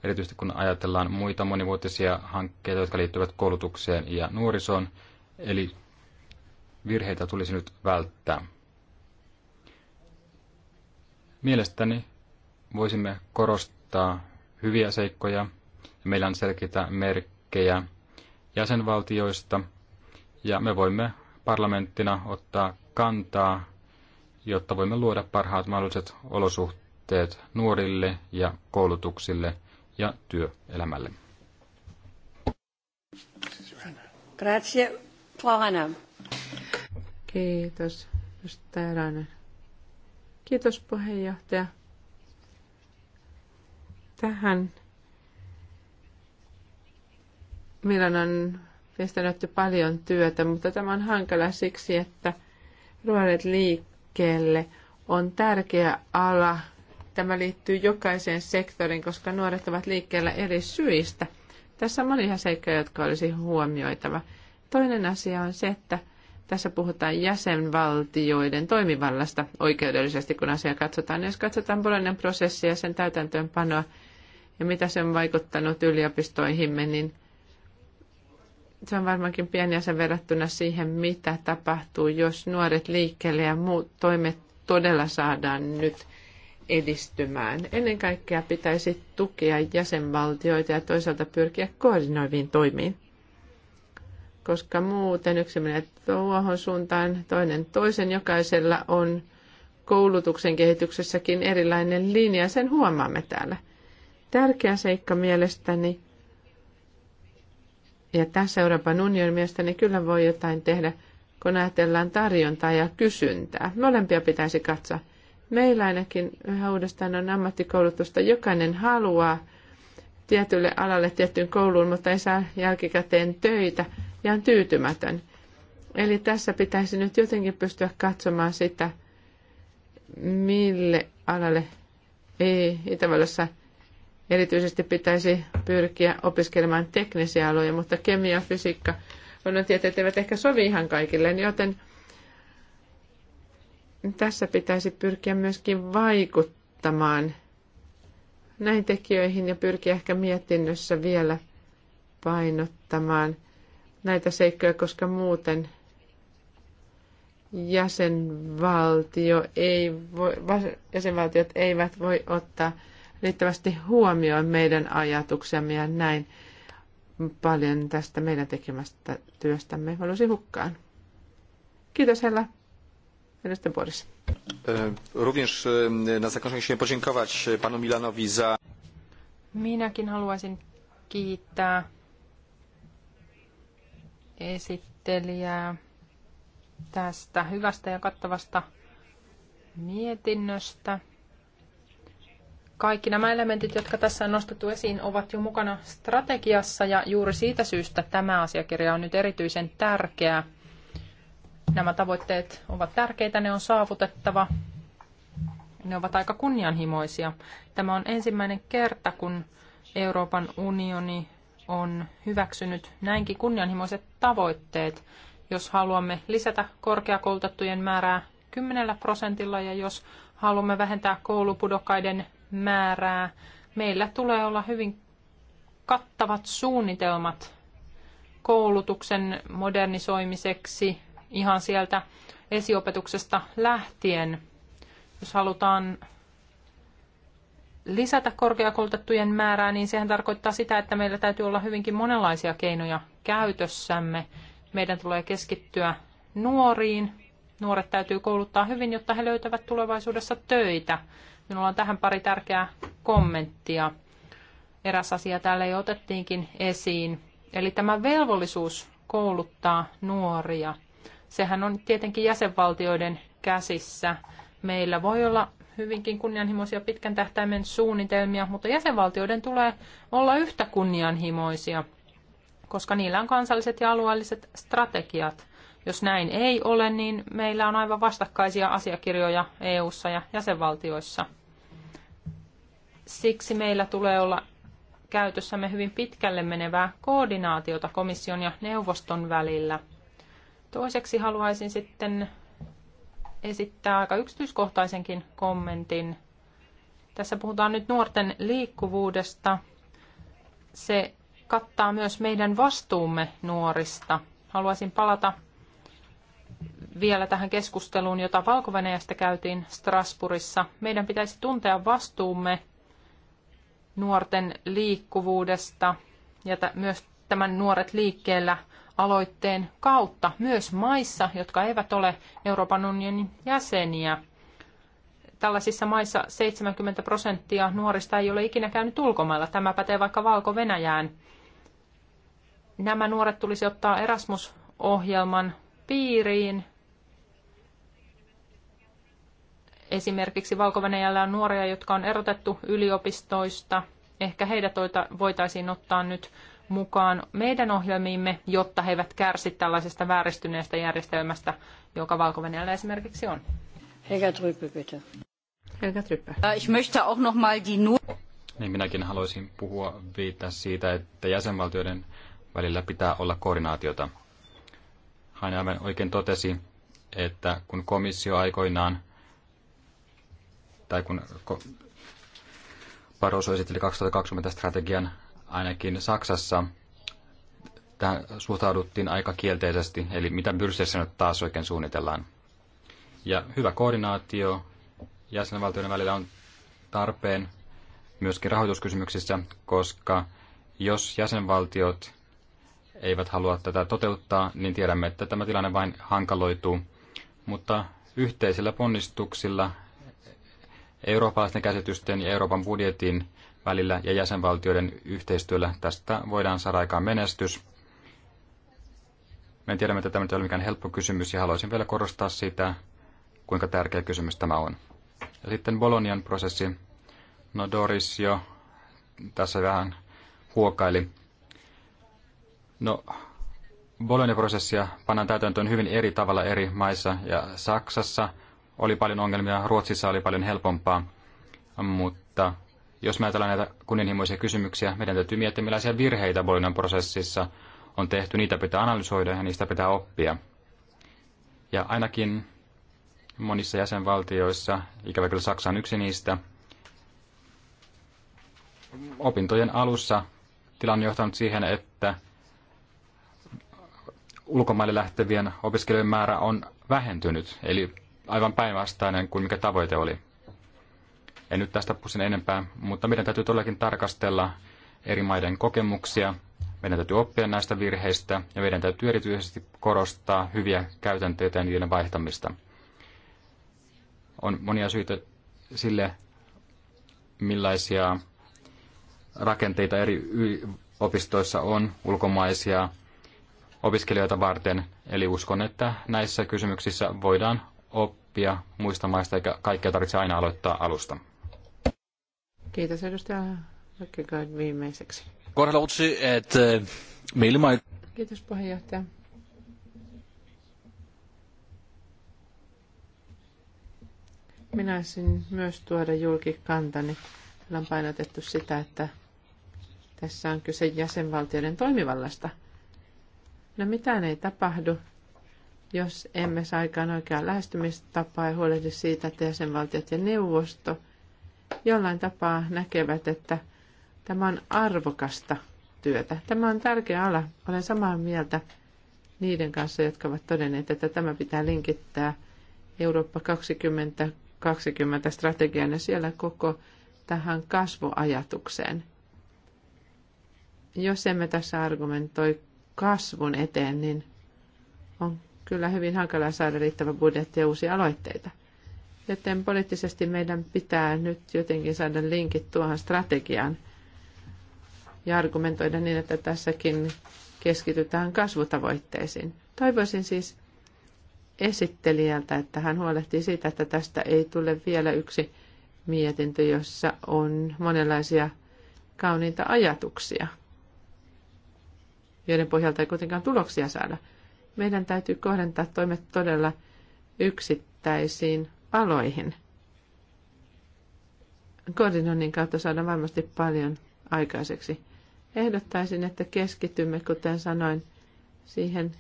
erityisesti kun ajatellaan muita monivuotisia hankkeita, jotka liittyvät koulutukseen ja nuorisoon, eli virheitä tulisi nyt välttää. Mielestäni voisimme korostaa hyviä seikkoja. Meillä on selkeitä merkkejä jäsenvaltioista ja me voimme parlamenttina ottaa kantaa, jotta voimme luoda parhaat mahdolliset olosuhteet nuorille ja koulutuksille – ja työelämälle. Grazie, Plana. Kiitos, Rainer. Kiitos, puheenjohtaja. Tähän Milan on kestänyt paljon työtä, mutta tämä on hankala siksi, että ruoret liikkeelle on tärkeä ala, tämä liittyy jokaiseen sektoriin, koska nuoret ovat liikkeellä eri syistä. Tässä on monia seikkoja, jotka olisi huomioitava. Toinen asia on se, että tässä puhutaan jäsenvaltioiden toimivallasta oikeudellisesti, kun asia katsotaan. Jos katsotaan Bolognan prosessia ja sen täytäntöönpanoa ja mitä se on vaikuttanut yliopistoihimme, niin se on varmaankin pieni asia verrattuna siihen, mitä tapahtuu, jos nuoret liikkeelle ja muut toimet todella saadaan nyt edistymään. Ennen kaikkea pitäisi tukea jäsenvaltioita ja toisaalta pyrkiä koordinoiviin toimiin, koska muuten yksi menee tuohon suuntaan, toinen toisen. Jokaisella on koulutuksen kehityksessäkin erilainen linja, sen huomaamme täällä. Tärkeä seikka mielestäni, ja tässä Euroopan unionin mielestäni kyllä voi jotain tehdä, kun ajatellaan tarjontaa ja kysyntää. Molempia pitäisi katsoa Meillä ainakin yhä uudestaan on ammattikoulutusta. Jokainen haluaa tietylle alalle tiettyyn kouluun, mutta ei saa jälkikäteen töitä ja on tyytymätön. Eli tässä pitäisi nyt jotenkin pystyä katsomaan sitä, mille alalle ei Itävallassa erityisesti pitäisi pyrkiä opiskelemaan teknisiä aloja, mutta kemia, fysiikka, luonnontieteet eivät ehkä sovi ihan kaikille, joten tässä pitäisi pyrkiä myöskin vaikuttamaan näihin tekijöihin ja pyrkiä ehkä mietinnössä vielä painottamaan näitä seikkoja, koska muuten jäsenvaltio ei voi, jäsenvaltiot eivät voi ottaa riittävästi huomioon meidän ajatuksemme ja näin paljon tästä meidän tekemästä työstämme valusi hukkaan. Kiitos Hella Minister Borys. E, również e, na zakończenie chciałem podziękować e, panu Milanowi za... Minäkin haluaisin kiittää esittelijää tästä hyvästä ja kattavasta mietinnöstä. Kaikki nämä elementit, jotka tässä on nostettu esiin, ovat jo mukana strategiassa ja juuri siitä syystä tämä asiakirja on nyt erityisen tärkeä. Nämä tavoitteet ovat tärkeitä, ne on saavutettava. Ne ovat aika kunnianhimoisia. Tämä on ensimmäinen kerta, kun Euroopan unioni on hyväksynyt näinkin kunnianhimoiset tavoitteet, jos haluamme lisätä korkeakoulutettujen määrää 10 prosentilla ja jos haluamme vähentää koulupudokkaiden määrää, meillä tulee olla hyvin kattavat suunnitelmat koulutuksen modernisoimiseksi, ihan sieltä esiopetuksesta lähtien. Jos halutaan lisätä korkeakoulutettujen määrää, niin sehän tarkoittaa sitä, että meillä täytyy olla hyvinkin monenlaisia keinoja käytössämme. Meidän tulee keskittyä nuoriin. Nuoret täytyy kouluttaa hyvin, jotta he löytävät tulevaisuudessa töitä. Minulla on tähän pari tärkeää kommenttia. Eräs asia täällä jo otettiinkin esiin. Eli tämä velvollisuus kouluttaa nuoria – Sehän on tietenkin jäsenvaltioiden käsissä. Meillä voi olla hyvinkin kunnianhimoisia pitkän tähtäimen suunnitelmia, mutta jäsenvaltioiden tulee olla yhtä kunnianhimoisia, koska niillä on kansalliset ja alueelliset strategiat. Jos näin ei ole, niin meillä on aivan vastakkaisia asiakirjoja EU:ssa ja jäsenvaltioissa. Siksi meillä tulee olla käytössämme hyvin pitkälle menevää koordinaatiota komission ja neuvoston välillä. Toiseksi haluaisin sitten esittää aika yksityiskohtaisenkin kommentin. Tässä puhutaan nyt nuorten liikkuvuudesta. Se kattaa myös meidän vastuumme nuorista. Haluaisin palata vielä tähän keskusteluun, jota valko käytiin Strasbourgissa. Meidän pitäisi tuntea vastuumme nuorten liikkuvuudesta ja t- myös tämän nuoret liikkeellä aloitteen kautta myös maissa, jotka eivät ole Euroopan unionin jäseniä. Tällaisissa maissa 70 prosenttia nuorista ei ole ikinä käynyt ulkomailla. Tämä pätee vaikka Valko-Venäjään. Nämä nuoret tulisi ottaa Erasmus-ohjelman piiriin. Esimerkiksi valko on nuoria, jotka on erotettu yliopistoista. Ehkä heidät voitaisiin ottaa nyt mukaan meidän ohjelmiimme, jotta he eivät kärsi tällaisesta vääristyneestä järjestelmästä, joka valko esimerkiksi on. Helga Tryppe, bitte. Helga Tryppe. Äh, ich möchte auch noch mal die nu- niin minäkin haluaisin puhua viittaa siitä, että jäsenvaltioiden välillä pitää olla koordinaatiota. Hän aivan oikein totesi, että kun komissio aikoinaan, tai kun Barroso esitteli 2020 strategian, ainakin Saksassa tähän suhtauduttiin aika kielteisesti, eli mitä Brysselissä nyt taas oikein suunnitellaan. Ja hyvä koordinaatio jäsenvaltioiden välillä on tarpeen myöskin rahoituskysymyksissä, koska jos jäsenvaltiot eivät halua tätä toteuttaa, niin tiedämme, että tämä tilanne vain hankaloituu. Mutta yhteisillä ponnistuksilla eurooppalaisten käsitysten ja Euroopan budjetin välillä ja jäsenvaltioiden yhteistyöllä. Tästä voidaan saada aikaan menestys. Me tiedämme, että tämä ei ole mikään helppo kysymys ja haluaisin vielä korostaa sitä, kuinka tärkeä kysymys tämä on. Ja sitten Bolonian prosessi. No Doris jo tässä vähän huokaili. No, Bolonian prosessia pannaan täytäntöön hyvin eri tavalla eri maissa ja Saksassa oli paljon ongelmia, Ruotsissa oli paljon helpompaa, mutta jos me ajatellaan näitä kunnianhimoisia kysymyksiä, meidän täytyy miettiä, millaisia virheitä Bolinan prosessissa on tehty. Niitä pitää analysoida ja niistä pitää oppia. Ja ainakin monissa jäsenvaltioissa, ikävä kyllä Saksa on yksi niistä, opintojen alussa tilanne on johtanut siihen, että ulkomaille lähtevien opiskelijoiden määrä on vähentynyt, eli aivan päinvastainen kuin mikä tavoite oli. En nyt tästä puhu sen enempää, mutta meidän täytyy todellakin tarkastella eri maiden kokemuksia. Meidän täytyy oppia näistä virheistä ja meidän täytyy erityisesti korostaa hyviä käytänteitä ja niiden vaihtamista. On monia syitä sille, millaisia rakenteita eri opistoissa on ulkomaisia opiskelijoita varten. Eli uskon, että näissä kysymyksissä voidaan oppia muista maista, eikä kaikkea tarvitse aina aloittaa alusta. Kiitos edustaja Lökkiköön viimeiseksi. Korlautsi, että äh, meillä Kiitos puheenjohtaja. Minä olisin myös tuoda julki kantani. on painotettu sitä, että tässä on kyse jäsenvaltioiden toimivallasta. No mitään ei tapahdu, jos emme saa aikaan oikeaa lähestymistapaa ja huolehdi siitä, että jäsenvaltiot ja neuvosto – jollain tapaa näkevät, että tämä on arvokasta työtä. Tämä on tärkeä ala. Olen samaa mieltä niiden kanssa, jotka ovat todenneet, että tämä pitää linkittää Eurooppa 2020 strategian ja siellä koko tähän kasvuajatukseen. Jos emme tässä argumentoi kasvun eteen, niin on kyllä hyvin hankalaa saada riittävä budjetti ja uusia aloitteita. Joten poliittisesti meidän pitää nyt jotenkin saada linkit tuohon strategiaan ja argumentoida niin, että tässäkin keskitytään kasvutavoitteisiin. Toivoisin siis esittelijältä, että hän huolehtii siitä, että tästä ei tule vielä yksi mietintö, jossa on monenlaisia kauniita ajatuksia, joiden pohjalta ei kuitenkaan tuloksia saada. Meidän täytyy kohdentaa toimet todella yksittäisiin aloihin. Koordinoinnin kautta saadaan varmasti paljon aikaiseksi. Ehdottaisin, että keskitymme, kuten sanoin, siihen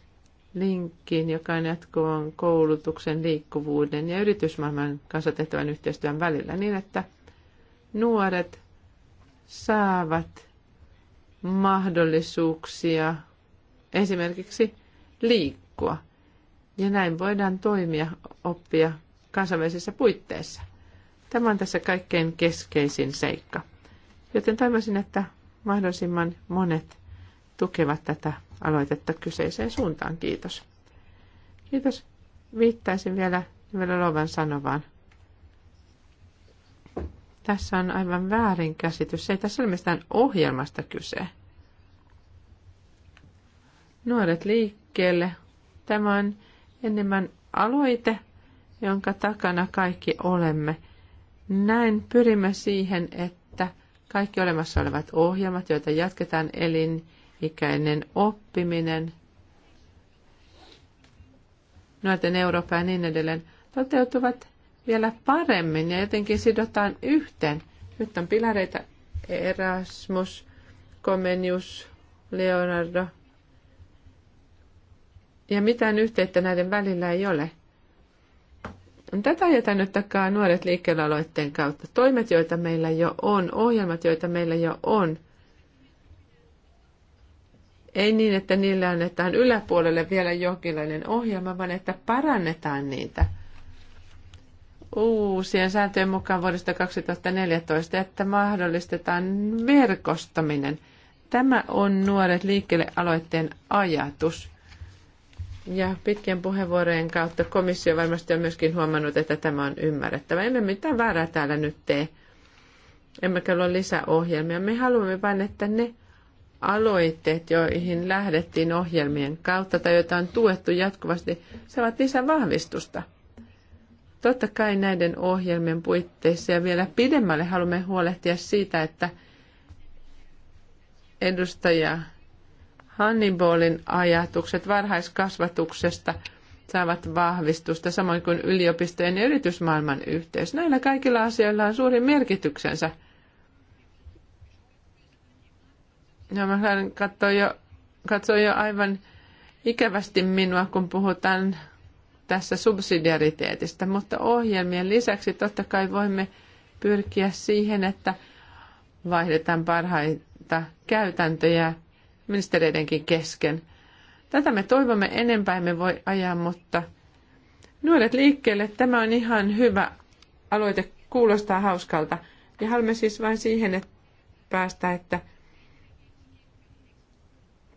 linkkiin, joka on jatkuvan koulutuksen, liikkuvuuden ja yritysmaailman kanssa tehtävän yhteistyön välillä niin, että nuoret saavat mahdollisuuksia esimerkiksi liikkua. Ja näin voidaan toimia, oppia kansainvälisissä puitteissa. Tämä on tässä kaikkein keskeisin seikka. Joten toivoisin, että mahdollisimman monet tukevat tätä aloitetta kyseiseen suuntaan. Kiitos. Kiitos. Viittaisin vielä, vielä Lovan sanovaan. Tässä on aivan väärin käsitys. Ei tässä ole mistään ohjelmasta kyse. Nuoret liikkeelle. Tämä on enemmän aloite jonka takana kaikki olemme. Näin pyrimme siihen, että kaikki olemassa olevat ohjelmat, joita jatketaan elinikäinen oppiminen, nuorten Eurooppa ja niin edelleen, toteutuvat vielä paremmin ja jotenkin sidotaan yhteen. Nyt on pilareita Erasmus, Comenius, Leonardo. Ja mitään yhteyttä näiden välillä ei ole. Tätä ajetaan nyt takaa nuoret liikkeellä aloitteen kautta. Toimet, joita meillä jo on, ohjelmat, joita meillä jo on. Ei niin, että niillä annetaan yläpuolelle vielä jonkinlainen ohjelma, vaan että parannetaan niitä uusien sääntöjen mukaan vuodesta 2014, että mahdollistetaan verkostaminen. Tämä on Nuoret liikkeelle aloitteen ajatus. Ja pitkien puheenvuorojen kautta komissio varmasti on myöskin huomannut, että tämä on ymmärrettävä. Emme mitään väärää täällä nyt tee. Emmekä luo lisäohjelmia. Me haluamme vain, että ne aloitteet, joihin lähdettiin ohjelmien kautta tai joita on tuettu jatkuvasti, saavat lisää vahvistusta. Totta kai näiden ohjelmien puitteissa ja vielä pidemmälle haluamme huolehtia siitä, että edustaja Hannibalin ajatukset varhaiskasvatuksesta saavat vahvistusta, samoin kuin yliopistojen ja yritysmaailman yhteys. Näillä kaikilla asioilla on suuri merkityksensä. Ja no, mä katsoin jo, katsoin jo aivan ikävästi minua, kun puhutaan tässä subsidiariteetista, mutta ohjelmien lisäksi totta kai voimme pyrkiä siihen, että vaihdetaan parhaita käytäntöjä ministereidenkin kesken. Tätä me toivomme enempää me voi ajaa, mutta nuoret liikkeelle tämä on ihan hyvä aloite, kuulostaa hauskalta. Ja haluamme siis vain siihen että päästä, että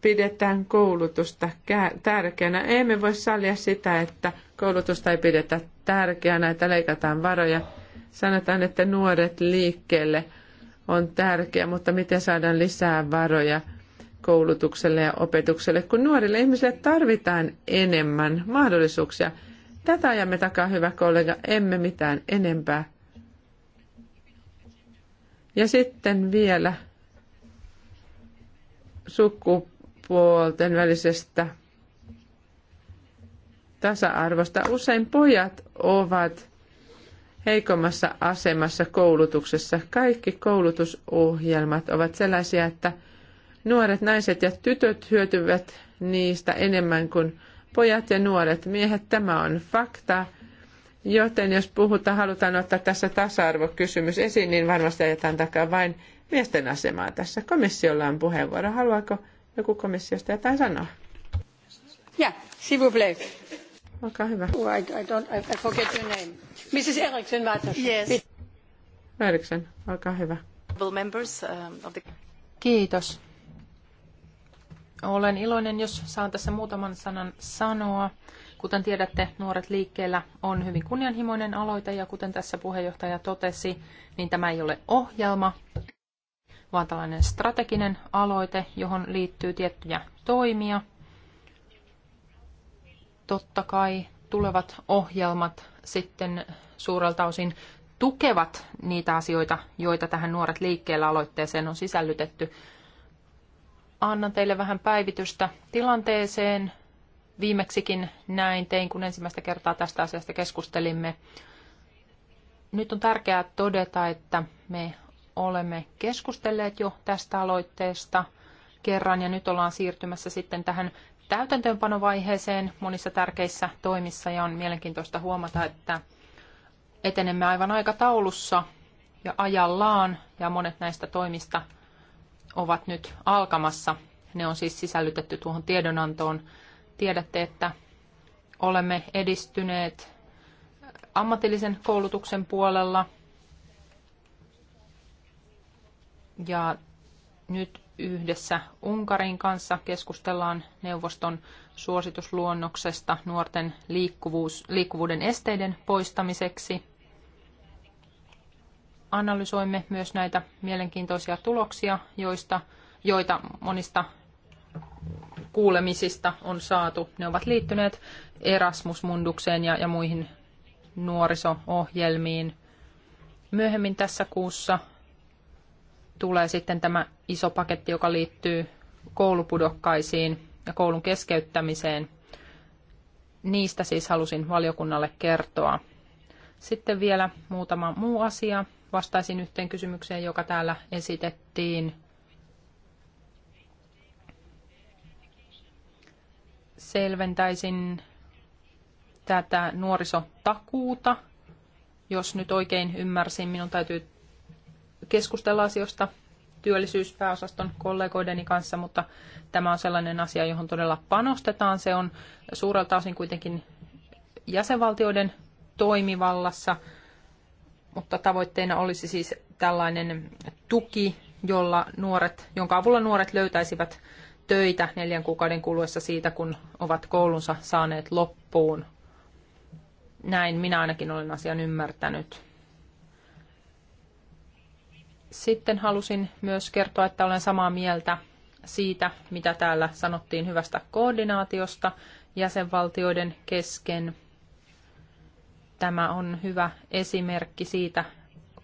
pidetään koulutusta tärkeänä. Emme voi sallia sitä, että koulutusta ei pidetä tärkeänä, että leikataan varoja. Sanotaan, että nuoret liikkeelle on tärkeä, mutta miten saadaan lisää varoja – koulutukselle ja opetukselle, kun nuorille ihmisille tarvitaan enemmän mahdollisuuksia. Tätä ajamme takaa, hyvä kollega, emme mitään enempää. Ja sitten vielä sukupuolten välisestä tasa-arvosta. Usein pojat ovat heikommassa asemassa koulutuksessa. Kaikki koulutusohjelmat ovat sellaisia, että – Nuoret naiset ja tytöt hyötyvät niistä enemmän kuin pojat ja nuoret miehet. Tämä on fakta. Joten jos puhutaan, halutaan ottaa tässä tasa-arvokysymys esiin, niin varmasti ajetaan takaa vain miesten asemaa tässä. Komissiolla on puheenvuoro. Haluaako joku komissiosta jotain sanoa? Ja, sivu Olkaa hyvä. Oh, I, I, don't, I, I forget your name. Mrs. Eriksson, Yes. Eriksson, olkaa hyvä. Members, um, of the... Kiitos olen iloinen, jos saan tässä muutaman sanan sanoa. Kuten tiedätte, Nuoret liikkeellä on hyvin kunnianhimoinen aloite ja kuten tässä puheenjohtaja totesi, niin tämä ei ole ohjelma, vaan tällainen strateginen aloite, johon liittyy tiettyjä toimia. Totta kai tulevat ohjelmat sitten suurelta osin tukevat niitä asioita, joita tähän Nuoret liikkeellä aloitteeseen on sisällytetty annan teille vähän päivitystä tilanteeseen. Viimeksikin näin tein, kun ensimmäistä kertaa tästä asiasta keskustelimme. Nyt on tärkeää todeta, että me olemme keskustelleet jo tästä aloitteesta kerran ja nyt ollaan siirtymässä sitten tähän täytäntöönpanovaiheeseen monissa tärkeissä toimissa ja on mielenkiintoista huomata, että etenemme aivan aikataulussa ja ajallaan ja monet näistä toimista ovat nyt alkamassa. Ne on siis sisällytetty tuohon tiedonantoon. Tiedätte, että olemme edistyneet ammatillisen koulutuksen puolella. Ja nyt yhdessä Unkarin kanssa keskustellaan neuvoston suositusluonnoksesta nuorten liikkuvuus, liikkuvuuden esteiden poistamiseksi analysoimme myös näitä mielenkiintoisia tuloksia, joista, joita monista kuulemisista on saatu. Ne ovat liittyneet Erasmus-mundukseen ja, ja muihin nuoriso-ohjelmiin. Myöhemmin tässä kuussa tulee sitten tämä iso paketti, joka liittyy koulupudokkaisiin ja koulun keskeyttämiseen. Niistä siis halusin valiokunnalle kertoa. Sitten vielä muutama muu asia, vastaisin yhteen kysymykseen, joka täällä esitettiin. Selventäisin tätä nuorisotakuuta. Jos nyt oikein ymmärsin, minun täytyy keskustella asioista työllisyyspääosaston kollegoideni kanssa, mutta tämä on sellainen asia, johon todella panostetaan. Se on suurelta osin kuitenkin jäsenvaltioiden toimivallassa mutta tavoitteena olisi siis tällainen tuki, jolla nuoret, jonka avulla nuoret löytäisivät töitä neljän kuukauden kuluessa siitä, kun ovat koulunsa saaneet loppuun. Näin minä ainakin olen asian ymmärtänyt. Sitten halusin myös kertoa, että olen samaa mieltä siitä, mitä täällä sanottiin hyvästä koordinaatiosta jäsenvaltioiden kesken – Tämä on hyvä esimerkki siitä,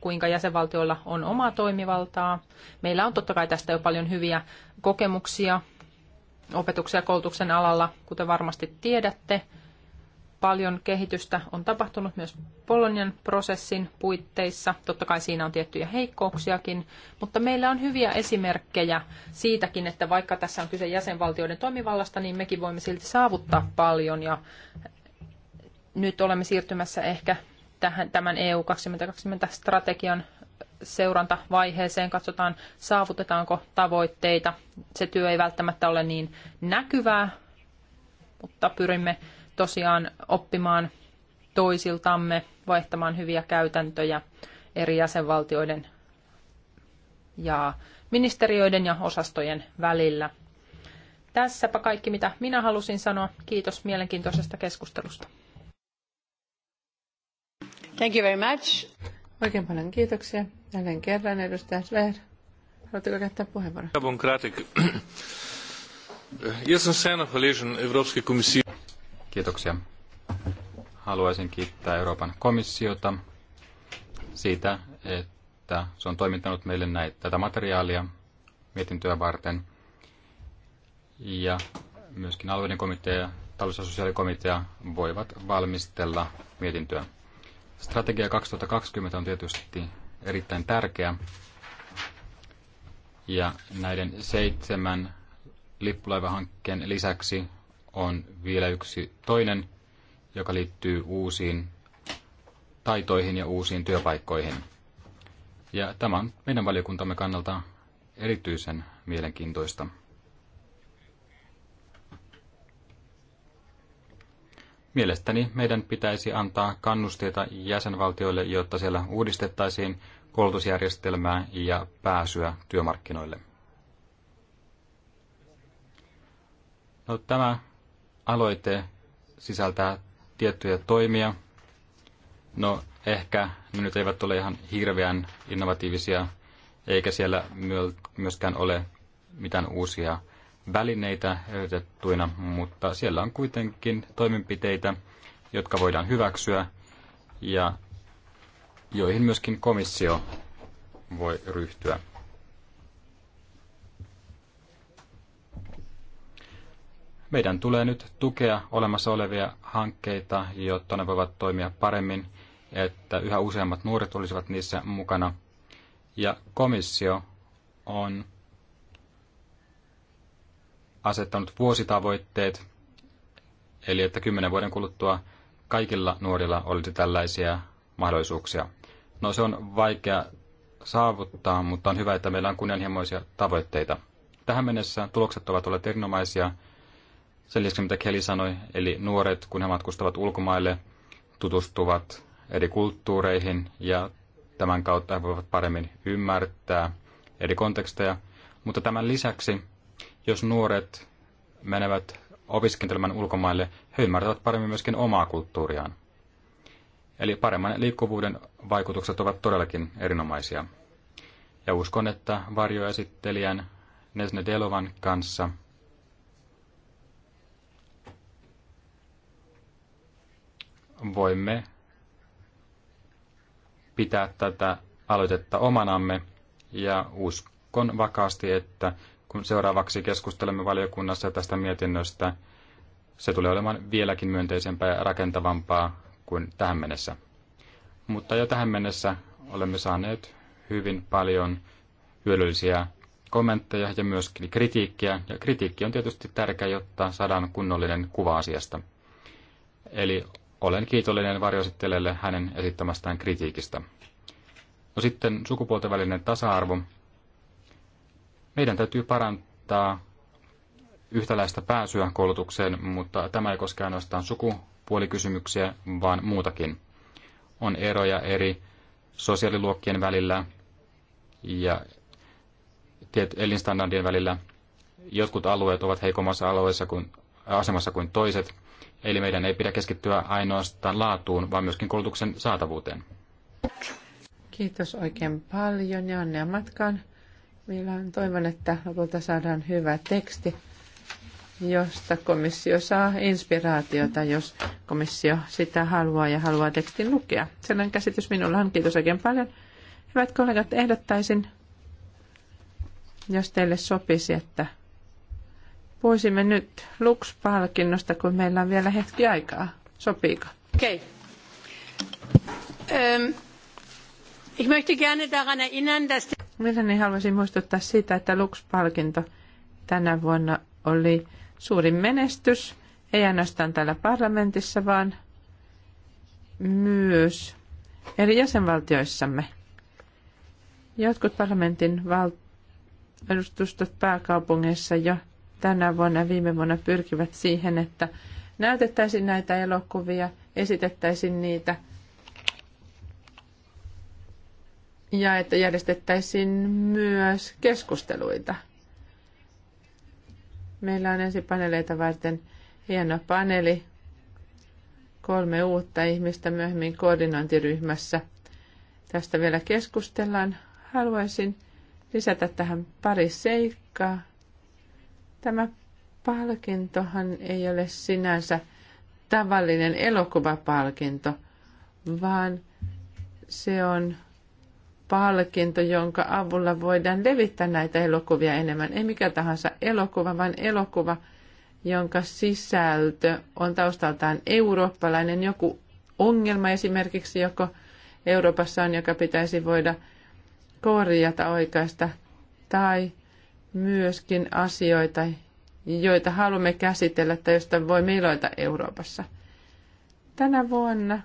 kuinka jäsenvaltioilla on omaa toimivaltaa. Meillä on totta kai tästä jo paljon hyviä kokemuksia opetuksen ja koulutuksen alalla, kuten varmasti tiedätte. Paljon kehitystä on tapahtunut myös Polonian prosessin puitteissa. Totta kai siinä on tiettyjä heikkouksiakin, mutta meillä on hyviä esimerkkejä siitäkin, että vaikka tässä on kyse jäsenvaltioiden toimivallasta, niin mekin voimme silti saavuttaa paljon ja nyt olemme siirtymässä ehkä tähän, tämän EU 2020-strategian seurantavaiheeseen. Katsotaan, saavutetaanko tavoitteita. Se työ ei välttämättä ole niin näkyvää, mutta pyrimme tosiaan oppimaan toisiltamme, vaihtamaan hyviä käytäntöjä eri jäsenvaltioiden ja ministeriöiden ja osastojen välillä. Tässäpä kaikki, mitä minä halusin sanoa. Kiitos mielenkiintoisesta keskustelusta. Thank you very much. Oikein paljon kiitoksia. Jälleen kerran edustaja Svehr. Haluatteko käyttää puheenvuoron? Ja bom kratek. Jaz sem Kiitoksia. Haluaisin kiittää Euroopan komissiota siitä, että se on toimittanut meille näitä, tätä materiaalia mietintöä varten. Ja myöskin alueiden komitea ja talous- ja sosiaalikomitea voivat valmistella mietintöä. Strategia 2020 on tietysti erittäin tärkeä. Ja näiden seitsemän lippulaivahankkeen lisäksi on vielä yksi toinen, joka liittyy uusiin taitoihin ja uusiin työpaikkoihin. Ja tämä on meidän valiokuntamme kannalta erityisen mielenkiintoista. Mielestäni meidän pitäisi antaa kannusteita jäsenvaltioille, jotta siellä uudistettaisiin koulutusjärjestelmää ja pääsyä työmarkkinoille. No, tämä aloite sisältää tiettyjä toimia. No ehkä ne nyt eivät ole ihan hirveän innovatiivisia, eikä siellä myöskään ole mitään uusia välineitä ehdotettuina, mutta siellä on kuitenkin toimenpiteitä, jotka voidaan hyväksyä ja joihin myöskin komissio voi ryhtyä. Meidän tulee nyt tukea olemassa olevia hankkeita, jotta ne voivat toimia paremmin, että yhä useammat nuoret olisivat niissä mukana. Ja komissio on asettanut vuositavoitteet, eli että kymmenen vuoden kuluttua kaikilla nuorilla olisi tällaisia mahdollisuuksia. No se on vaikea saavuttaa, mutta on hyvä, että meillä on kunnianhimoisia tavoitteita. Tähän mennessä tulokset ovat olleet erinomaisia. Sen lisäksi mitä Kelly sanoi, eli nuoret, kun he matkustavat ulkomaille, tutustuvat eri kulttuureihin ja tämän kautta he voivat paremmin ymmärtää eri konteksteja. Mutta tämän lisäksi jos nuoret menevät opiskentelemaan ulkomaille, he ymmärtävät paremmin myöskin omaa kulttuuriaan. Eli paremman liikkuvuuden vaikutukset ovat todellakin erinomaisia. Ja uskon, että varjoesittelijän Nesne Delovan kanssa voimme pitää tätä aloitetta omanamme ja uskon vakaasti, että kun seuraavaksi keskustelemme valiokunnassa tästä mietinnöstä, se tulee olemaan vieläkin myönteisempää ja rakentavampaa kuin tähän mennessä. Mutta jo tähän mennessä olemme saaneet hyvin paljon hyödyllisiä kommentteja ja myöskin kritiikkiä. Ja kritiikki on tietysti tärkeä, jotta saadaan kunnollinen kuva asiasta. Eli olen kiitollinen varjoesittelijälle hänen esittämästään kritiikistä. No sitten sukupuolten välinen tasa-arvo. Meidän täytyy parantaa yhtäläistä pääsyä koulutukseen, mutta tämä ei koske ainoastaan sukupuolikysymyksiä, vaan muutakin. On eroja eri sosiaaliluokkien välillä ja elinstandardien välillä. Jotkut alueet ovat heikommassa alueessa kuin, asemassa kuin toiset, eli meidän ei pidä keskittyä ainoastaan laatuun, vaan myöskin koulutuksen saatavuuteen. Kiitos oikein paljon ja onnea matkaan. Vielä on toivon, että lopulta saadaan hyvä teksti, josta komissio saa inspiraatiota, jos komissio sitä haluaa ja haluaa tekstin lukea. Sellainen käsitys minulla on. Kiitos oikein paljon. Hyvät kollegat, ehdottaisin, jos teille sopisi, että puhuisimme nyt Lux-palkinnosta, kun meillä on vielä hetki aikaa. Sopiiko? Okei. Okay. Ähm, ich möchte gerne daran erinnern, dass Mielestäni haluaisin muistuttaa siitä, että Lux-palkinto tänä vuonna oli suuri menestys, ei ainoastaan täällä parlamentissa, vaan myös eri jäsenvaltioissamme. Jotkut parlamentin val- edustustot pääkaupungeissa jo tänä vuonna ja viime vuonna pyrkivät siihen, että näytettäisiin näitä elokuvia, esitettäisiin niitä – ja että järjestettäisiin myös keskusteluita. Meillä on ensi paneeleita varten hieno paneeli, kolme uutta ihmistä myöhemmin koordinointiryhmässä. Tästä vielä keskustellaan. Haluaisin lisätä tähän pari seikkaa. Tämä palkintohan ei ole sinänsä tavallinen elokuvapalkinto, vaan se on palkinto, jonka avulla voidaan levittää näitä elokuvia enemmän. Ei mikä tahansa elokuva, vaan elokuva, jonka sisältö on taustaltaan eurooppalainen, joku ongelma esimerkiksi, joko Euroopassa on, joka pitäisi voida korjata oikeasta, tai myöskin asioita, joita haluamme käsitellä tai joista voimme iloita Euroopassa. Tänä vuonna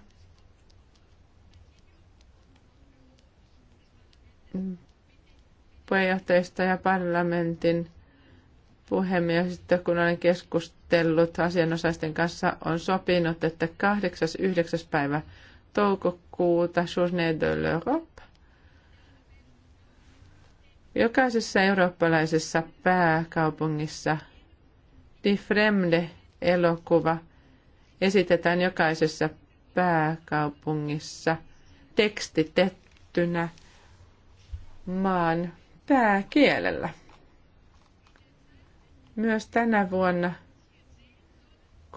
puheenjohtajista ja parlamentin sitten kun olen keskustellut asianosaisten kanssa, on sopinut, että 8.9. päivä toukokuuta Journée de l'Europe jokaisessa eurooppalaisessa pääkaupungissa Die Fremde-elokuva esitetään jokaisessa pääkaupungissa tekstitettynä – maan pääkielellä. Myös tänä vuonna,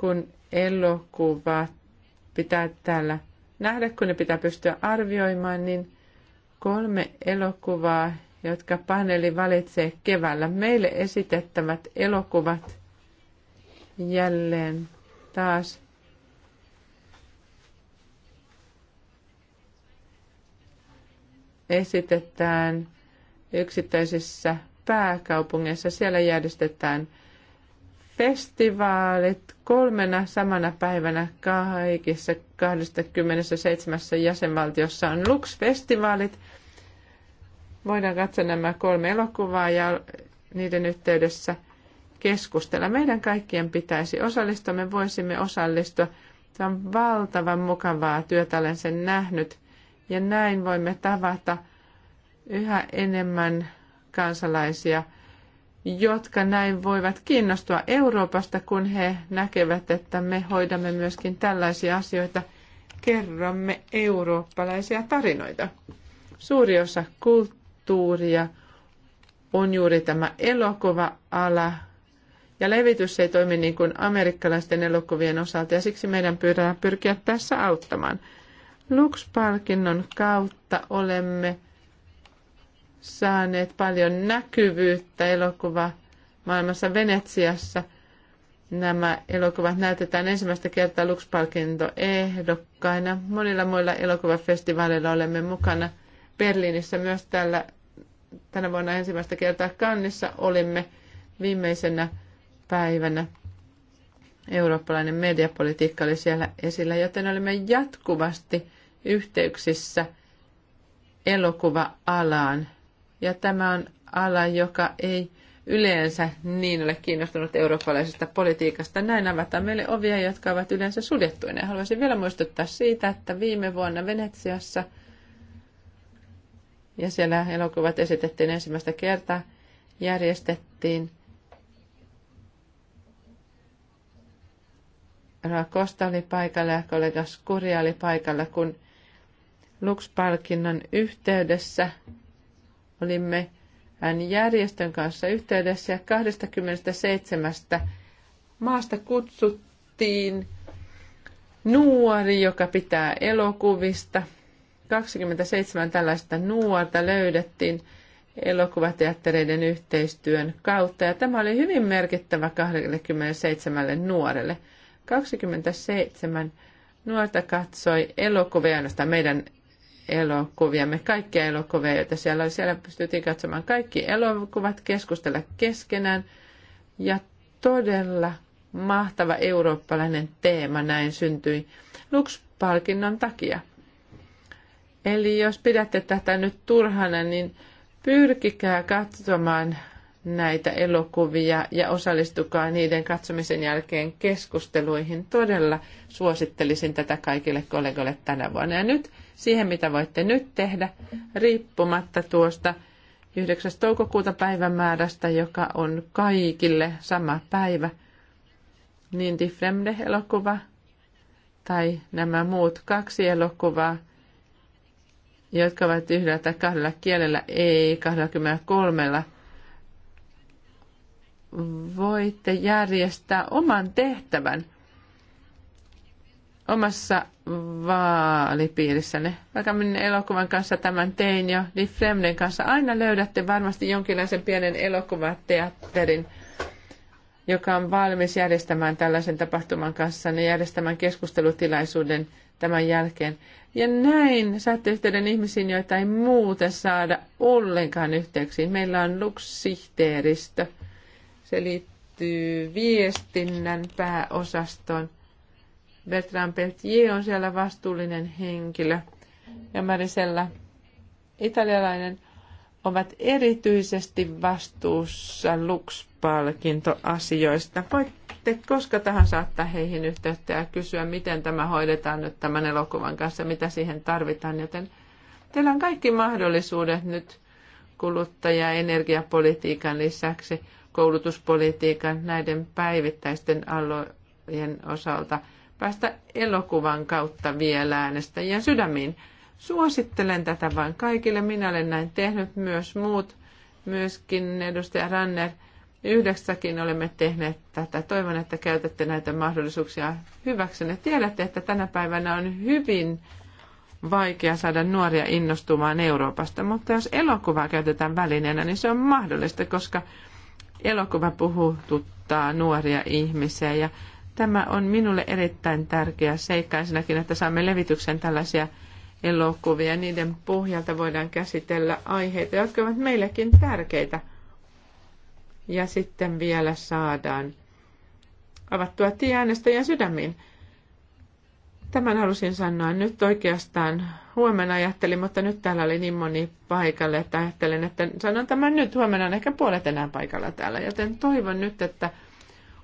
kun elokuvat pitää täällä nähdä, kun ne pitää pystyä arvioimaan, niin kolme elokuvaa, jotka paneeli valitsee keväällä. Meille esitettävät elokuvat jälleen taas esitetään yksittäisissä pääkaupungeissa. Siellä järjestetään festivaalit kolmena samana päivänä kaikissa 27 jäsenvaltiossa on Lux-festivaalit. Voidaan katsoa nämä kolme elokuvaa ja niiden yhteydessä keskustella. Meidän kaikkien pitäisi osallistua, me voisimme osallistua. Tämä on valtavan mukavaa työtä, olen sen nähnyt. Ja näin voimme tavata yhä enemmän kansalaisia, jotka näin voivat kiinnostua Euroopasta, kun he näkevät, että me hoidamme myöskin tällaisia asioita, kerromme eurooppalaisia tarinoita. Suuri osa kulttuuria on juuri tämä elokuva-ala, ja levitys ei toimi niin kuin amerikkalaisten elokuvien osalta, ja siksi meidän pyydään pyrkiä tässä auttamaan – Lux-palkinnon kautta olemme saaneet paljon näkyvyyttä elokuva maailmassa Venetsiassa. Nämä elokuvat näytetään ensimmäistä kertaa Lux-palkinto ehdokkaina. Monilla muilla elokuvafestivaaleilla olemme mukana. Berliinissä myös tällä, tänä vuonna ensimmäistä kertaa Kannissa olimme viimeisenä päivänä. Eurooppalainen mediapolitiikka oli siellä esillä, joten olemme jatkuvasti – yhteyksissä elokuva-alaan. Ja tämä on ala, joka ei yleensä niin ole kiinnostunut eurooppalaisesta politiikasta. Näin avataan meille ovia, jotka ovat yleensä suljettuina. Haluaisin vielä muistuttaa siitä, että viime vuonna Venetsiassa ja siellä elokuvat esitettiin ensimmäistä kertaa, järjestettiin Rakosta oli paikalla ja kollega Skuria oli paikalla, kun Lux-palkinnon yhteydessä olimme hän järjestön kanssa yhteydessä ja 27 maasta kutsuttiin nuori, joka pitää elokuvista. 27 tällaista nuorta löydettiin elokuvateattereiden yhteistyön kautta ja tämä oli hyvin merkittävä 27 nuorelle. 27 nuorta katsoi elokuvia ainoastaan meidän elokuvia, me kaikkia elokuvia, joita siellä oli. Siellä pystyttiin katsomaan kaikki elokuvat, keskustella keskenään ja todella mahtava eurooppalainen teema näin syntyi Lux-palkinnon takia. Eli jos pidätte tätä nyt turhana, niin pyrkikää katsomaan näitä elokuvia ja osallistukaa niiden katsomisen jälkeen keskusteluihin. Todella suosittelisin tätä kaikille kollegoille tänä vuonna. Ja nyt siihen, mitä voitte nyt tehdä, riippumatta tuosta 9. toukokuuta päivämäärästä, joka on kaikille sama päivä, niin Difremde-elokuva tai nämä muut kaksi elokuvaa, jotka ovat yhdellä tai kahdella kielellä, ei 23 voitte järjestää oman tehtävän omassa vaalipiirissäne. Vaikka minun elokuvan kanssa tämän tein jo, niin Fremden kanssa aina löydätte varmasti jonkinlaisen pienen elokuvateatterin, joka on valmis järjestämään tällaisen tapahtuman kanssa ja niin järjestämään keskustelutilaisuuden tämän jälkeen. Ja näin saatte yhteyden ihmisiin, joita ei muuten saada ollenkaan yhteyksiin. Meillä on Lux-sihteeristö. Se liittyy viestinnän pääosastoon Bertrand Peltier on siellä vastuullinen henkilö ja Marisella italialainen ovat erityisesti vastuussa Lux-palkintoasioista. Voitte koska tahansa ottaa heihin yhteyttä ja kysyä, miten tämä hoidetaan nyt tämän elokuvan kanssa, mitä siihen tarvitaan, joten teillä on kaikki mahdollisuudet nyt kuluttaja- ja energiapolitiikan lisäksi koulutuspolitiikan näiden päivittäisten alojen osalta – päästä elokuvan kautta vielä äänestäjien sydämiin. Suosittelen tätä vain kaikille. Minä olen näin tehnyt myös muut, myöskin edustaja Ranner. Yhdeksäkin olemme tehneet tätä. Toivon, että käytätte näitä mahdollisuuksia hyväksenne. Tiedätte, että tänä päivänä on hyvin vaikea saada nuoria innostumaan Euroopasta, mutta jos elokuvaa käytetään välineenä, niin se on mahdollista, koska elokuva puhututtaa nuoria ihmisiä ja Tämä on minulle erittäin tärkeä seikka ensinnäkin, että saamme levityksen tällaisia elokuvia. Niiden pohjalta voidaan käsitellä aiheita, jotka ovat meillekin tärkeitä. Ja sitten vielä saadaan avattua tie äänestäjän sydämiin. Tämän halusin sanoa nyt oikeastaan. Huomenna ajattelin, mutta nyt täällä oli niin moni paikalle, että ajattelin, että sanon tämän nyt. Huomenna on ehkä puolet enää paikalla täällä, joten toivon nyt, että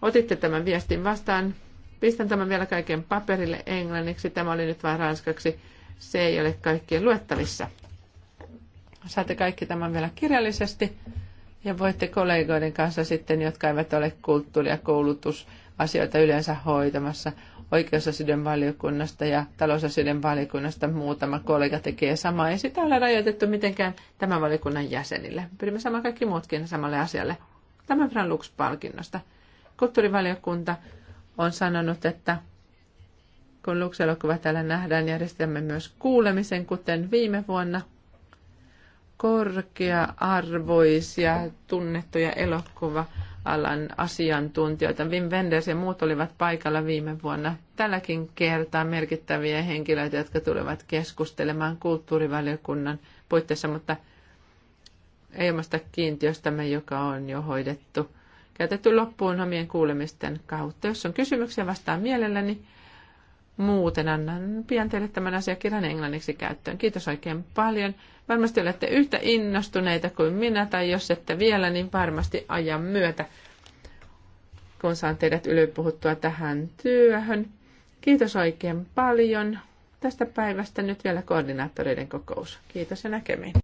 otitte tämän viestin vastaan. Pistän tämän vielä kaiken paperille englanniksi. Tämä oli nyt vain ranskaksi. Se ei ole kaikkien luettavissa. Saatte kaikki tämän vielä kirjallisesti. Ja voitte kollegoiden kanssa sitten, jotka eivät ole kulttuuri- ja koulutusasioita yleensä hoitamassa, oikeusasioiden valiokunnasta ja talousasioiden valiokunnasta muutama kollega tekee samaa. Ei sitä ole rajoitettu mitenkään tämän valiokunnan jäsenille. Pyrimme saamaan kaikki muutkin samalle asialle. Tämän verran Lux-palkinnosta. Kulttuurivaliokunta on sanonut, että kun lukselokuva täällä nähdään, järjestämme myös kuulemisen, kuten viime vuonna. Korkea-arvoisia, tunnettuja elokuva-alan asiantuntijoita. Wim Wenders ja muut olivat paikalla viime vuonna. Tälläkin kertaa merkittäviä henkilöitä, jotka tulevat keskustelemaan kulttuurivaliokunnan puitteissa, mutta ei omasta kiintiöstämme, joka on jo hoidettu – jätetty loppuun omien kuulemisten kautta. Jos on kysymyksiä, vastaan mielelläni. Muuten annan pian teille tämän asiakirjan englanniksi käyttöön. Kiitos oikein paljon. Varmasti olette yhtä innostuneita kuin minä, tai jos ette vielä, niin varmasti ajan myötä, kun saan teidät ylipuhuttua tähän työhön. Kiitos oikein paljon tästä päivästä. Nyt vielä koordinaattoreiden kokous. Kiitos ja näkemiin.